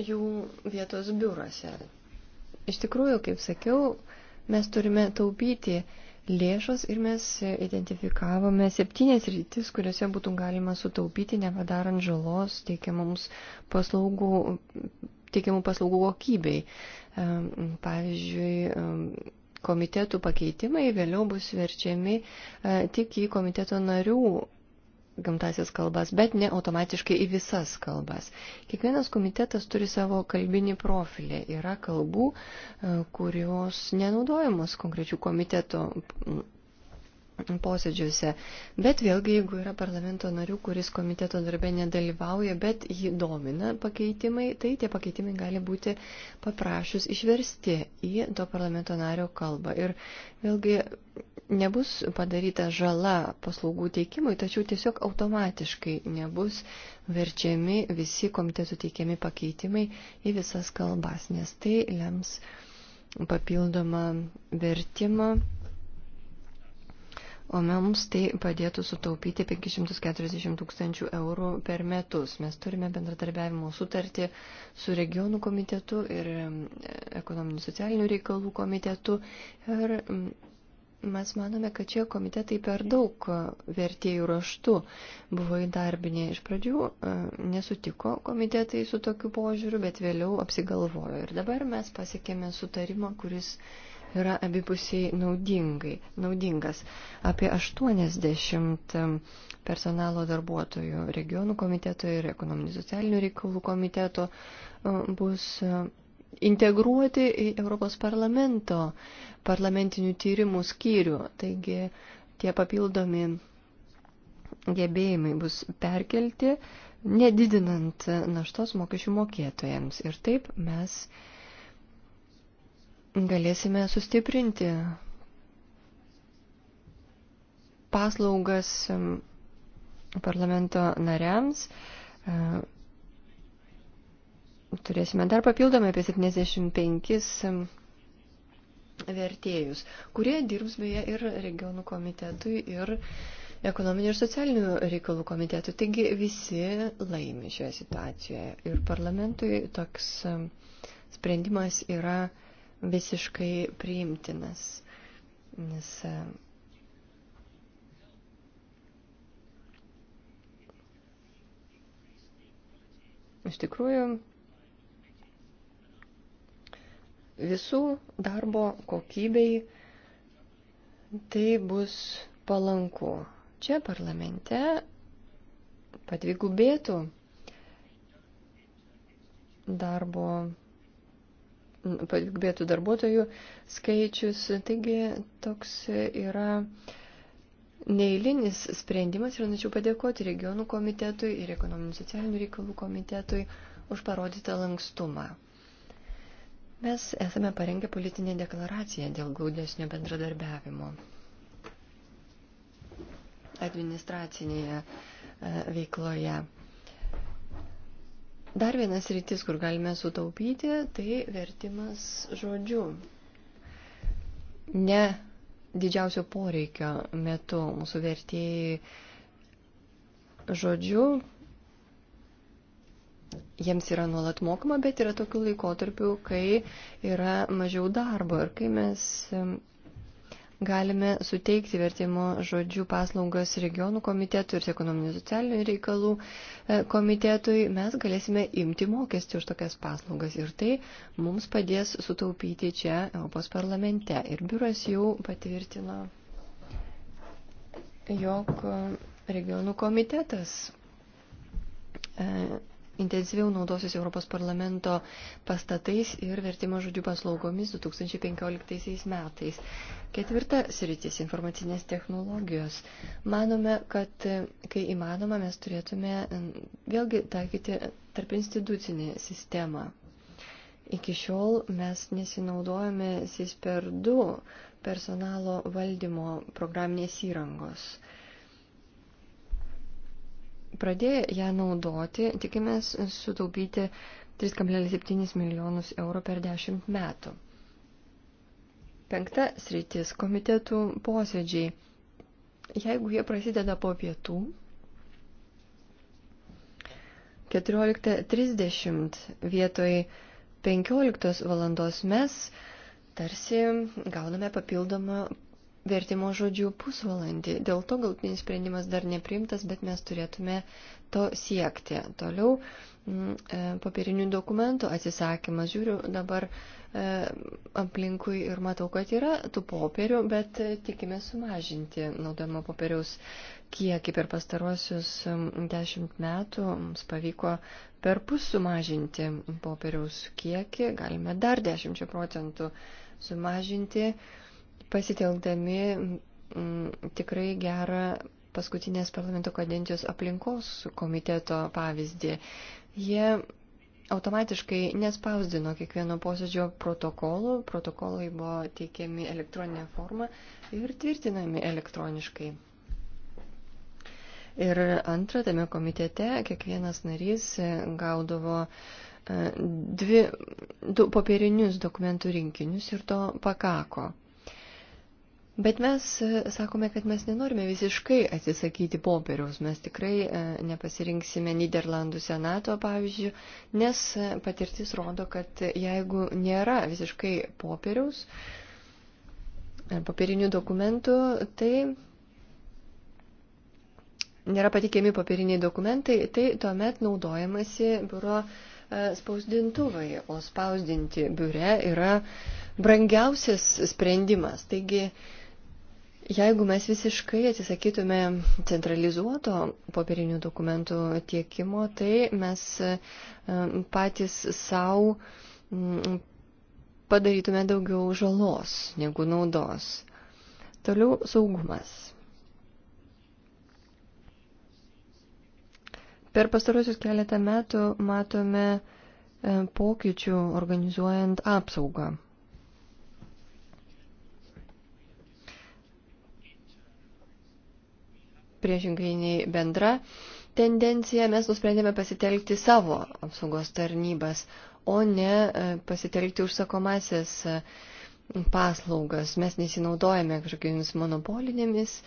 jų vietos biurose. Iš tikrųjų, kaip sakiau, mes turime taupyti uh, lėšos ir mes identifikavome septynės rytis, kuriuose būtų galima sutaupyti, nepadarant žalos teikiamams paslaugų, teikiamų paslaugų kokybei. Pavyzdžiui, komitetų pakeitimai vėliau bus verčiami e, tik į komiteto narių gimtasias kalbas, bet ne automatiškai į visas kalbas. Kiekvienas komitetas turi savo kalbinį profilį. Yra kalbų, e, kurios nenaudojamos konkrečių komiteto posėdžiuose. Bet vėlgi, jeigu yra parlamento narių, kuris komiteto darbė nedalyvauja, bet jį domina pakeitimai, tai tie pakeitimai gali būti paprašus išversti į to parlamento nario kalbą. Ir vėlgi nebus padaryta žala paslaugų teikimui, tačiau tiesiog automatiškai nebus verčiami visi komitetų teikiami pakeitimai į visas kalbas, nes tai lems papildomą vertimą o mums tai padėtų sutaupyti 540 tūkstančių eurų per metus. Mes turime bendradarbiavimo sutartį su regionų komitetu ir ekonominių socialinių reikalų komitetu. Ir mes manome, kad šie komitetai per daug vertėjų raštų buvo įdarbinė. Iš pradžių e, nesutiko komitetai su tokiu požiūriu, bet vėliau apsigalvojo. Ir dabar mes pasiekėme sutarimą, kuris yra abipusiai naudingai, naudingas. Apie 80 personalo darbuotojų regionų komiteto ir ekonominių socialinių reikalų komiteto e, bus e, integruoti į Europos parlamento parlamentinių tyrimų skyrių. Taigi tie papildomi gebėjimai bus perkelti, nedidinant naštos mokesčių mokėtojams. Ir taip mes galėsime sustiprinti paslaugas parlamento nariams. Turėsime dar papildomai apie 75 vertėjus, kurie dirbs beje ir regionų komitetui, ir ekonominių ir socialinių reikalų komitetui. Taigi visi laimi šioje situacijoje. Ir parlamentui toks sprendimas yra uh, visiškai priimtinas, nes e, iš tikrųjų visų darbo kokybei tai bus palanku. Čia parlamente padvigubėtų darbo padvigubėtų darbuotojų skaičius. Taigi toks yra neįlinis sprendimas ir norėčiau padėkoti regionų komitetui ir ekonominių socialinių reikalų komitetui už parodytą lankstumą. Mes esame parengę politinę deklaraciją dėl gaudesnio bendradarbiavimo administracinėje e, veikloje. Dar vienas rytis, kur galime sutaupyti, tai vertimas žodžiu. Ne didžiausio poreikio metu mūsų vertėjai žodžiu, jiems yra nuolat mokama, bet yra tokių laikotarpių, kai yra mažiau darbo ir kai mes galime suteikti vertimo žodžių paslaugas regionų komitetui ir ekonominių socialinių reikalų e, komitetui, mes galėsime imti mokestį už tokias paslaugas ir tai mums padės sutaupyti čia Europos parlamente. Ir biuras jau patvirtino, jog regionų komitetas e, intensyviau naudosis Europos parlamento pastatais ir vertimo žodžių paslaugomis 2015 metais. Ketvirta sritis - informacinės technologijos. Manome, kad e, kai įmanoma, mes turėtume vėlgi taikyti tarp institucinį sistemą. Iki šiol mes nesinaudojame SIS per du personalo valdymo programinės įrangos. Pradėję ją naudoti, tikimės sutaupyti 3,7 milijonus eurų per 10 metų. Penkta sritis - komitetų posėdžiai. Jeigu jie prasideda po pietų, 14.30 vietoj 15 valandos mes tarsi gauname papildomą vertimo žodžių pusvalandį. Dėl to galtinis sprendimas dar neprimtas, bet mes turėtume to siekti. Toliau mm, e, papirinių dokumentų atsisakymas. Žiūriu dabar e, aplinkui ir matau, kad yra tų popierių, bet e, tikime sumažinti naudojimo popieriaus kiekį per pastaruosius dešimt metų. Mums pavyko per pus sumažinti popieriaus kiekį, galime dar dešimčia procentų sumažinti. Uh, pasitelkdami m, mm, tikrai gerą paskutinės parlamento kadencijos aplinkos komiteto pavyzdį. Jie automatiškai nespausdino kiekvieno posėdžio protokolų, protokolai buvo teikiami elektroninė forma ir tvirtinami elektroniškai. Ir antra, tame komitete kiekvienas narys gaudavo e, dvi, du popierinius dokumentų rinkinius ir to pakako. Bet mes e, sakome, kad mes nenorime visiškai atsisakyti popieriaus. Mes tikrai e, nepasirinksime Niderlandų senato pavyzdžių, nes e, patirtis rodo, kad jeigu nėra visiškai popieriaus ar papirinių dokumentų, tai nėra patikiami papiriniai dokumentai, tai tuomet naudojamasi biuro spausdintuvai, o spausdinti biure yra brangiausias sprendimas. Taigi, Jeigu mes visiškai atsisakytume centralizuoto popierinių dokumentų tiekimo, tai mes e, patys savo padarytume daugiau žalos negu naudos. Toliau saugumas. Per pastarosius keletą metų matome e, pokyčių organizuojant apsaugą priešingai nei bendra tendencija, mes nusprendėme pasitelkti savo apsaugos tarnybas, o ne e, pasitelkti užsakomasias e, paslaugas. Mes nesinaudojame kažkokiamis monopolinėmis e,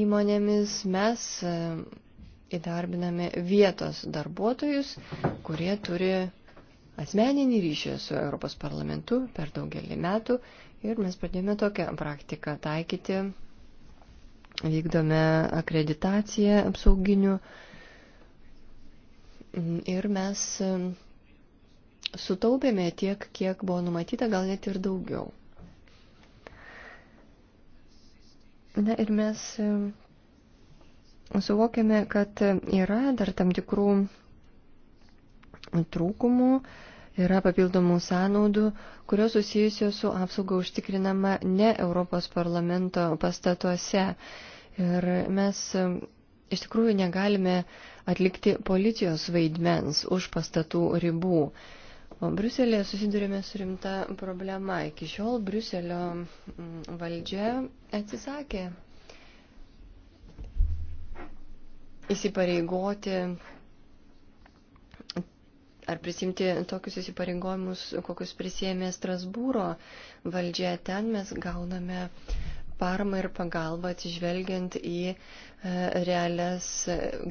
įmonėmis, mes įdarbiname vietos darbuotojus, kurie turi asmeninį ryšį su Europos parlamentu per daugelį metų ir mes pradėjome tokią praktiką taikyti vykdome akreditaciją apsauginių ir mes sutaupėme tiek, kiek buvo numatyta, gal net ir daugiau. Na ir mes suvokėme, kad yra dar tam tikrų trūkumų, Yra papildomų sąnaudų, kurios susijusios su apsauga užtikrinama ne Europos parlamento pastatuose. Ir mes iš tikrųjų negalime atlikti policijos vaidmens už pastatų ribų. O Bruselėje susidurėme su rimta problema. Iki šiol Bruselio valdžia atsisakė įsipareigoti ar prisimti tokius įsipareigojimus, kokius prisėmė Strasbūro valdžia. Ten mes gauname paramą ir pagalbą atsižvelgiant į e, realias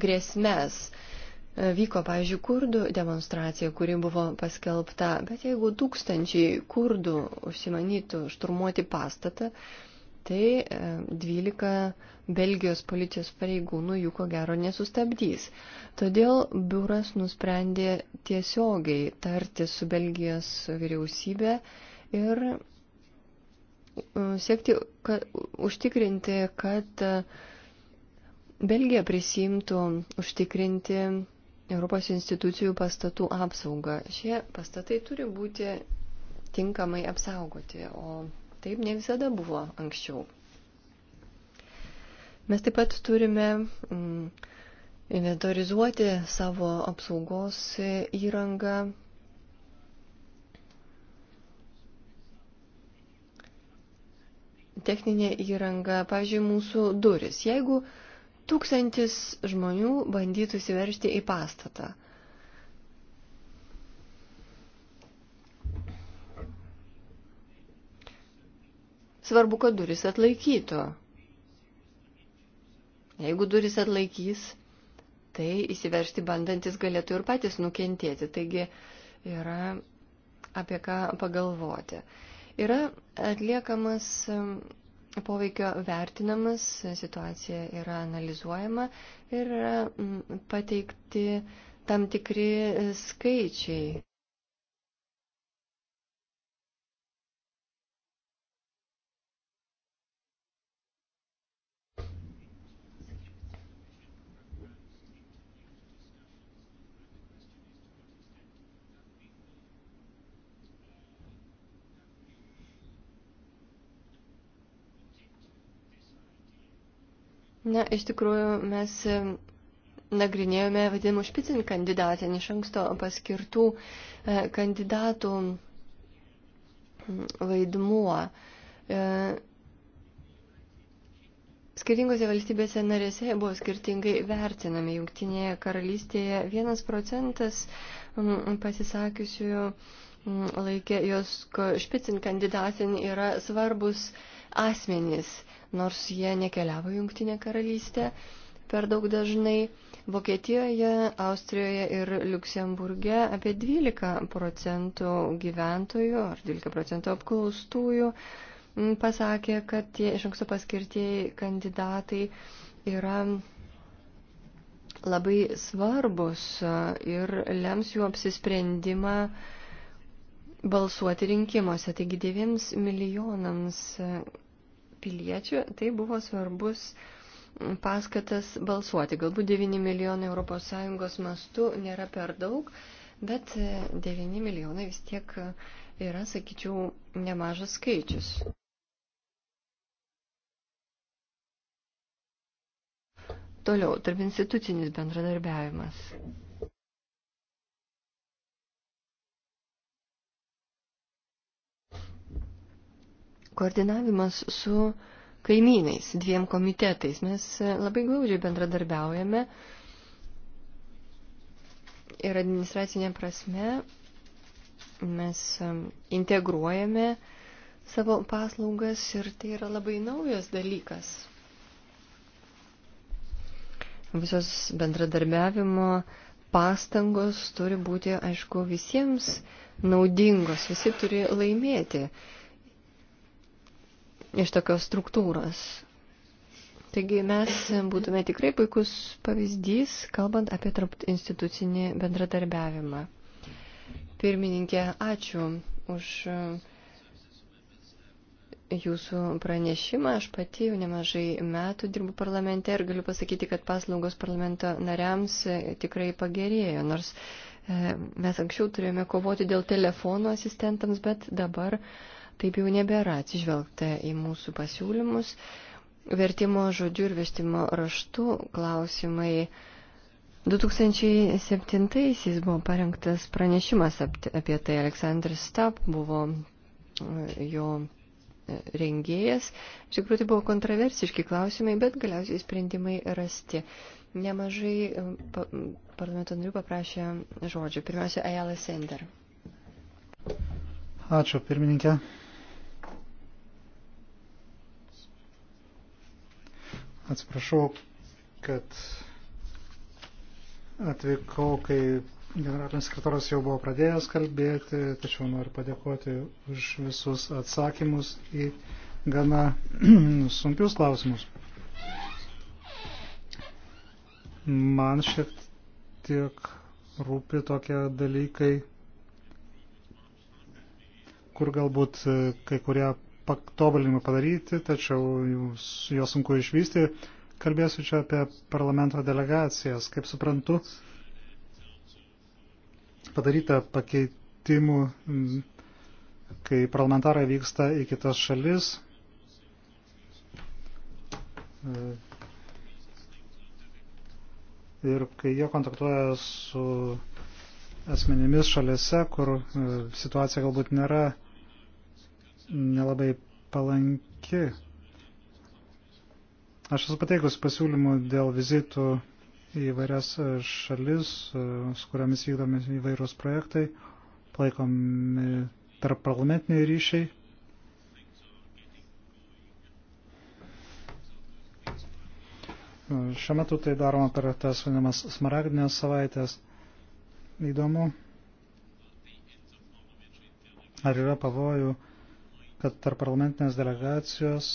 grėsmes. E, vyko, pavyzdžiui, kurdų demonstracija, kuri buvo paskelbta, bet jeigu tūkstančiai kurdų užsimanytų šturmuoti pastatą, tai 12 e, Belgijos policijos pareigūnų jų ko gero nesustabdys. Todėl biuras nusprendė tiesiogiai tarti su Belgijos vyriausybė ir e, siekti, kad, užtikrinti, kad e, Belgija prisimtų užtikrinti Europos institucijų pastatų apsaugą. Šie pastatai turi būti tinkamai apsaugoti, o Taip ne visada buvo anksčiau. Mes taip pat turime mm, inventorizuoti savo apsaugos įrangą. Techninė įranga, pavyzdžiui, mūsų duris. Jeigu tūkstantis žmonių bandytų įsiveršti į pastatą, Svarbu, kad duris atlaikytų. Jeigu duris atlaikys, tai įsiveršti bandantis galėtų ir patys nukentėti. Taigi yra apie ką pagalvoti. Yra atliekamas um, poveikio vertinamas, situacija yra analizuojama ir yra mm, pateikti tam tikri e, skaičiai. Na, iš tikrųjų, mes e, nagrinėjome vadinamų špicin kandidatę, iš anksto paskirtų e, kandidatų vaidmuo. E, skirtingose valstybėse narėse buvo skirtingai vertinami. Jungtinėje karalystėje vienas procentas pasisakiusių laikė jos špicin kandidatin yra svarbus asmenys nors jie nekeliavo Junktinė karalystė per daug dažnai. Vokietijoje, Austrijoje ir Luksemburge apie 12 procentų gyventojų ar 12 procentų apklaustųjų mm, pasakė, kad tie iš anksto paskirtieji kandidatai yra labai svarbus ir lems jų apsisprendimą balsuoti rinkimuose. Taigi 9 milijonams piliečių, tai buvo svarbus paskatas balsuoti. Galbūt 9 milijonai ES mastų nėra per daug, bet 9 milijonai vis tiek yra, sakyčiau, nemažas skaičius. Toliau, tarp institucinis bendradarbiavimas. koordinavimas su kaimynais, dviem komitetais. Mes labai glaudžiai bendradarbiaujame ir administracinė prasme mes um, integruojame savo paslaugas ir tai yra labai naujas dalykas. Visos bendradarbiavimo pastangos turi būti, aišku, visiems naudingos, visi turi laimėti iš tokios struktūros. Taigi mes būtume tikrai puikus pavyzdys, kalbant apie tarp institucinį bendradarbiavimą. Pirmininkė, ačiū už jūsų pranešimą. Aš pati jau nemažai metų dirbu parlamente ir galiu pasakyti, kad paslaugos parlamento nariams tikrai pagerėjo. Nors e, mes anksčiau turėjome kovoti dėl telefonų asistentams, bet dabar uh, Taip jau nebėra atsižvelgta į mūsų pasiūlymus. Vertimo žodžių ir vertimo raštų klausimai. 2007-aisiais buvo parengtas pranešimas apie tai. Aleksandras Stap buvo e, jo e, rengėjas. Iš tikrųjų, tai buvo kontroversiški klausimai, bet galiausiai sprendimai rasti. Nemažai e, pa, parlamento narių paprašė žodžių. Pirmiausia, Ayala Sender. Ačiū, pirmininkė. Atsiprašau, kad atvykau, kai generalinis sekretoras jau buvo pradėjęs kalbėti, tačiau noriu padėkoti už visus atsakymus į gana [CLEARS THROAT] sunkius klausimus. Man šiek tiek rūpi tokie dalykai, kur galbūt kai kurie patobulinimų padaryti, tačiau juos sunku išvysti. Kalbėsiu čia apie parlamento delegacijas. Kaip suprantu, padaryta pakeitimų, mm, kai parlamentarai vyksta į kitas šalis. E, ir kai jie kontaktuoja su asmenimis šalise, kur e, situacija galbūt nėra nelabai palanki. Aš esu pateikus pasiūlymų dėl vizitų į vairias šalis, su kuriamis vykdomi įvairūs projektai, palaikomi tarp parlamentiniai ryšiai. Šiuo metu tai daroma per tas vadinamas smaragdinės savaitės. Įdomu, ar yra pavojų kad tarp parlamentinės delegacijos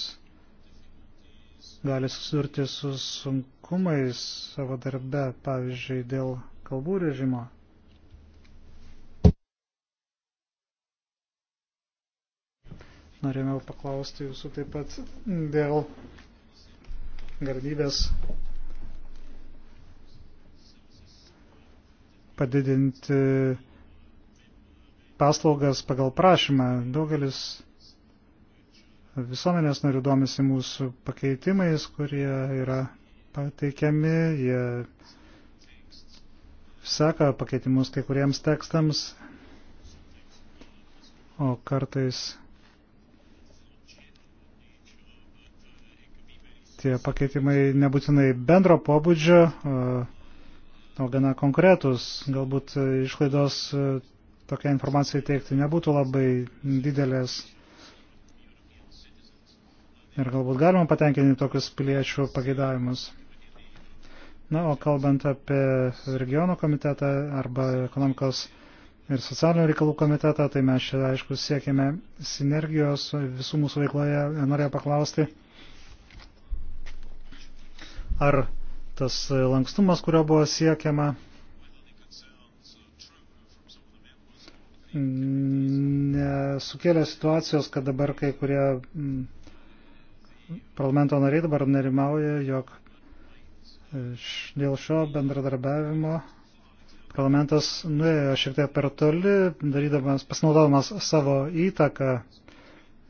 gali susidurti su sunkumais savo darbe, pavyzdžiui, dėl kalbų režimo. Norėjau paklausti jūsų taip pat dėl galimybės padidinti paslaugas pagal prašymą. Daugelis visuomenės narių domisi mūsų pakeitimais, kurie yra pateikiami, jie seka pakeitimus kai kuriems tekstams, o kartais tie pakeitimai nebūtinai bendro pobūdžio, o gana konkretus, galbūt išlaidos tokia informacija teikti nebūtų labai didelės ir galbūt galima patenkinti tokius piliečių pageidavimus. Na, o kalbant apie regionų komitetą arba ekonomikos ir socialinių reikalų komitetą, tai mes čia, aišku, siekime sinergijos visų mūsų veikloje. Norėjau paklausti, ar tas lankstumas, kurio buvo siekiama, nesukėlė situacijos, kad dabar kai kurie mm, parlamento nariai dabar nerimauja, jog e, dėl šio bendradarbiavimo parlamentas nuėjo šiek tiek per toli, darydamas, pasinaudodamas savo įtaką,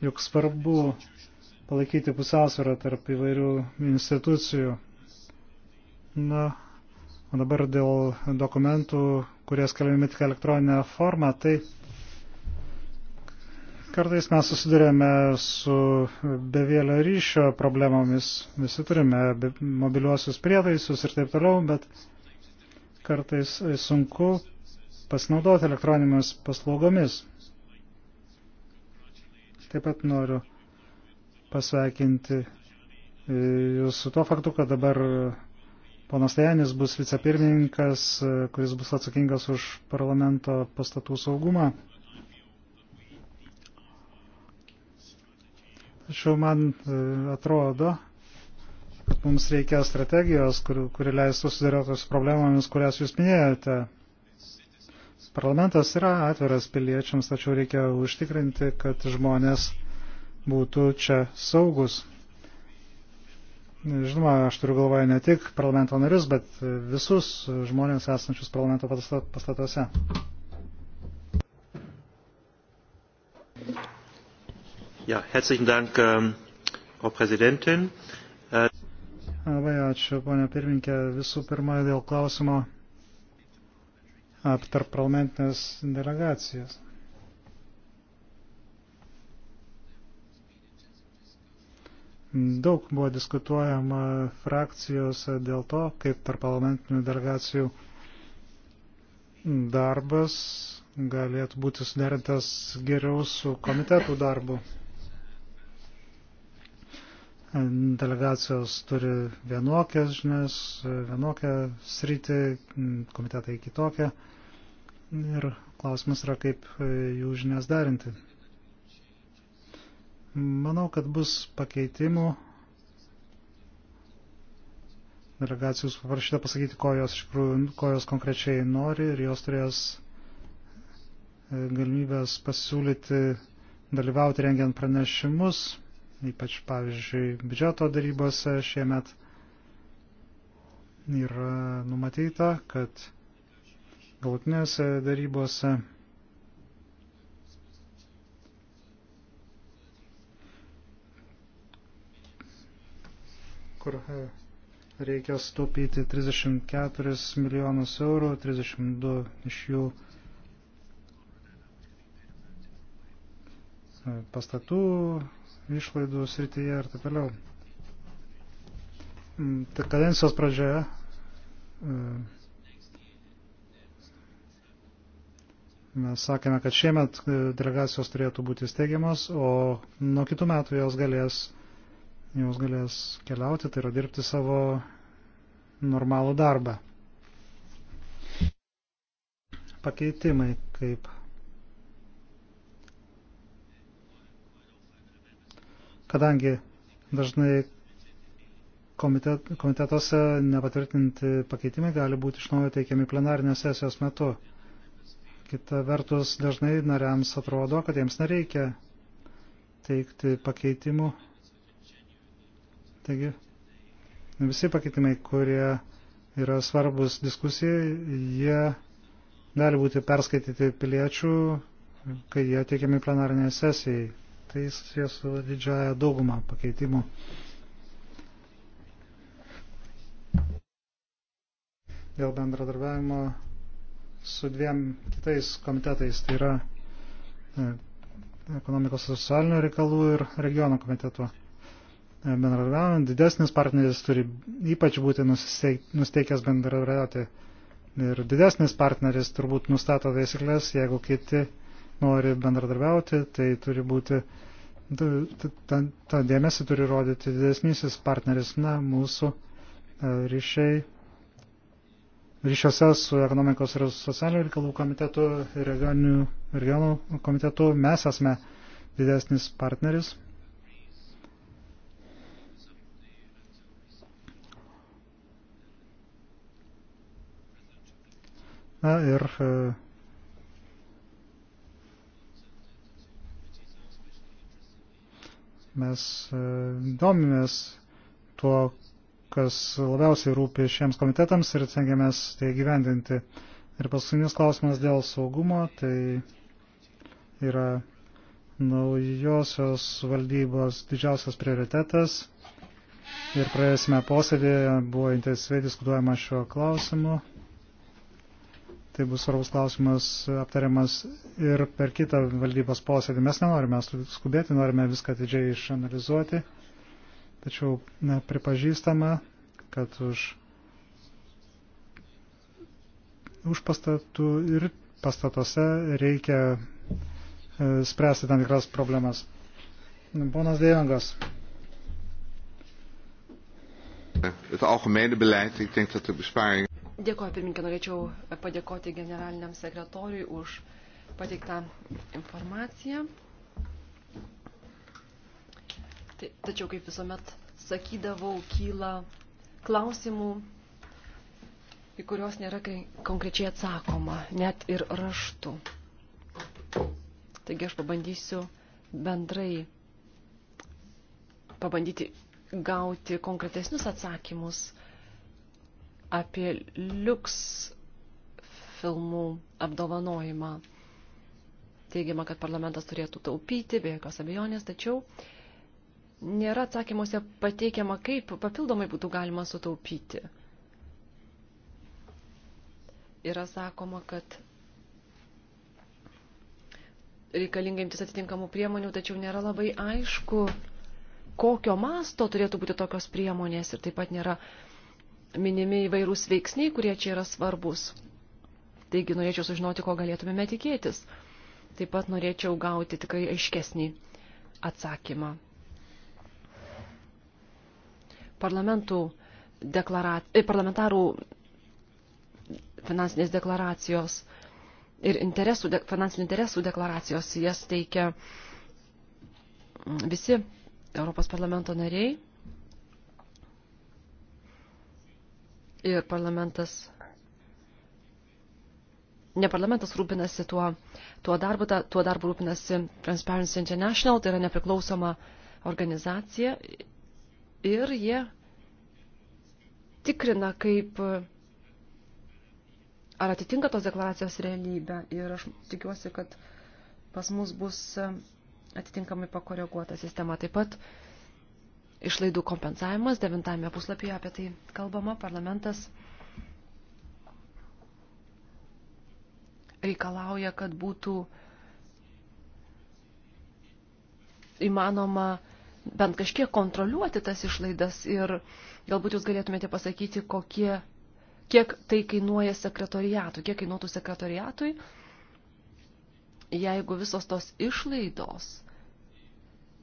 juk svarbu palaikyti pusiausvyrą tarp įvairių institucijų. Na, o dabar dėl dokumentų, kurie skelbiami tik elektroninę formą, tai Kartais mes susidurėme su bevėlio ryšio problemomis, visi turime mobiliuosius prietaisus ir taip toliau, bet kartais sunku pasinaudoti elektroninėmis paslaugomis. Taip pat noriu pasveikinti e, jūs su tuo faktu, kad dabar ponas Lejanis bus vicepirmininkas, e, kuris bus atsakingas už parlamento pastatų saugumą. Tačiau man e, atrodo, kad mums reikia strategijos, kuri, kuri leistų susidėlioti su problemomis, kurias jūs minėjote. Parlamentas yra atviras piliečiams, tačiau reikia užtikrinti, kad žmonės būtų čia saugus. Žinoma, aš turiu galvoje ne tik parlamento narius, bet visus žmonės esančius parlamento pastatuose. Ja, herzlichen Dank, ähm, Frau Präsidentin. Äh, Labai ačiū, ponia pirminkė. Visų pirma, dėl klausimo aptarp parlamentinės delegacijas. Daug buvo diskutuojama frakcijose dėl to, kaip tarp parlamentinių delegacijų darbas galėtų būti suderintas geriau su komitetų darbu delegacijos turi vienokias žinias, vienokią sritį, komitetai kitokią. Ir klausimas yra, kaip jų žinias darinti. Manau, kad bus pakeitimų. Delegacijos paprašyta pasakyti, ko jos, tikrųjų, ko jos konkrečiai nori ir jos turės e, galimybės pasiūlyti dalyvauti rengiant pranešimus ypač pavyzdžiui biudžeto darybose šiemet yra numatyta, kad galutinėse darybose kur e, reikia sutaupyti 34 milijonus eurų, 32 iš jų e, pastatų išlaidų srityje ir taip toliau. Mm, kadencijos pradžioje mes sakėme, kad šiemet e, delegacijos turėtų būti steigiamos, o nuo kitų metų jos galės, jos galės keliauti, tai yra dirbti savo normalų darbą. Pakeitimai, kaip kadangi dažnai komitet, komitetuose nepatvirtinti pakeitimai gali būti iš naujo teikiami plenarinės sesijos metu. Kita vertus, dažnai nariams atrodo, kad jiems nereikia teikti pakeitimų. Taigi, visi pakeitimai, kurie yra svarbus diskusijai, jie gali būti perskaityti piliečių, kai jie teikiami plenarinėje sesijai tai susijęs su didžiaja dauguma pakeitimų. Dėl bendradarbiavimo su dviem kitais komitetais, tai yra e, ekonomikos ir socialinių reikalų ir regiono komitetu. E, Bendradarbiavant, didesnis partneris turi ypač būti nusteikęs bendradarbiauti. Ir didesnis partneris turbūt nustato taisyklės, jeigu kiti nori bendradarbiauti, tai turi būti, tą dėmesį turi rodyti didesnysis partneris, na, mūsų e, ryšiai. Ryšiuose su ekonomikos ir socialinių reikalų komitetu ir regionų komitetu mes esame didesnis partneris. Na ir e, Mes e, domimės tuo, kas labiausiai rūpi šiems komitetams ir stengiamės tai gyvendinti. Ir paskutinis klausimas dėl saugumo, tai yra naujosios valdybos didžiausias prioritetas. Ir praėjusime posėdėje buvo intensyviai diskutuojama šiuo klausimu. Tai bus svarbus klausimas aptariamas ir per kitą valdybos posėdį. Mes nenorime skubėti, norime viską didžiai išanalizuoti, tačiau pripažįstama, kad už, už pastatų ir pastatuose reikia e, spręsti tam tikras problemas. Ponas Dejongas. Het algemene beleid, ik denk dat de besparingen. Dėkuoju, pirmininkė, norėčiau padėkoti generaliniam sekretoriui už pateiktą informaciją. Tai, tačiau, kaip visuomet sakydavau, kyla klausimų, į kuriuos nėra konkrečiai atsakoma, net ir raštu. Taigi aš pabandysiu bendrai pabandyti gauti konkretesnius atsakymus apie liuks filmų apdovanojimą. Teigiama, kad parlamentas turėtų taupyti, be jokios abejonės, tačiau nėra atsakymuose pateikiama, kaip papildomai būtų galima sutaupyti. Yra sakoma, kad reikalinga imtis atitinkamų priemonių, tačiau nėra labai aišku, kokio masto turėtų būti tokios priemonės ir taip pat nėra minimi įvairūs veiksniai, kurie čia yra svarbus. Taigi norėčiau sužinoti, ko galėtumėme tikėtis. Taip pat norėčiau gauti tikrai aiškesnį atsakymą. Parlamentų deklarat, e, parlamentarų finansinės deklaracijos ir interesų, de, finansinių interesų deklaracijos jas teikia visi Europos parlamento nariai. ir parlamentas ne parlamentas rūpinasi tuo, tuo darbu, ta, tuo darbu rūpinasi Transparency International, tai yra nepriklausoma organizacija ir jie tikrina, kaip ar atitinka tos deklaracijos realybę ir aš tikiuosi, kad pas mus bus atitinkamai pakoreguota sistema. Taip pat uh, išlaidų kompensavimas, devintame puslapyje apie tai kalbama, parlamentas reikalauja, kad būtų įmanoma bent kažkiek kontroliuoti tas išlaidas ir galbūt jūs galėtumėte pasakyti, kokie, kiek tai kainuoja sekretoriatui, kiek kainuotų sekretoriatui, jeigu visos tos išlaidos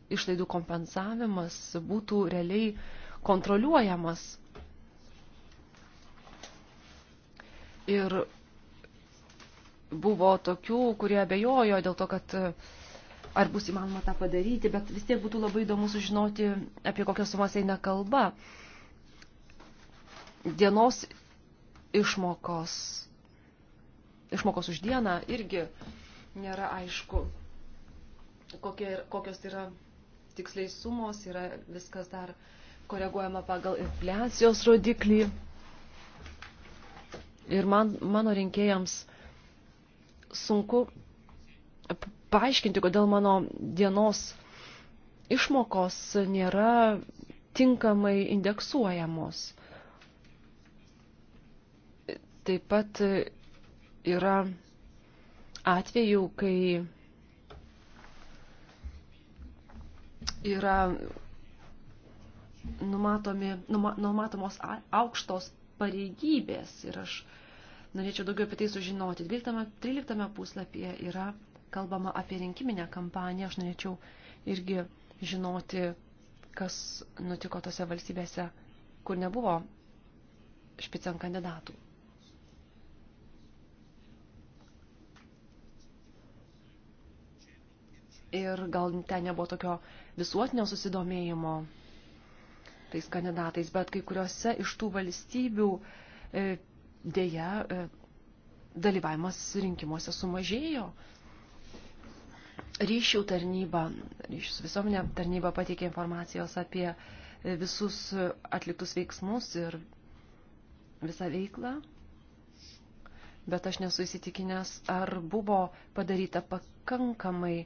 išlaidų kompensavimas būtų realiai kontroliuojamas. Ir buvo tokių, kurie abejojo dėl to, kad ar bus įmanoma tą padaryti, bet vis tiek būtų labai įdomu sužinoti, apie kokias sumas eina kalba. Dienos išmokos, išmokos už dieną irgi nėra aišku, kokie, kokios yra tiksliai sumos, yra viskas dar koreguojama pagal infliacijos rodiklį. Ir man, mano rinkėjams sunku paaiškinti, kodėl mano dienos išmokos nėra tinkamai indeksuojamos. Taip pat yra atvejų, kai yra numatomi, numa, numatomos aukštos pareigybės ir aš norėčiau daugiau apie tai sužinoti. 12, 13 puslapyje yra kalbama apie rinkiminę kampaniją, aš norėčiau irgi žinoti, kas nutiko tose valstybėse, kur nebuvo špicen kandidatų. Ir gal ten nebuvo tokio uh, visuotinio susidomėjimo tais kandidatais, bet kai kuriuose iš tų valstybių e, dėja e, dalyvavimas rinkimuose sumažėjo. Ryšių tarnyba, ryšių su visuomenė tarnyba pateikė informacijos apie e, visus atliktus veiksmus ir visą veiklą, bet aš nesu įsitikinęs, ar buvo padaryta pakankamai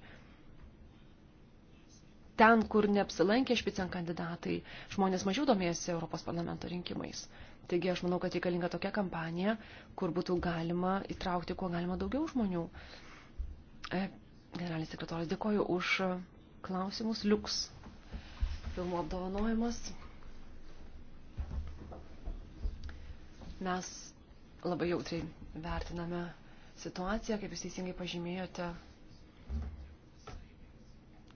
ten, kur neapsilankė špicen kandidatai, žmonės mažiau domėjosi Europos parlamento rinkimais. Taigi aš manau, kad reikalinga tokia kampanija, kur būtų galima įtraukti kuo galima daugiau žmonių. E, generalinis sekretorius, dėkoju už klausimus. Liuks filmo apdovanojimas. Mes labai jautriai vertiname situaciją, kaip jūs teisingai pažymėjote,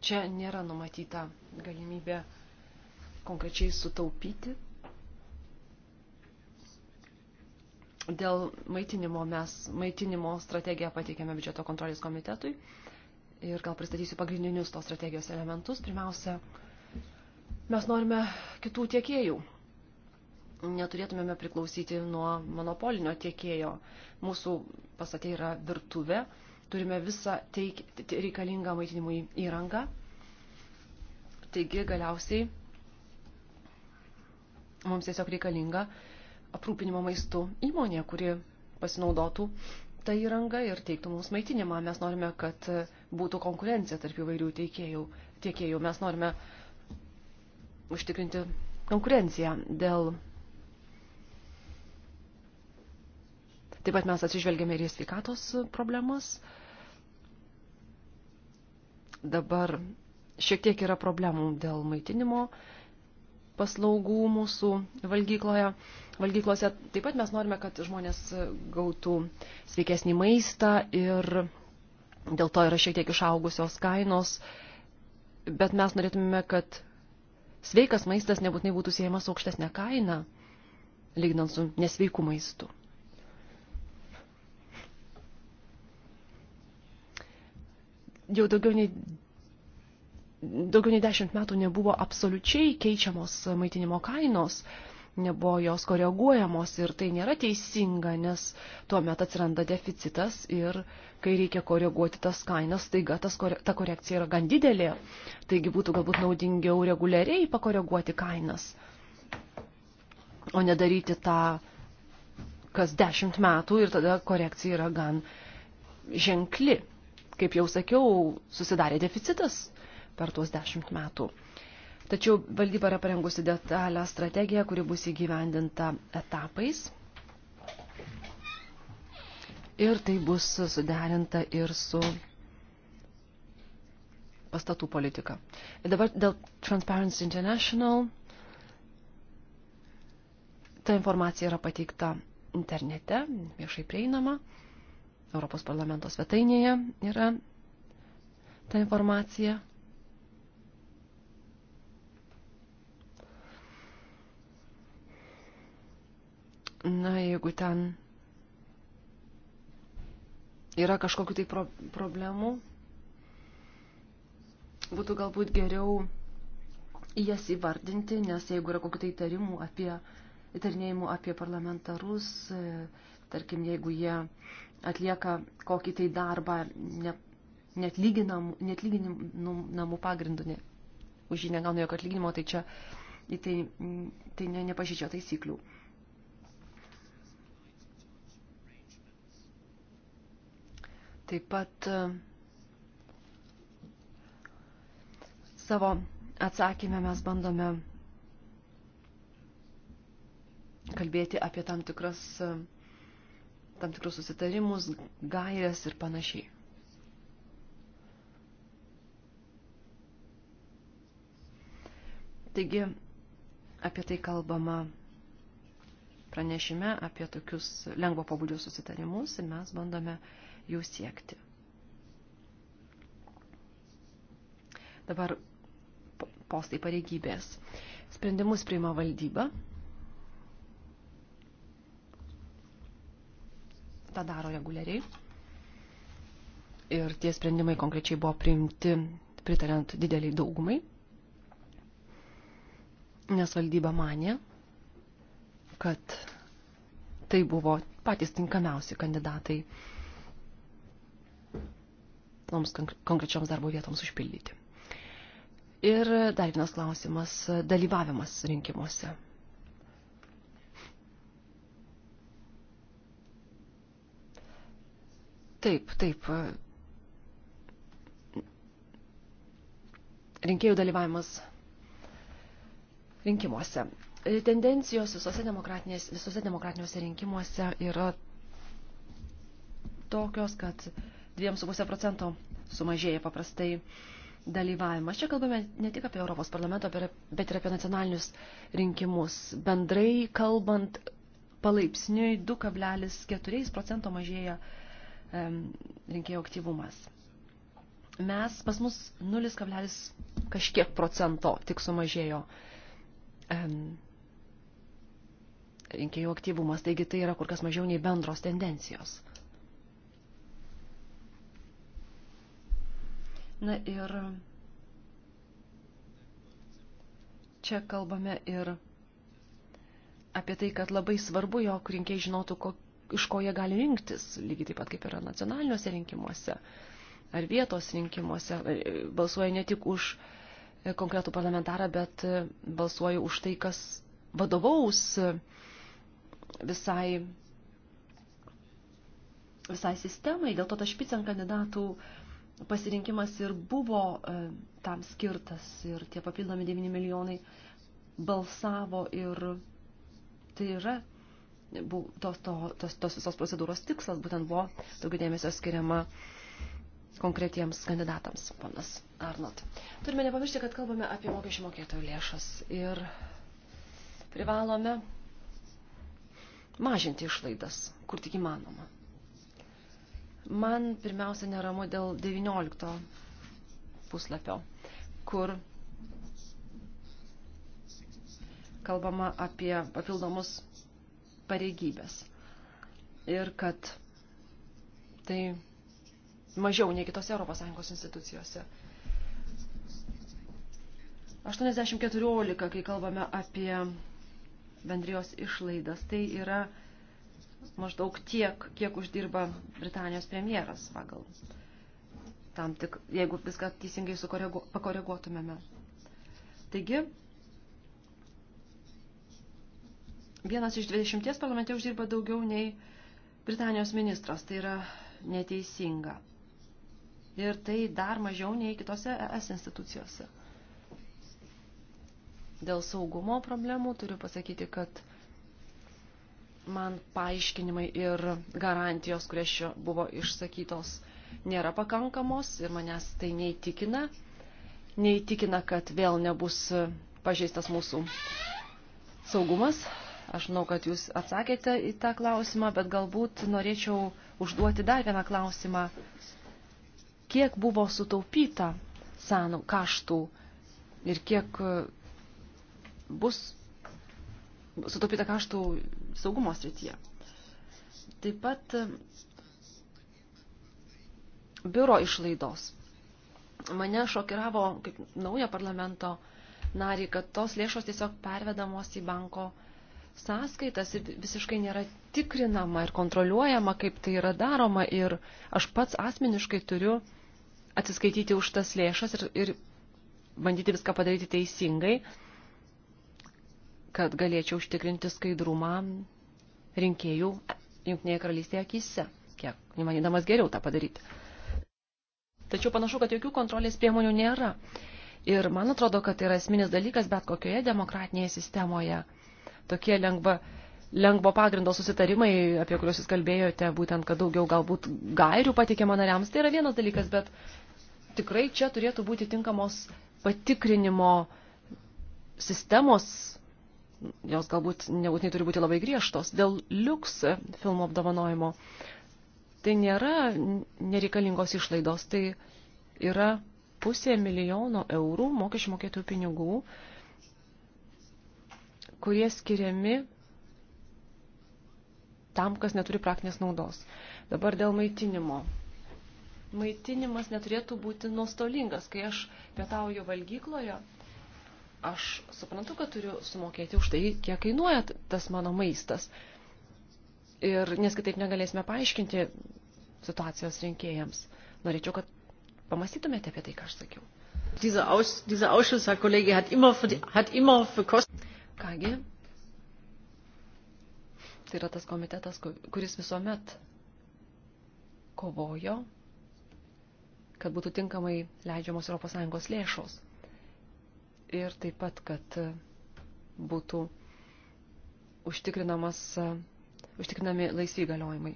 Čia nėra numatyta galimybė konkrečiai sutaupyti. Dėl maitinimo mes maitinimo strategiją pateikėme biudžeto kontrolės komitetui ir gal pristatysiu pagrindinius tos strategijos elementus. Pirmiausia, mes norime kitų tiekėjų. Neturėtumėme priklausyti nuo monopolinio tiekėjo. Mūsų pasatė yra virtuvė turime visą teik, reikalingą maitinimui įrangą. Taigi galiausiai mums tiesiog reikalinga aprūpinimo maistų įmonė, kuri pasinaudotų tą įrangą ir teiktų mums maitinimą. Mes norime, kad būtų konkurencija tarp įvairių teikėjų. tiekėjų. Mes norime užtikrinti konkurenciją dėl. Taip pat mes atsižvelgėme ir į sveikatos problemas. Uh, dabar šiek tiek yra problemų dėl maitinimo paslaugų mūsų valgykloje. Valgyklose taip pat mes norime, kad žmonės gautų sveikesnį maistą ir dėl to yra šiek tiek išaugusios kainos, bet mes norėtume, kad sveikas maistas nebūtinai būtų siejamas aukštesnė kaina, lygnant su nesveiku maistu. jau daugiau nei, daugiau nei dešimt metų nebuvo absoliučiai keičiamos maitinimo kainos, nebuvo jos koreguojamos ir tai nėra teisinga, nes tuomet atsiranda deficitas ir kai reikia koreguoti tas kainas, taiga tas, ta korekcija yra gan didelė, taigi būtų galbūt naudingiau reguliariai pakoreguoti kainas, o nedaryti tą kas dešimt metų ir tada korekcija yra gan ženkli kaip jau sakiau, susidarė deficitas per tuos dešimt metų. Tačiau valdyba yra parengusi detalę strategiją, kuri bus įgyvendinta etapais. Ir tai bus suderinta ir su pastatų politika. Ir dabar dėl Transparency International ta informacija yra pateikta internete, viešai prieinama. Europos parlamento svetainėje yra ta informacija. Na, jeigu ten yra kažkokiu tai pro problemų, būtų galbūt geriau jas įvardinti, nes jeigu yra kokiu tai įtarimų apie, įtarinėjimų apie parlamentarus, e, tarkim, jeigu jie atlieka kokį tai darbą ne, netlyginamų pagrindų, ne, už jį negauna jokio atlyginimo, tai čia tai, tai ne, nepažydžia taisyklių. Taip pat e, savo atsakymę mes bandome kalbėti apie tam tikras uh, tam tikrus susitarimus, gairias ir panašiai. Taigi, apie tai kalbama pranešime, apie tokius lengvo pabudžio susitarimus ir mes bandome jų siekti. Dabar postai pareigybės. Sprendimus priima valdyba, tą daro reguliariai. Ir tie sprendimai konkrečiai buvo priimti pritariant dideliai daugumai, nes valdyba manė, kad tai buvo patys tinkamiausi kandidatai toms konkrečioms darbo vietoms užpildyti. Ir dar vienas klausimas – dalyvavimas rinkimuose. Taip, taip. Rinkėjų dalyvavimas rinkimuose. Tendencijos visose, visose demokratiniuose rinkimuose yra tokios, kad 2,5 procento sumažėja paprastai dalyvavimas. Čia kalbame ne tik apie Europos parlamento, bet ir apie nacionalinius rinkimus. Bendrai kalbant, palaipsniui 2,4 procento mažėja dalyvavimas rinkėjų aktyvumas. Mes pas mus 0, kažkiek procento tik sumažėjo rinkėjų aktyvumas, taigi tai yra kur kas mažiau nei bendros tendencijos. Na ir čia kalbame ir apie tai, kad labai svarbu, jog rinkėjai žinotų, kokie iš ko jie gali rinktis, lygiai taip pat kaip yra nacionaliniuose rinkimuose ar vietos rinkimuose. E, e, balsuoja ne tik už e, konkretų parlamentarą, bet balsuoja už tai, kas vadovaus visai, visai sistemai. Dėl to ta špicen kandidatų pasirinkimas ir buvo tam skirtas ir tie papildomi 9 milijonai balsavo ir tai yra tos, to, tos, tos visos procedūros tikslas būtent buvo daugiau dėmesio skiriama konkretiems kandidatams, ponas Arnot. Turime nepamiršti, kad kalbame apie mokesčių mokėtojų lėšas ir privalome mažinti išlaidas, kur tik įmanoma. Man pirmiausia neramu dėl 19 puslapio, kur kalbama apie papildomus pareigybės. Ir kad tai mažiau nei kitose ES institucijose. 80-14, kai kalbame apie bendrijos išlaidas, tai yra maždaug tiek, kiek uždirba Britanijos premjeras pagal tam tik, jeigu viską teisingai pakoreguotumėme. Taigi, vienas iš dvidešimties parlamente uždirba daugiau nei Britanijos ministras. Tai yra neteisinga. Ir tai dar mažiau nei kitose ES institucijose. Dėl saugumo problemų turiu pasakyti, kad man paaiškinimai ir garantijos, kurie šio buvo išsakytos, nėra pakankamos ir manęs tai neįtikina. Neįtikina, kad vėl nebus pažeistas mūsų saugumas. Aš žinau, kad jūs atsakėte į tą klausimą, bet galbūt norėčiau užduoti dar vieną klausimą. Kiek buvo sutaupyta senų kaštų ir kiek e, bus sutaupyta kaštų saugumo srityje? Taip pat e, biuro išlaidos. Mane šokiravo kaip naujo parlamento narį, kad tos lėšos tiesiog pervedamos į banko uh, sąskaitas ir visiškai nėra tikrinama ir kontroliuojama, kaip tai yra daroma. Ir aš pats asmeniškai turiu atsiskaityti už tas lėšas ir, ir bandyti viską padaryti teisingai, kad galėčiau užtikrinti skaidrumą rinkėjų Junktinėje karalystėje akise, kiek įmanydamas geriau tą padaryti. Tačiau panašu, kad jokių kontrolės priemonių nėra. Ir man atrodo, kad tai yra esminis dalykas bet kokioje demokratinėje sistemoje tokie lengva, lengvo pagrindo susitarimai, apie kuriuos jūs kalbėjote, būtent, kad daugiau galbūt gairių patikėma nariams, tai yra vienas dalykas, bet tikrai čia turėtų būti tinkamos patikrinimo sistemos, jos galbūt nebūtinai turi būti labai griežtos, dėl liuks filmo apdovanojimo. Tai nėra nereikalingos išlaidos, tai yra pusė milijono eurų mokesčių mokėtojų pinigų, kurie skiriami tam, kas neturi praktinės naudos. Dabar dėl maitinimo. Maitinimas neturėtų būti nuostolingas. Kai aš pietauju valgykloje, aš suprantu, kad turiu sumokėti už tai, kiek kainuoja tas mano maistas. Ir nes kitaip negalėsime paaiškinti situacijos rinkėjams. Norėčiau, kad pamastytumėte apie tai, ką aš sakiau. Dieser Ausschuss, Herr Kollege, hat immer für, die, hat immer für Kosten. Kągi, tai yra tas komitetas, kuris visuomet kovojo, kad būtų tinkamai leidžiamos ES lėšos. Ir taip pat, kad būtų užtikrinamas, užtikrinami laisvi galiojimai.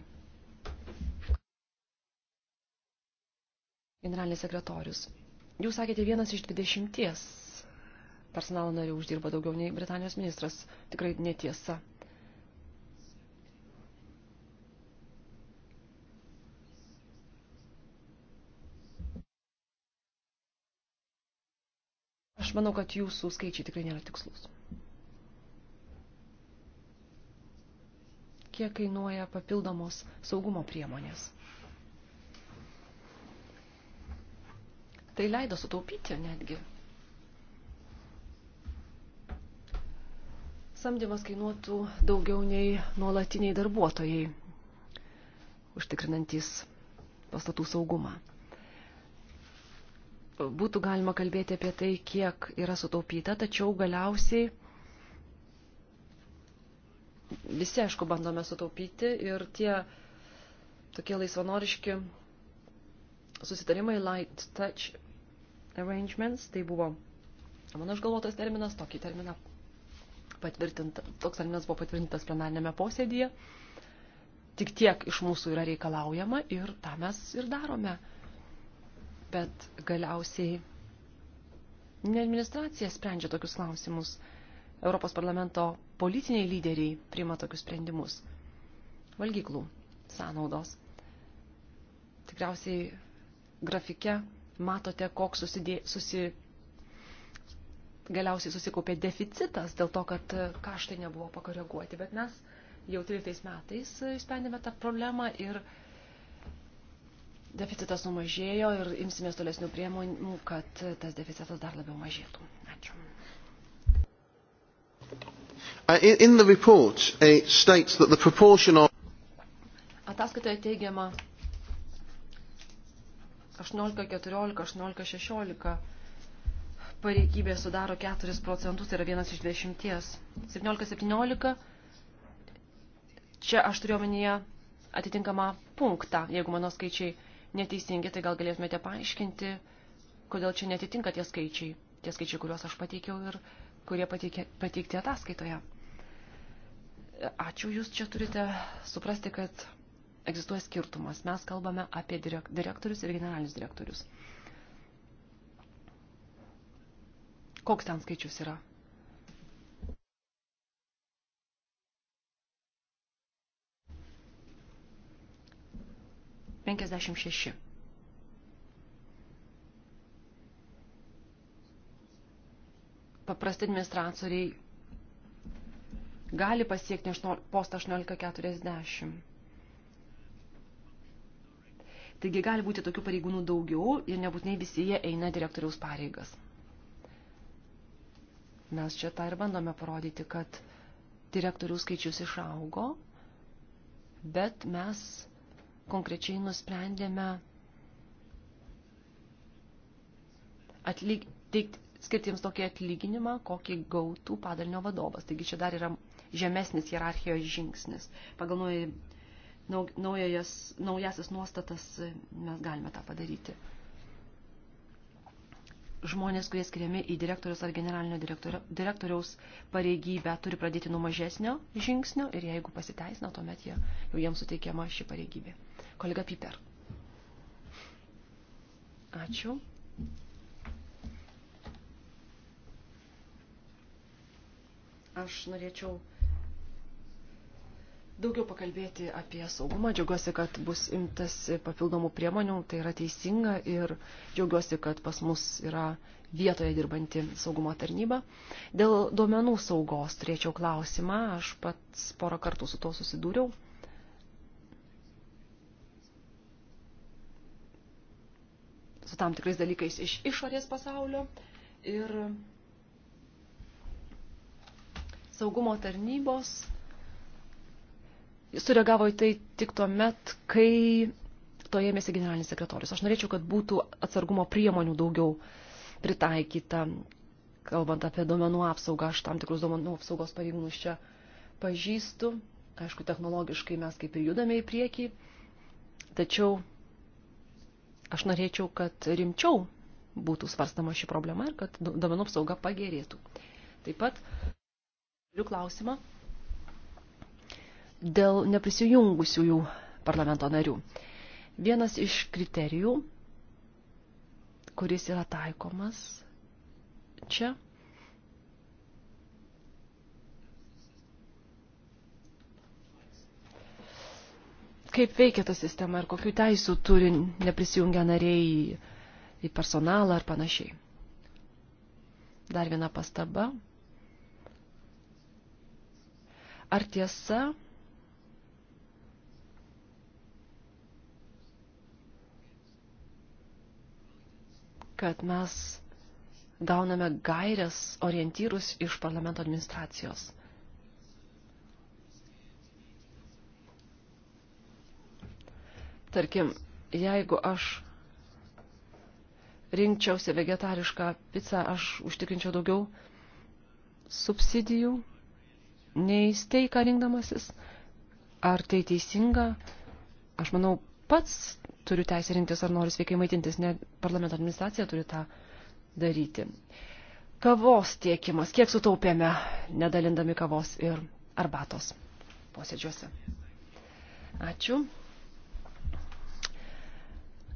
Generalinis sekretorius. Jūs sakėte vienas iš dvidešimties personalo narių uždirba daugiau nei Britanijos ministras. Tikrai netiesa. Aš manau, kad jūsų skaičiai tikrai nėra tikslus. Kiek kainuoja papildomos saugumo priemonės? Tai leido sutaupyti netgi samdymas kainuotų daugiau nei nuolatiniai darbuotojai, užtikrinantys pastatų saugumą. Būtų galima kalbėti apie tai, kiek yra sutaupyta, tačiau galiausiai visi, aišku, bandome sutaupyti ir tie tokie laisvanoriški susitarimai light touch arrangements, tai buvo mano išgalvotas terminas, tokį terminą toks terminas buvo patvirtintas plenarnėme posėdėje. Tik tiek iš mūsų yra reikalaujama ir tą mes ir darome. Bet galiausiai ne administracija sprendžia tokius klausimus. Europos parlamento politiniai lyderiai priima tokius sprendimus. Valgyklų sąnaudos. Tikriausiai grafike matote, koks susidė, susidė galiausiai susikaupė deficitas dėl to, kad kaštai nebuvo pakoreguoti, bet mes jau 13 metais išsprendėme tą problemą ir deficitas sumažėjo ir imsimės tolesnių priemonių, kad tas deficitas dar labiau mažėtų. Ačiū. Uh, in the report, it states that the proportion of... Ataskaitoje teigiama 18, 14, 18, 16 pareigybė sudaro 4 procentus, tai yra vienas iš 20. 17-17, čia aš turiu omenyje atitinkamą punktą, jeigu mano skaičiai neteisingi, tai gal galėtumėte paaiškinti, kodėl čia netitinka tie skaičiai, tie skaičiai, kuriuos aš pateikiau ir kurie pateikė, pateikti ataskaitoje. Ačiū, jūs čia turite suprasti, kad egzistuoja skirtumas. Mes kalbame apie direktorius ir generalinius direktorius. Koks ten skaičius yra? Penkiasdešimt šeši. Paprasti administratoriai gali pasiekti postą 1840. Taigi gali būti tokių pareigūnų daugiau ir nebūtinai visi jie eina direktoriaus pareigas. Mes čia tą ir bandome parodyti, kad direktorių skaičius išaugo, bet mes konkrečiai nusprendėme atlyg, teikti, skirti jiems tokį atlyginimą, kokį gautų padalinio vadovas. Taigi čia dar yra žemesnis hierarchijos žingsnis. Pagal naujas, naujasis nuostatas mes galime tą padaryti žmonės, kurie skiriami į direktorius ar generalinio direktoriaus pareigybę, turi pradėti nuo mažesnio žingsnio ir jeigu pasiteisina, tuomet jie, jau jiems suteikiama ši pareigybė. Kolega Piper. Ačiū. Aš norėčiau daugiau pakalbėti apie saugumą. Džiaugiuosi, kad bus imtas papildomų priemonių, tai yra teisinga ir džiaugiuosi, kad pas mus yra vietoje dirbanti saugumo tarnyba. Dėl duomenų saugos turėčiau klausimą, aš pats porą kartų su to susidūriau. Su tam tikrais dalykais iš išorės pasaulio ir saugumo tarnybos Jis sureagavo į tai tik tuo met, kai to ėmėsi generalinis sekretorius. Aš norėčiau, kad būtų atsargumo priemonių daugiau pritaikyta, kalbant apie duomenų apsaugą. Aš tam tikrus duomenų apsaugos pareigūnus čia pažįstu. Aišku, technologiškai mes kaip ir judame į priekį, tačiau aš norėčiau, kad rimčiau būtų svarstama ši problema ir kad duomenų apsauga pagerėtų. Taip pat turiu klausimą dėl neprisijungusiųjų parlamento narių. Vienas iš kriterijų, kuris yra taikomas čia, kaip veikia ta sistema ir kokiu teisų turi neprisijungę nariai į personalą ar panašiai. Dar viena pastaba. Ar tiesa, kad mes gauname gairias orientyrus iš parlamento administracijos. Tarkim, jeigu aš rinkčiausi vegetarišką pizzą, aš užtikrinčiau daugiau subsidijų nei steiką rinkdamasis. Ar tai teisinga? Aš manau, pats turiu teisę rinktis, ar noriu sveikai maitintis, ne parlamento administracija turi tą daryti. Kavos tiekimas, kiek sutaupėme, nedalindami kavos ir arbatos posėdžiuose. Ačiū.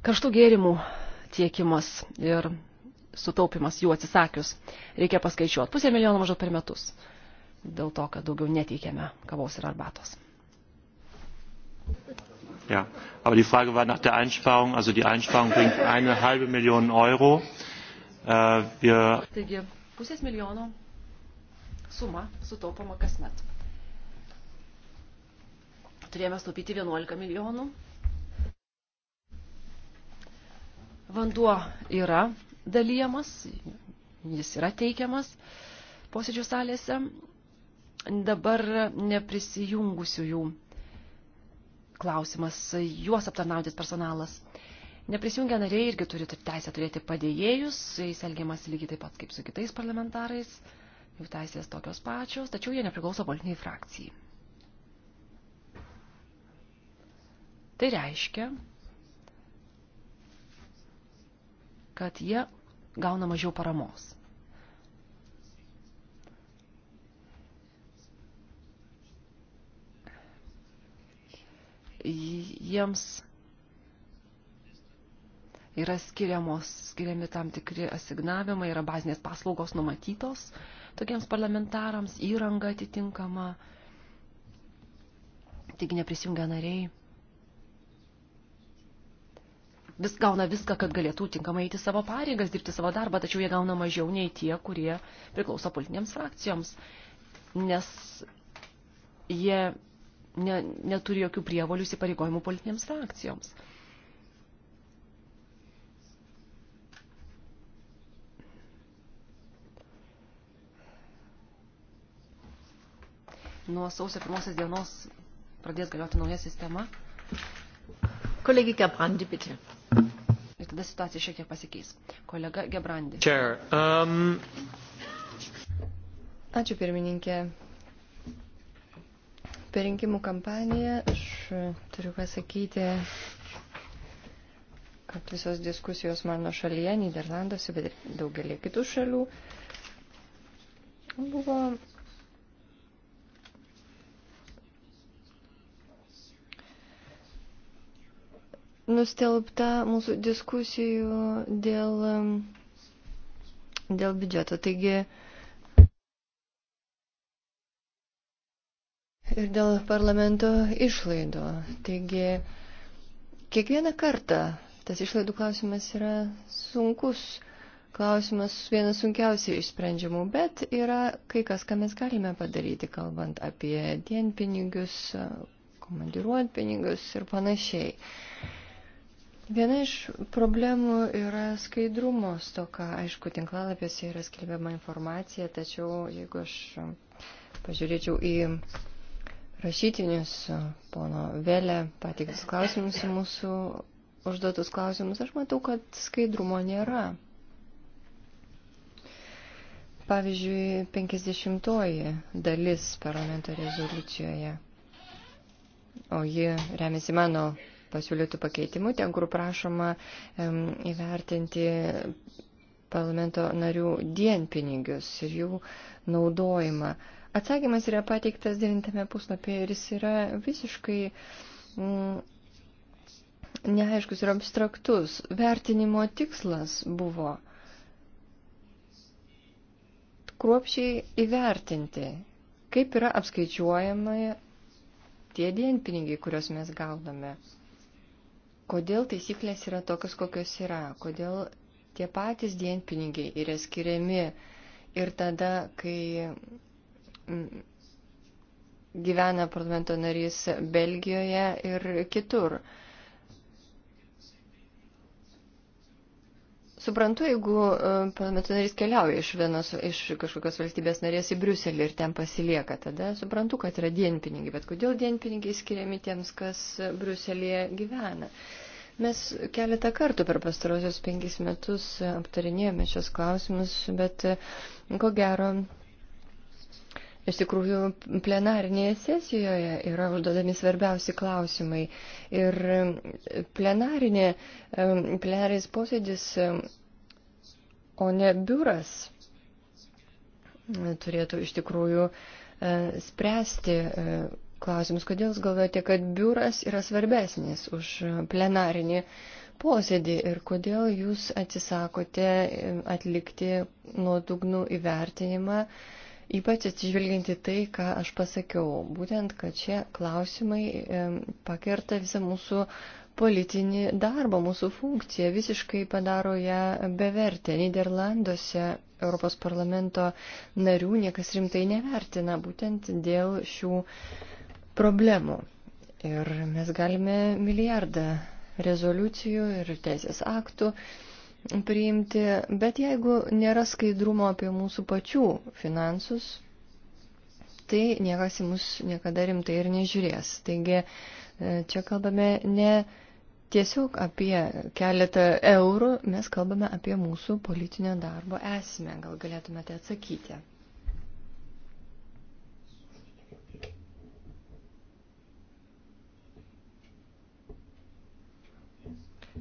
Karštų gėrimų tiekimas ir sutaupimas jų atsisakius. Reikia paskaičiuoti pusę milijono maždaug per metus. Dėl to, kad daugiau neteikiame kavos ir arbatos. Thank you. Ja. Aber die Frage war nach der Einsparung. Also die Einsparung bringt eine halbe Million Euro. Äh, wir Taigi, pusės milijono suma sutaupama kasmet. Turėjome sutaupyti 11 milijonų. Vanduo yra dalyjamas, jis yra teikiamas posėdžių salėse. Dabar neprisijungusių jų klausimas, juos aptarnaujantis personalas. Neprisijungę nariai irgi turi teisę turėti padėjėjus, jais elgiamas lygiai taip pat kaip su kitais parlamentarais, jų teisės tokios pačios, tačiau jie nepriklauso politiniai frakcijai. Tai reiškia, kad jie gauna mažiau paramos. jiems yra skiriamos, skiriami tam tikri asignavimai, yra bazinės paslaugos numatytos tokiems parlamentarams, įranga atitinkama, taigi neprisijungia nariai. Vis gauna viską, kad galėtų tinkamai eiti savo pareigas, dirbti savo darbą, tačiau jie gauna mažiau nei tie, kurie priklauso politinėms frakcijoms, nes jie ne, neturi jokių prievolių įsipareigojimų politinėms frakcijoms. Nuo sausio pirmosios dienos pradės galioti nauja sistema. Kolegė Gebrandi, bitte. Ir tada situacija šiek tiek pasikeis. Kolega Gebrandi. Chair, um... Ačiū pirmininkė. Per rinkimų kampaniją aš turiu pasakyti, kad visos diskusijos mano šalyje, Niderlanduose, bet ir daugelį kitų šalių buvo nustelbta mūsų diskusijų dėl, dėl biudžeto. Taigi, ir dėl parlamento išlaidų. Taigi, kiekvieną kartą tas išlaidų klausimas yra sunkus. Klausimas vienas sunkiausiai išsprendžiamų, bet yra kai kas, ką mes galime padaryti, kalbant apie dienpinigius, komandiruotpinigius ir panašiai. Viena iš problemų yra skaidrumo stoka. Aišku, tinklalapėse yra skelbiama informacija, tačiau jeigu aš pažiūrėčiau į rašytinius pono Vėlė patiktus klausimus į mūsų užduotus klausimus, aš matau, kad skaidrumo nėra. Pavyzdžiui, 50 dalis parlamento rezoliucijoje, o ji remiasi mano pasiūlytų pakeitimų, ten, kur prašoma um, įvertinti parlamento narių dienpinigius ir jų naudojimą. Atsakymas yra pateiktas devintame puslapyje ir jis yra visiškai mm, neaiškus ir abstraktus. Vertinimo tikslas buvo kruopšiai įvertinti, kaip yra apskaičiuojama tie dienpinigiai, kuriuos mes gauname. Kodėl taisyklės yra tokios, kokios yra, kodėl tie patys dienpinigiai yra skiriami. Ir tada, kai mm, gyvena parlamento narys Belgijoje ir kitur. Suprantu, jeigu e, parlamento narys keliauja iš, vienos, iš kažkokios valstybės narės į Briuselį ir ten pasilieka, tada suprantu, kad yra dienpinigiai. Bet kodėl dienpinigiai skiriami tiems, kas Briuselėje gyvena? Uh, Mes keletą kartų per pastarosius penkis metus aptarinėjome šios klausimus, bet ko gero, iš tikrųjų plenarinėje sesijoje yra užduodami svarbiausi klausimai. Ir plenarinė, plenarinis posėdis, o ne biuras, turėtų iš tikrųjų e, spręsti e, klausimus. Kodėl jūs galvojate, kad biuras yra svarbesnis už plenarinį posėdį ir kodėl jūs atsisakote atlikti nuodugnų įvertinimą, ypač atsižvelginti tai, ką aš pasakiau. Būtent, kad šie klausimai pakerta visą mūsų politinį darbą, mūsų funkciją, visiškai padaro ją bevertę. Niderlanduose Europos parlamento narių niekas rimtai nevertina būtent dėl šių problemų. Ir mes galime milijardą rezoliucijų ir teisės aktų priimti, bet jeigu nėra skaidrumo apie mūsų pačių finansus, tai niekas į mus niekada rimtai ir nežiūrės. Taigi e, čia kalbame ne tiesiog apie keletą eurų, mes kalbame apie mūsų politinio darbo esmę. Gal galėtumėte atsakyti?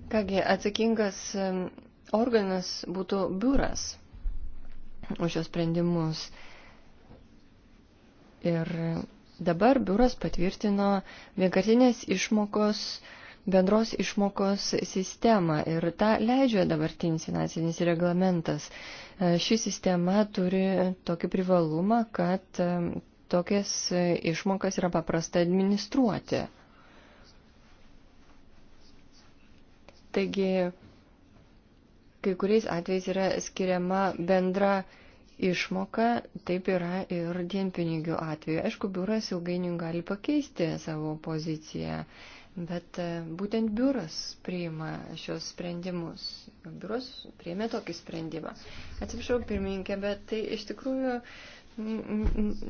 Kągi, atsakingas organas būtų biuras už šios sprendimus. Ir dabar biuras patvirtino vienkartinės išmokos, bendros išmokos sistemą ir tą leidžia dabartinis finansinis reglamentas. E, ši sistema turi tokį privalumą, kad tokias e, išmokas yra paprasta administruoti. Taigi, kai kuriais atvejais yra skiriama bendra išmoka, taip yra ir dienpinigių atveju. Aišku, biuras ilgainiui gali pakeisti savo poziciją, bet e, būtent biuras priima šios sprendimus. Biuras priėmė tokį sprendimą. Atsiprašau, pirmininkė, bet tai iš tikrųjų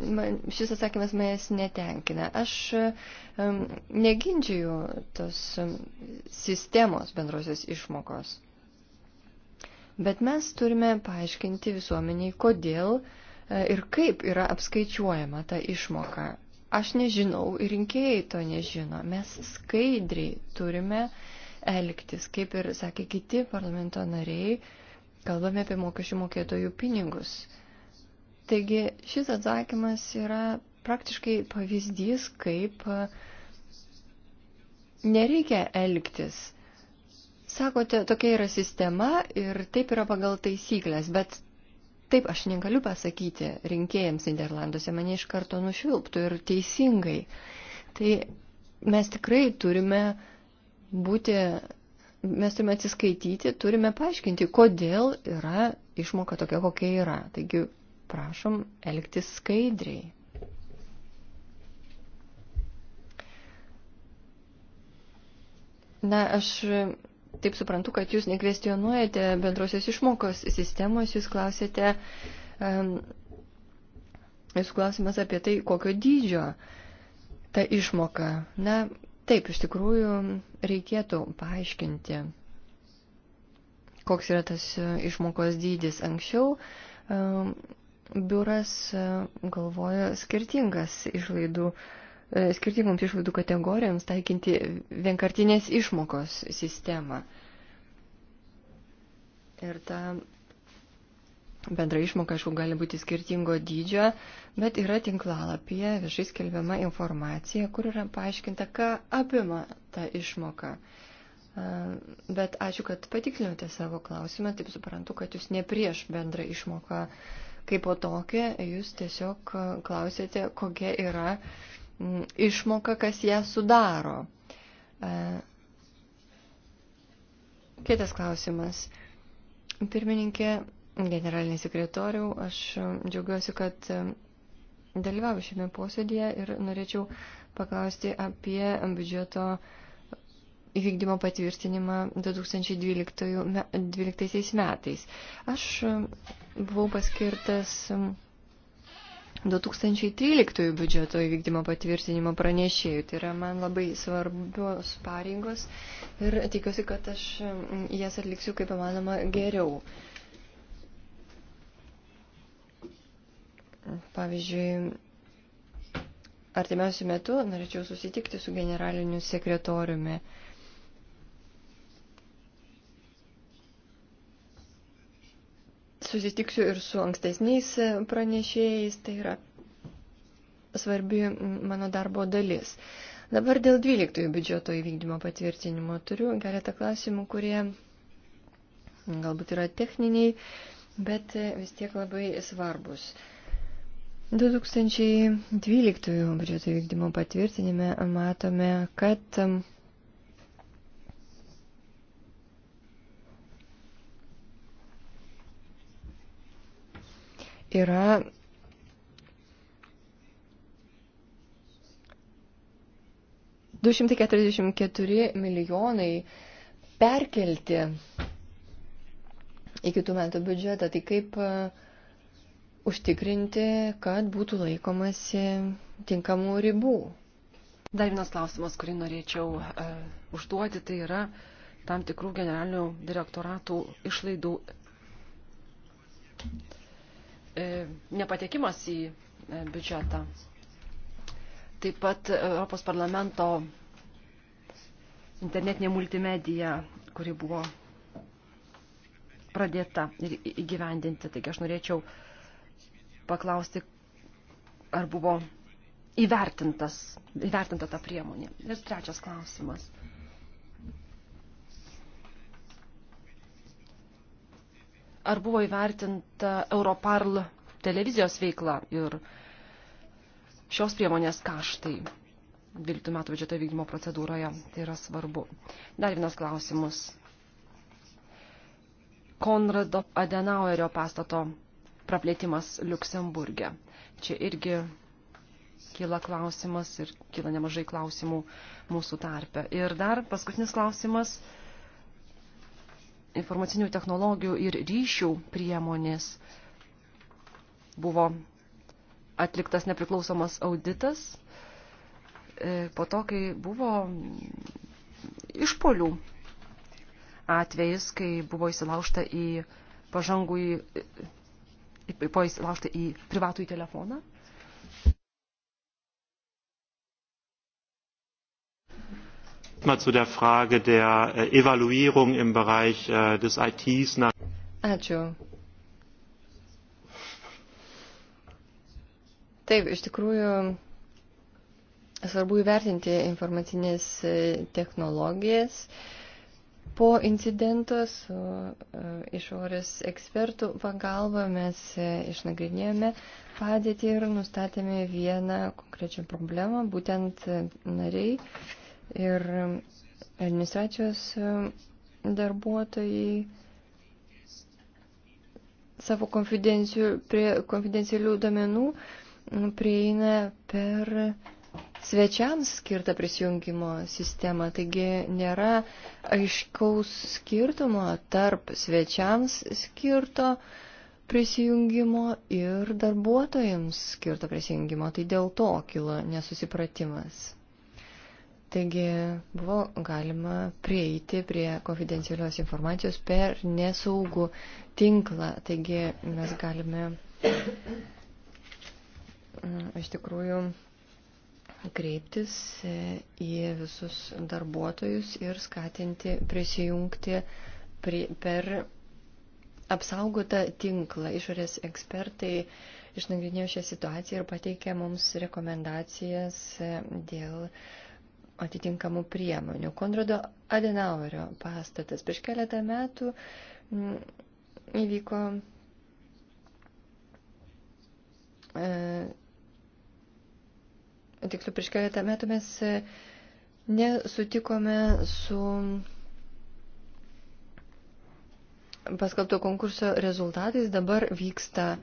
man, šis atsakymas manęs netenkina. Aš um, neginčiu tos um, sistemos bendrosios išmokos. Bet mes turime paaiškinti visuomeniai, kodėl e, ir kaip yra apskaičiuojama ta išmoka. Aš nežinau ir rinkėjai to nežino. Mes skaidriai turime elgtis, kaip ir sakė kiti parlamento nariai, kalbame apie mokesčių mokėtojų pinigus. Uh, Taigi šis atsakymas yra praktiškai pavyzdys, kaip e, nereikia elgtis. Sakote, tokia yra sistema ir taip yra pagal taisyklės, bet Taip, aš negaliu pasakyti rinkėjams Niderlanduose, mane iš karto nušvilptų ir teisingai. Tai mes tikrai turime būti, mes turime atsiskaityti, turime paaiškinti, kodėl yra išmoka tokia, kokia yra. Taigi prašom elgtis skaidriai. Na, aš taip suprantu, kad jūs nekvestionuojate bendrosios išmokos sistemos, jūs klausėte, um, jūsų klausimas apie tai, kokio dydžio ta išmoka. Na, taip, iš tikrųjų reikėtų paaiškinti, koks yra tas e, išmokos dydis. Anksčiau um, biuras e, galvoja skirtingas išlaidų, e, skirtingoms išlaidų kategorijoms taikinti vienkartinės išmokos sistemą. Ir ta bendra išmoka, aišku, gali būti skirtingo dydžio, bet yra tinklalapyje viešai skelbiama informacija, kur yra paaiškinta, ką apima ta išmoka. E, bet ačiū, kad patikslinote savo klausimą, taip suprantu, kad jūs ne prieš bendrą išmoką kaip po tokia, jūs tiesiog e, klausėte, kokia yra išmoka, kas ją sudaro. E, kitas klausimas. Pirmininkė, generalinė sekretoriau, aš e, džiaugiuosi, kad dalyvauju šiame posėdėje ir norėčiau paklausti apie biudžeto uh, įvykdymo patvirtinimą 2012 metais. Aš e, buvau paskirtas 2013 e, biudžeto įvykdymo patvirtinimo pranešėjų. Tai yra man labai svarbios pareigos ir tikiuosi, kad aš e, jas atliksiu kaip įmanoma geriau. Pavyzdžiui, artimiausių metų norėčiau susitikti su generaliniu sekretoriumi. Uh, susitiksiu ir su ankstesniais e, pranešėjais, tai yra svarbi mano darbo dalis. Dabar dėl 12 biudžeto įvykdymo patvirtinimo turiu keletą klausimų, kurie galbūt yra techniniai, bet e, vis tiek labai svarbus. 2012 biudžeto įvykdymo patvirtinime matome, kad yra du šimtai keturiasdešimt keturi milijonai perkelti į kitų metų biudžetą. Tai kaip e, užtikrinti, kad būtų laikomasi tinkamų ribų? Dar vienas klausimas, kurį norėčiau uh, užduoti, tai yra tam tikrų generalinių direktoratų išlaidų E, nepatekimas į e, biudžetą. Taip pat Europos parlamento internetinė multimedija, kuri buvo pradėta ir įgyvendinti. Taigi aš norėčiau paklausti, ar buvo įvertintas, įvertinta ta priemonė. Ir trečias klausimas. ar buvo įvertinta Europarl televizijos veikla ir šios priemonės kaštai 12 metų biudžeto vykdymo procedūroje. Tai yra svarbu. Dar vienas klausimus. Konrado Adenauerio pastato praplėtimas Luksemburgė. Čia irgi kyla klausimas ir kyla nemažai klausimų mūsų tarpe. Ir dar paskutinis klausimas informacinių technologijų ir ryšių priemonės buvo atliktas nepriklausomas auditas e, po to, kai buvo išpolių atvejis, kai buvo įsilaužta į pažangų į, buvo e, įsilaužta į privatų į telefoną Mal zu der Frage der äh, Evaluierung im Bereich äh, des ITs nach. Ačiū. Taip, iš tikrųjų svarbu įvertinti informacinės e, technologijas. Po incidento su e, išorės ekspertų pagalba mes e, išnagrinėjome padėtį ir nustatėme vieną konkrečią problemą, būtent nariai ir administracijos e, darbuotojai savo prie, konfidencialių domenų prieina per svečiams skirtą prisijungimo sistemą. Taigi nėra aiškaus skirtumo tarp svečiams skirto prisijungimo ir darbuotojams skirto prisijungimo. Tai dėl to kilo nesusipratimas. Taigi buvo galima prieiti prie konfidencialios informacijos per nesaugų tinklą. Taigi mes galime mm, iš tikrųjų kreiptis e, į visus darbuotojus ir skatinti prisijungti prie, per apsaugotą tinklą. Išorės ekspertai išnagrinėjo šią situaciją ir pateikė mums rekomendacijas e, dėl uh, atitinkamų priemonių. Konrado Adenauerio pastatas prieš keletą metų mm, įvyko e, tiksliau prieš keletą metų mes e, nesutikome su paskelbto konkurso rezultatais. Dabar vyksta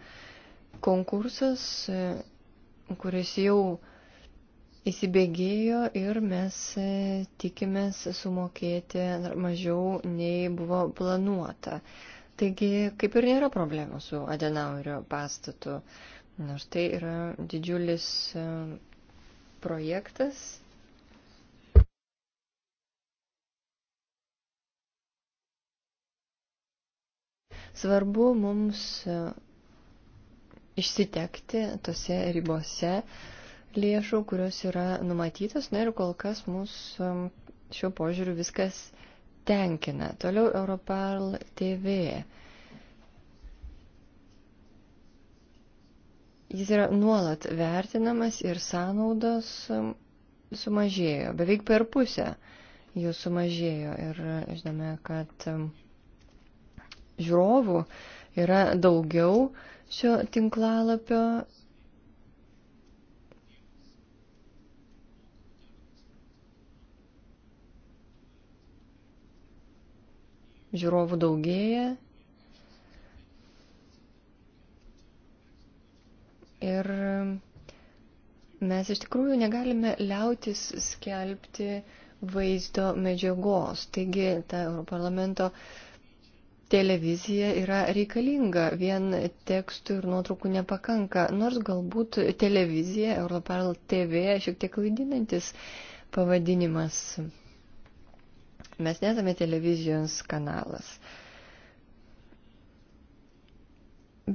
konkursas, e, kuris jau įsibėgėjo ir mes e, tikimės sumokėti mažiau nei buvo planuota. Taigi, kaip ir nėra problemų su Adenauerio pastatu, nors tai yra didžiulis e, projektas. Svarbu mums e, išsitekti tose ribose, lėšų, kurios yra numatytos. Na ir kol kas mūsų um, šiuo požiūriu viskas tenkina. Toliau Europarl TV. Jis yra nuolat vertinamas ir sąnaudos um, sumažėjo, beveik per pusę jų sumažėjo. Ir uh, žinome, kad um, žiūrovų yra daugiau šio tinklalapio žiūrovų daugėja. Ir mes iš tikrųjų negalime liautis skelbti vaizdo medžiagos. Taigi ta Europarlamento televizija yra reikalinga, vien tekstų ir nuotraukų nepakanka. Nors galbūt televizija, Europarl TV, šiek tiek klaidinantis pavadinimas. Mes nesame televizijos kanalas.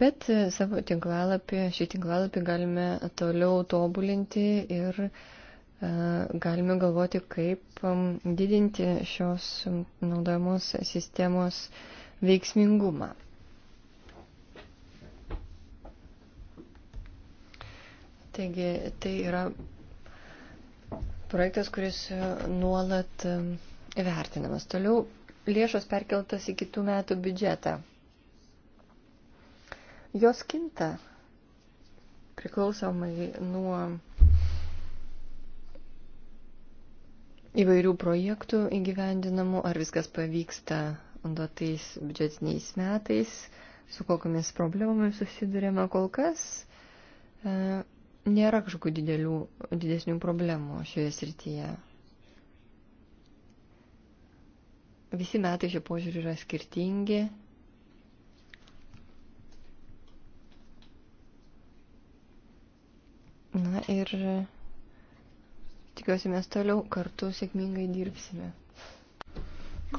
Bet e, savo tinklalapį, šį tinklalapį galime toliau tobulinti ir e, galime galvoti, kaip didinti šios naudojamos sistemos veiksmingumą. Taigi tai yra projektas, kuris nuolat vertinamas. Toliau lėšos perkeltas į kitų metų biudžetą. Jos kinta priklausomai nuo įvairių projektų įgyvendinamų, ar viskas pavyksta duotais biudžetiniais metais, su kokiamis problemomis susidurėme kol kas. E, nėra kažkokių didelių, didesnių problemų šioje srityje. Visi metai šio požiūriu yra skirtingi. Na ir tikiuosi mes toliau kartu sėkmingai dirbsime.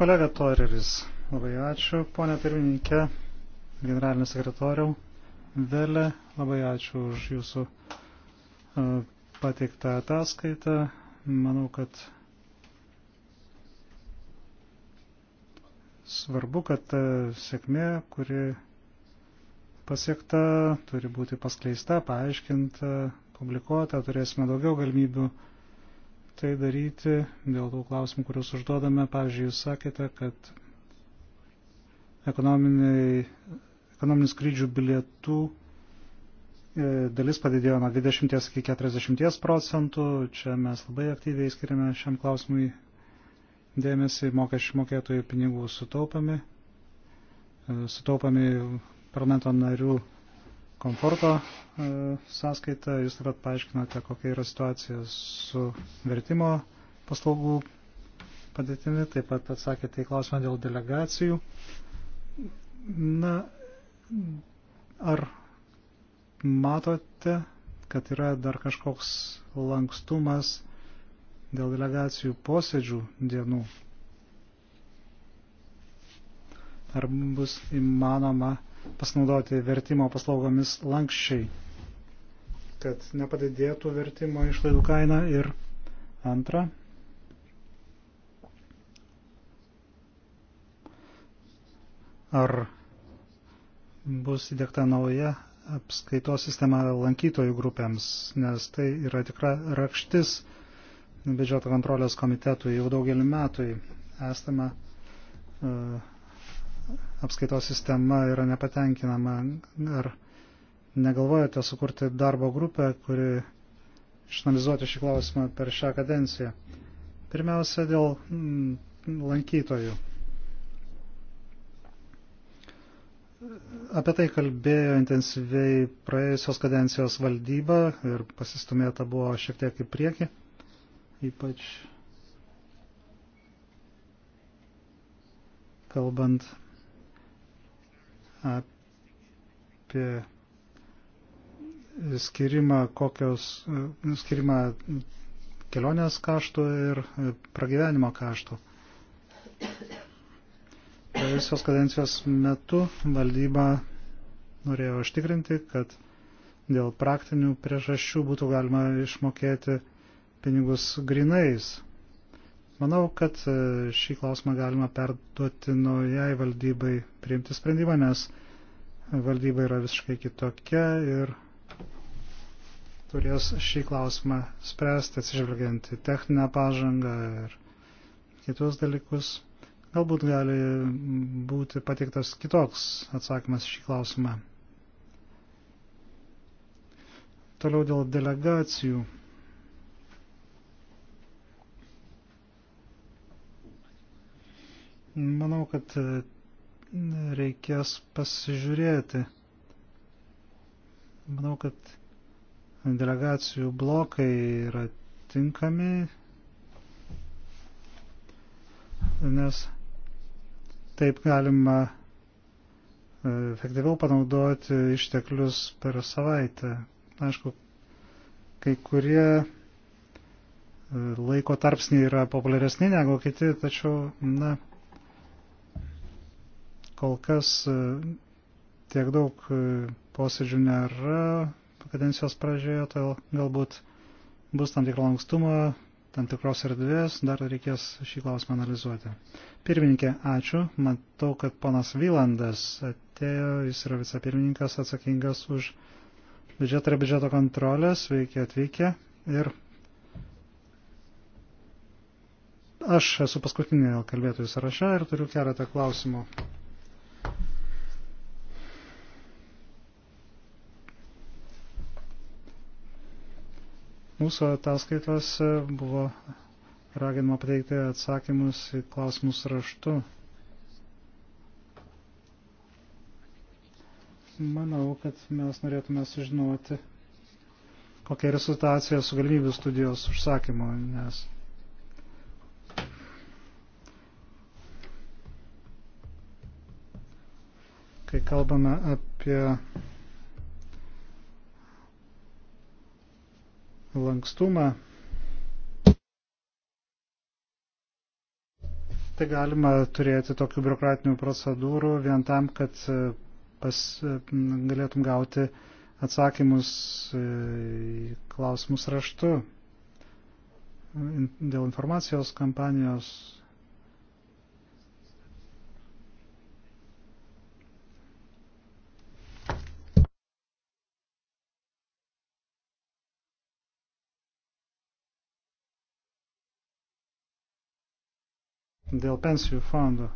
Kolega Toreris, labai ačiū. Pone pirmininkė, generalinė sekretoriau, Vėlė, labai ačiū už jūsų e, pateiktą ataskaitą. Manau, kad Svarbu, kad e, sėkmė, kuri pasiekta, turi būti paskleista, paaiškinta, publikuota, turėsime daugiau galimybių tai daryti dėl tų klausimų, kuriuos užduodame. Pavyzdžiui, jūs sakėte, kad ekonominių skrydžių bilietų e, dalis padidėjo nuo 20 iki 40 procentų. Čia mes labai aktyviai skiriame šiam klausimui dėmesį, mokesčių mokėtojų pinigų sutaupami, e, sutaupami parlamento narių komforto e, sąskaita. Jūs taip pat paaiškinote, kokia yra situacija su vertimo paslaugų padėtimi, taip pat atsakėte į klausimą dėl delegacijų. Na, ar matote, kad yra dar kažkoks lankstumas, dėl delegacijų posėdžių dienų. Ar bus įmanoma pasinaudoti vertimo paslaugomis lankščiai, kad nepadidėtų vertimo išlaidų kaina ir antra. Ar bus įdėkta nauja apskaitos sistema lankytojų grupėms, nes tai yra tikra rakštis biudžeto kontrolės komitetui jau daugelį metų esame e, apskaitos sistema yra nepatenkinama. Ar negalvojate sukurti darbo grupę, kuri išanalizuotų šį klausimą per šią kadenciją? Pirmiausia, dėl mm, lankytojų. Apie tai kalbėjo intensyviai praėjusios kadencijos valdyba ir pasistumėta buvo šiek tiek į priekį ypač kalbant apie skirimą, kokios, skirimą kelionės kaštų ir pragyvenimo kaštų. Praėjusios kadencijos metu valdyba norėjo užtikrinti, kad dėl praktinių priežasčių būtų galima išmokėti pinigus grinais. Manau, kad e, šį klausimą galima perduoti naujai valdybai priimti sprendimą, nes valdyba yra visiškai kitokia ir turės šį klausimą spręsti atsižvelgiant į techninę pažangą ir kitus dalykus. Galbūt gali būti pateiktas kitoks atsakymas šį klausimą. Toliau dėl delegacijų. Manau, kad e, reikės pasižiūrėti. Manau, kad delegacijų blokai yra tinkami, nes taip galima e, efektyviau panaudoti išteklius per savaitę. Aišku, kai kurie e, laiko tarpsniai yra populiaresni negu kiti, tačiau, na, Kol kas e, tiek daug e, posėdžių nėra kadencijos pradžioje, tai galbūt bus tam tikro lankstumo, tam tikros erdvės, dar reikės šį klausimą analizuoti. Pirmininkė, ačiū. Matau, kad ponas Vylandas atėjo, jis yra vicepirmininkas atsakingas už biudžetą ir biudžeto kontrolę. Sveiki atvykę. Ir aš esu paskutinė kalbėtojų sąraše ir turiu keletą klausimų. Mūsų ataskaitose buvo raginama pateikti atsakymus į klausimus raštu. Manau, kad mes norėtume sužinoti, kokia yra situacija su galimybių studijos užsakymu, nes kai kalbame apie lankstumą, tai galima turėti tokių biurokratinių procedūrų vien tam, kad e, pas, e, galėtum gauti atsakymus e, į klausimus raštu dėl informacijos kampanijos dėl pensijų fondo.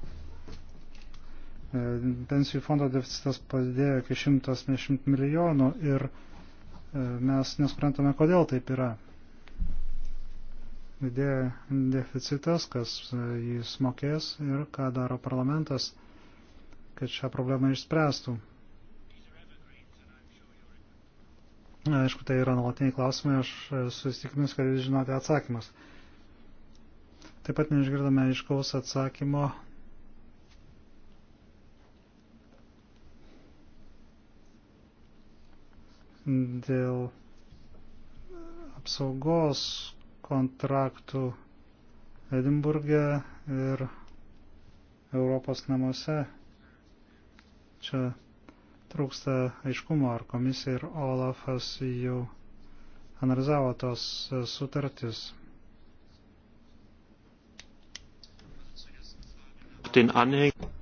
E, pensijų fondo deficitas padidėjo iki 110 milijonų ir e, mes nesprantame, kodėl taip yra. Didėja deficitas, kas e, jis mokės ir ką daro parlamentas, kad šią problemą išspręstų. Aišku, tai yra nuolatiniai klausimai, aš susitikinus, kad jūs žinote atsakymas. Taip pat neišgirdome iškaus atsakymo. Dėl apsaugos kontraktų Edinburgė ir Europos namuose. Čia trūksta aiškumo, ar komisija ir Olafas jau analizavo tos sutartis. den Anhängern.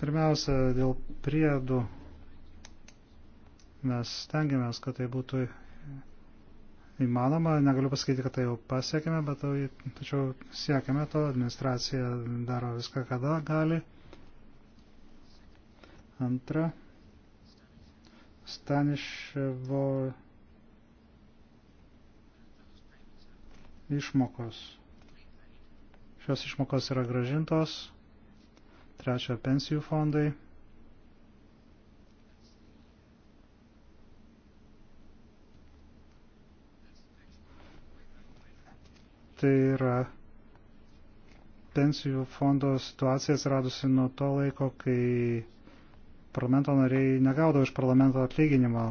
Pirmiausia, dėl priedų mes stengiamės, kad tai būtų įmanoma. Negaliu pasakyti, kad tai jau pasiekime, bet tai, tačiau siekime to. Administracija daro viską, kada gali. Antra. Staniševo išmokos. Šios išmokos yra gražintos trečia pensijų fondai. Tai yra pensijų fondo situacija atsiradusi nuo to laiko, kai parlamento nariai negaudavo iš parlamento atlyginimo.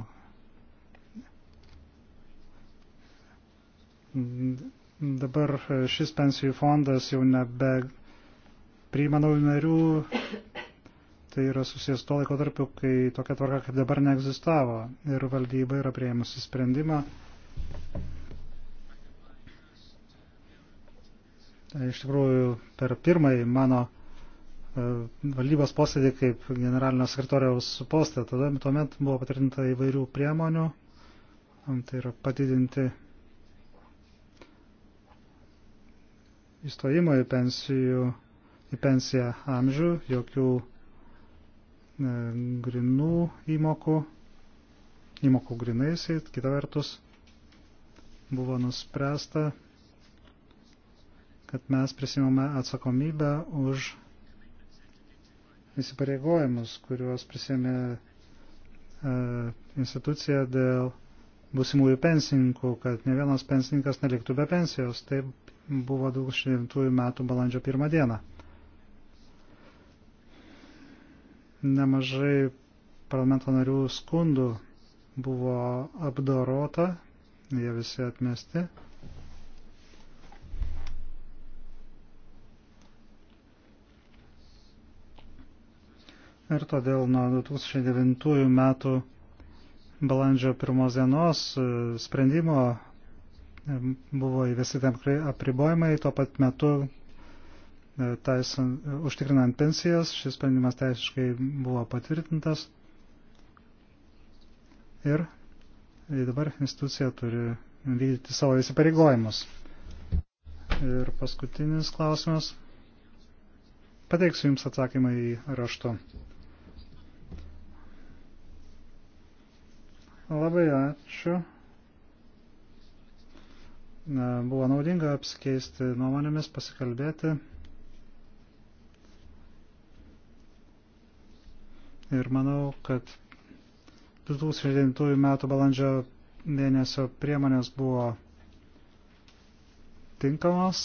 Dabar šis pensijų fondas jau nebe priima naujų narių, tai yra susijęs tuo laikotarpiu, kai tokia tvarka kaip dabar neegzistavo ir valdyba yra prieimusi sprendimą. Tai iš tikrųjų, per pirmąjį mano e, valdybos posėdį kaip generalinio sekretoriaus postą, tada tuomet buvo patvirtinta įvairių priemonių, tai yra padidinti įstojimo į pensijų į pensiją amžių, jokių e, grinų įmokų, įmokų grinais, kita vertus buvo nuspręsta, kad mes prisimame atsakomybę už įsipareigojimus, kuriuos prisėmė e, institucija dėl būsimųjų pensininkų, kad ne vienas pensininkas neliktų be pensijos. Tai buvo 2009 metų balandžio pirmą dieną. nemažai parlamento narių skundų buvo apdorota, jie visi atmesti. Ir todėl nuo 2009 metų balandžio pirmos dienos e, sprendimo e, buvo įvesti tam apribojimai, tuo pat metu taisan, užtikrinant pensijas. Šis sprendimas teisiškai buvo patvirtintas. Ir dabar institucija turi vykdyti savo įsipareigojimus. Ir paskutinis klausimas. Pateiksiu Jums atsakymą į raštu. Labai ačiū. Buvo naudinga apsikeisti nuomonėmis, pasikalbėti. Ir manau, kad 2009 m. balandžio mėnesio priemonės buvo tinkamos.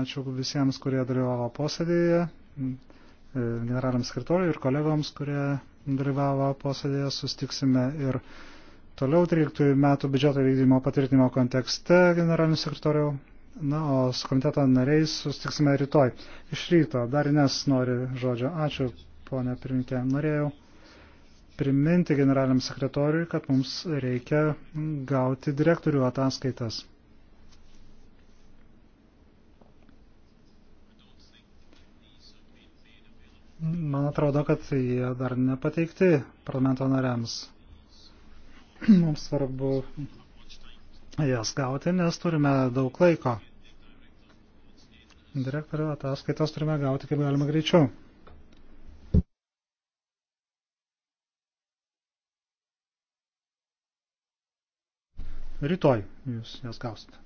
Ačiū visiems, kurie dalyvavo posėdėje, generaliniam sekretoriui ir kolegoms, kurie dalyvavo posėdėje. Sustiksime ir toliau 13 metų biudžeto vykdymo patvirtinimo kontekste generaliniu sekretoriu. Na, o su komiteto nariais sustiksime rytoj. Iš ryto dar nes nori žodžio. Ačiū ponė pirminkė. Norėjau priminti generaliniam sekretoriui, kad mums reikia gauti direktorių ataskaitas. Man atrodo, kad jie dar nepateikti parlamento nariams. Mums svarbu jas gauti, nes turime daug laiko. Direktorių ataskaitas turime gauti kaip galima greičiau. Rytoj jūs jas gausite.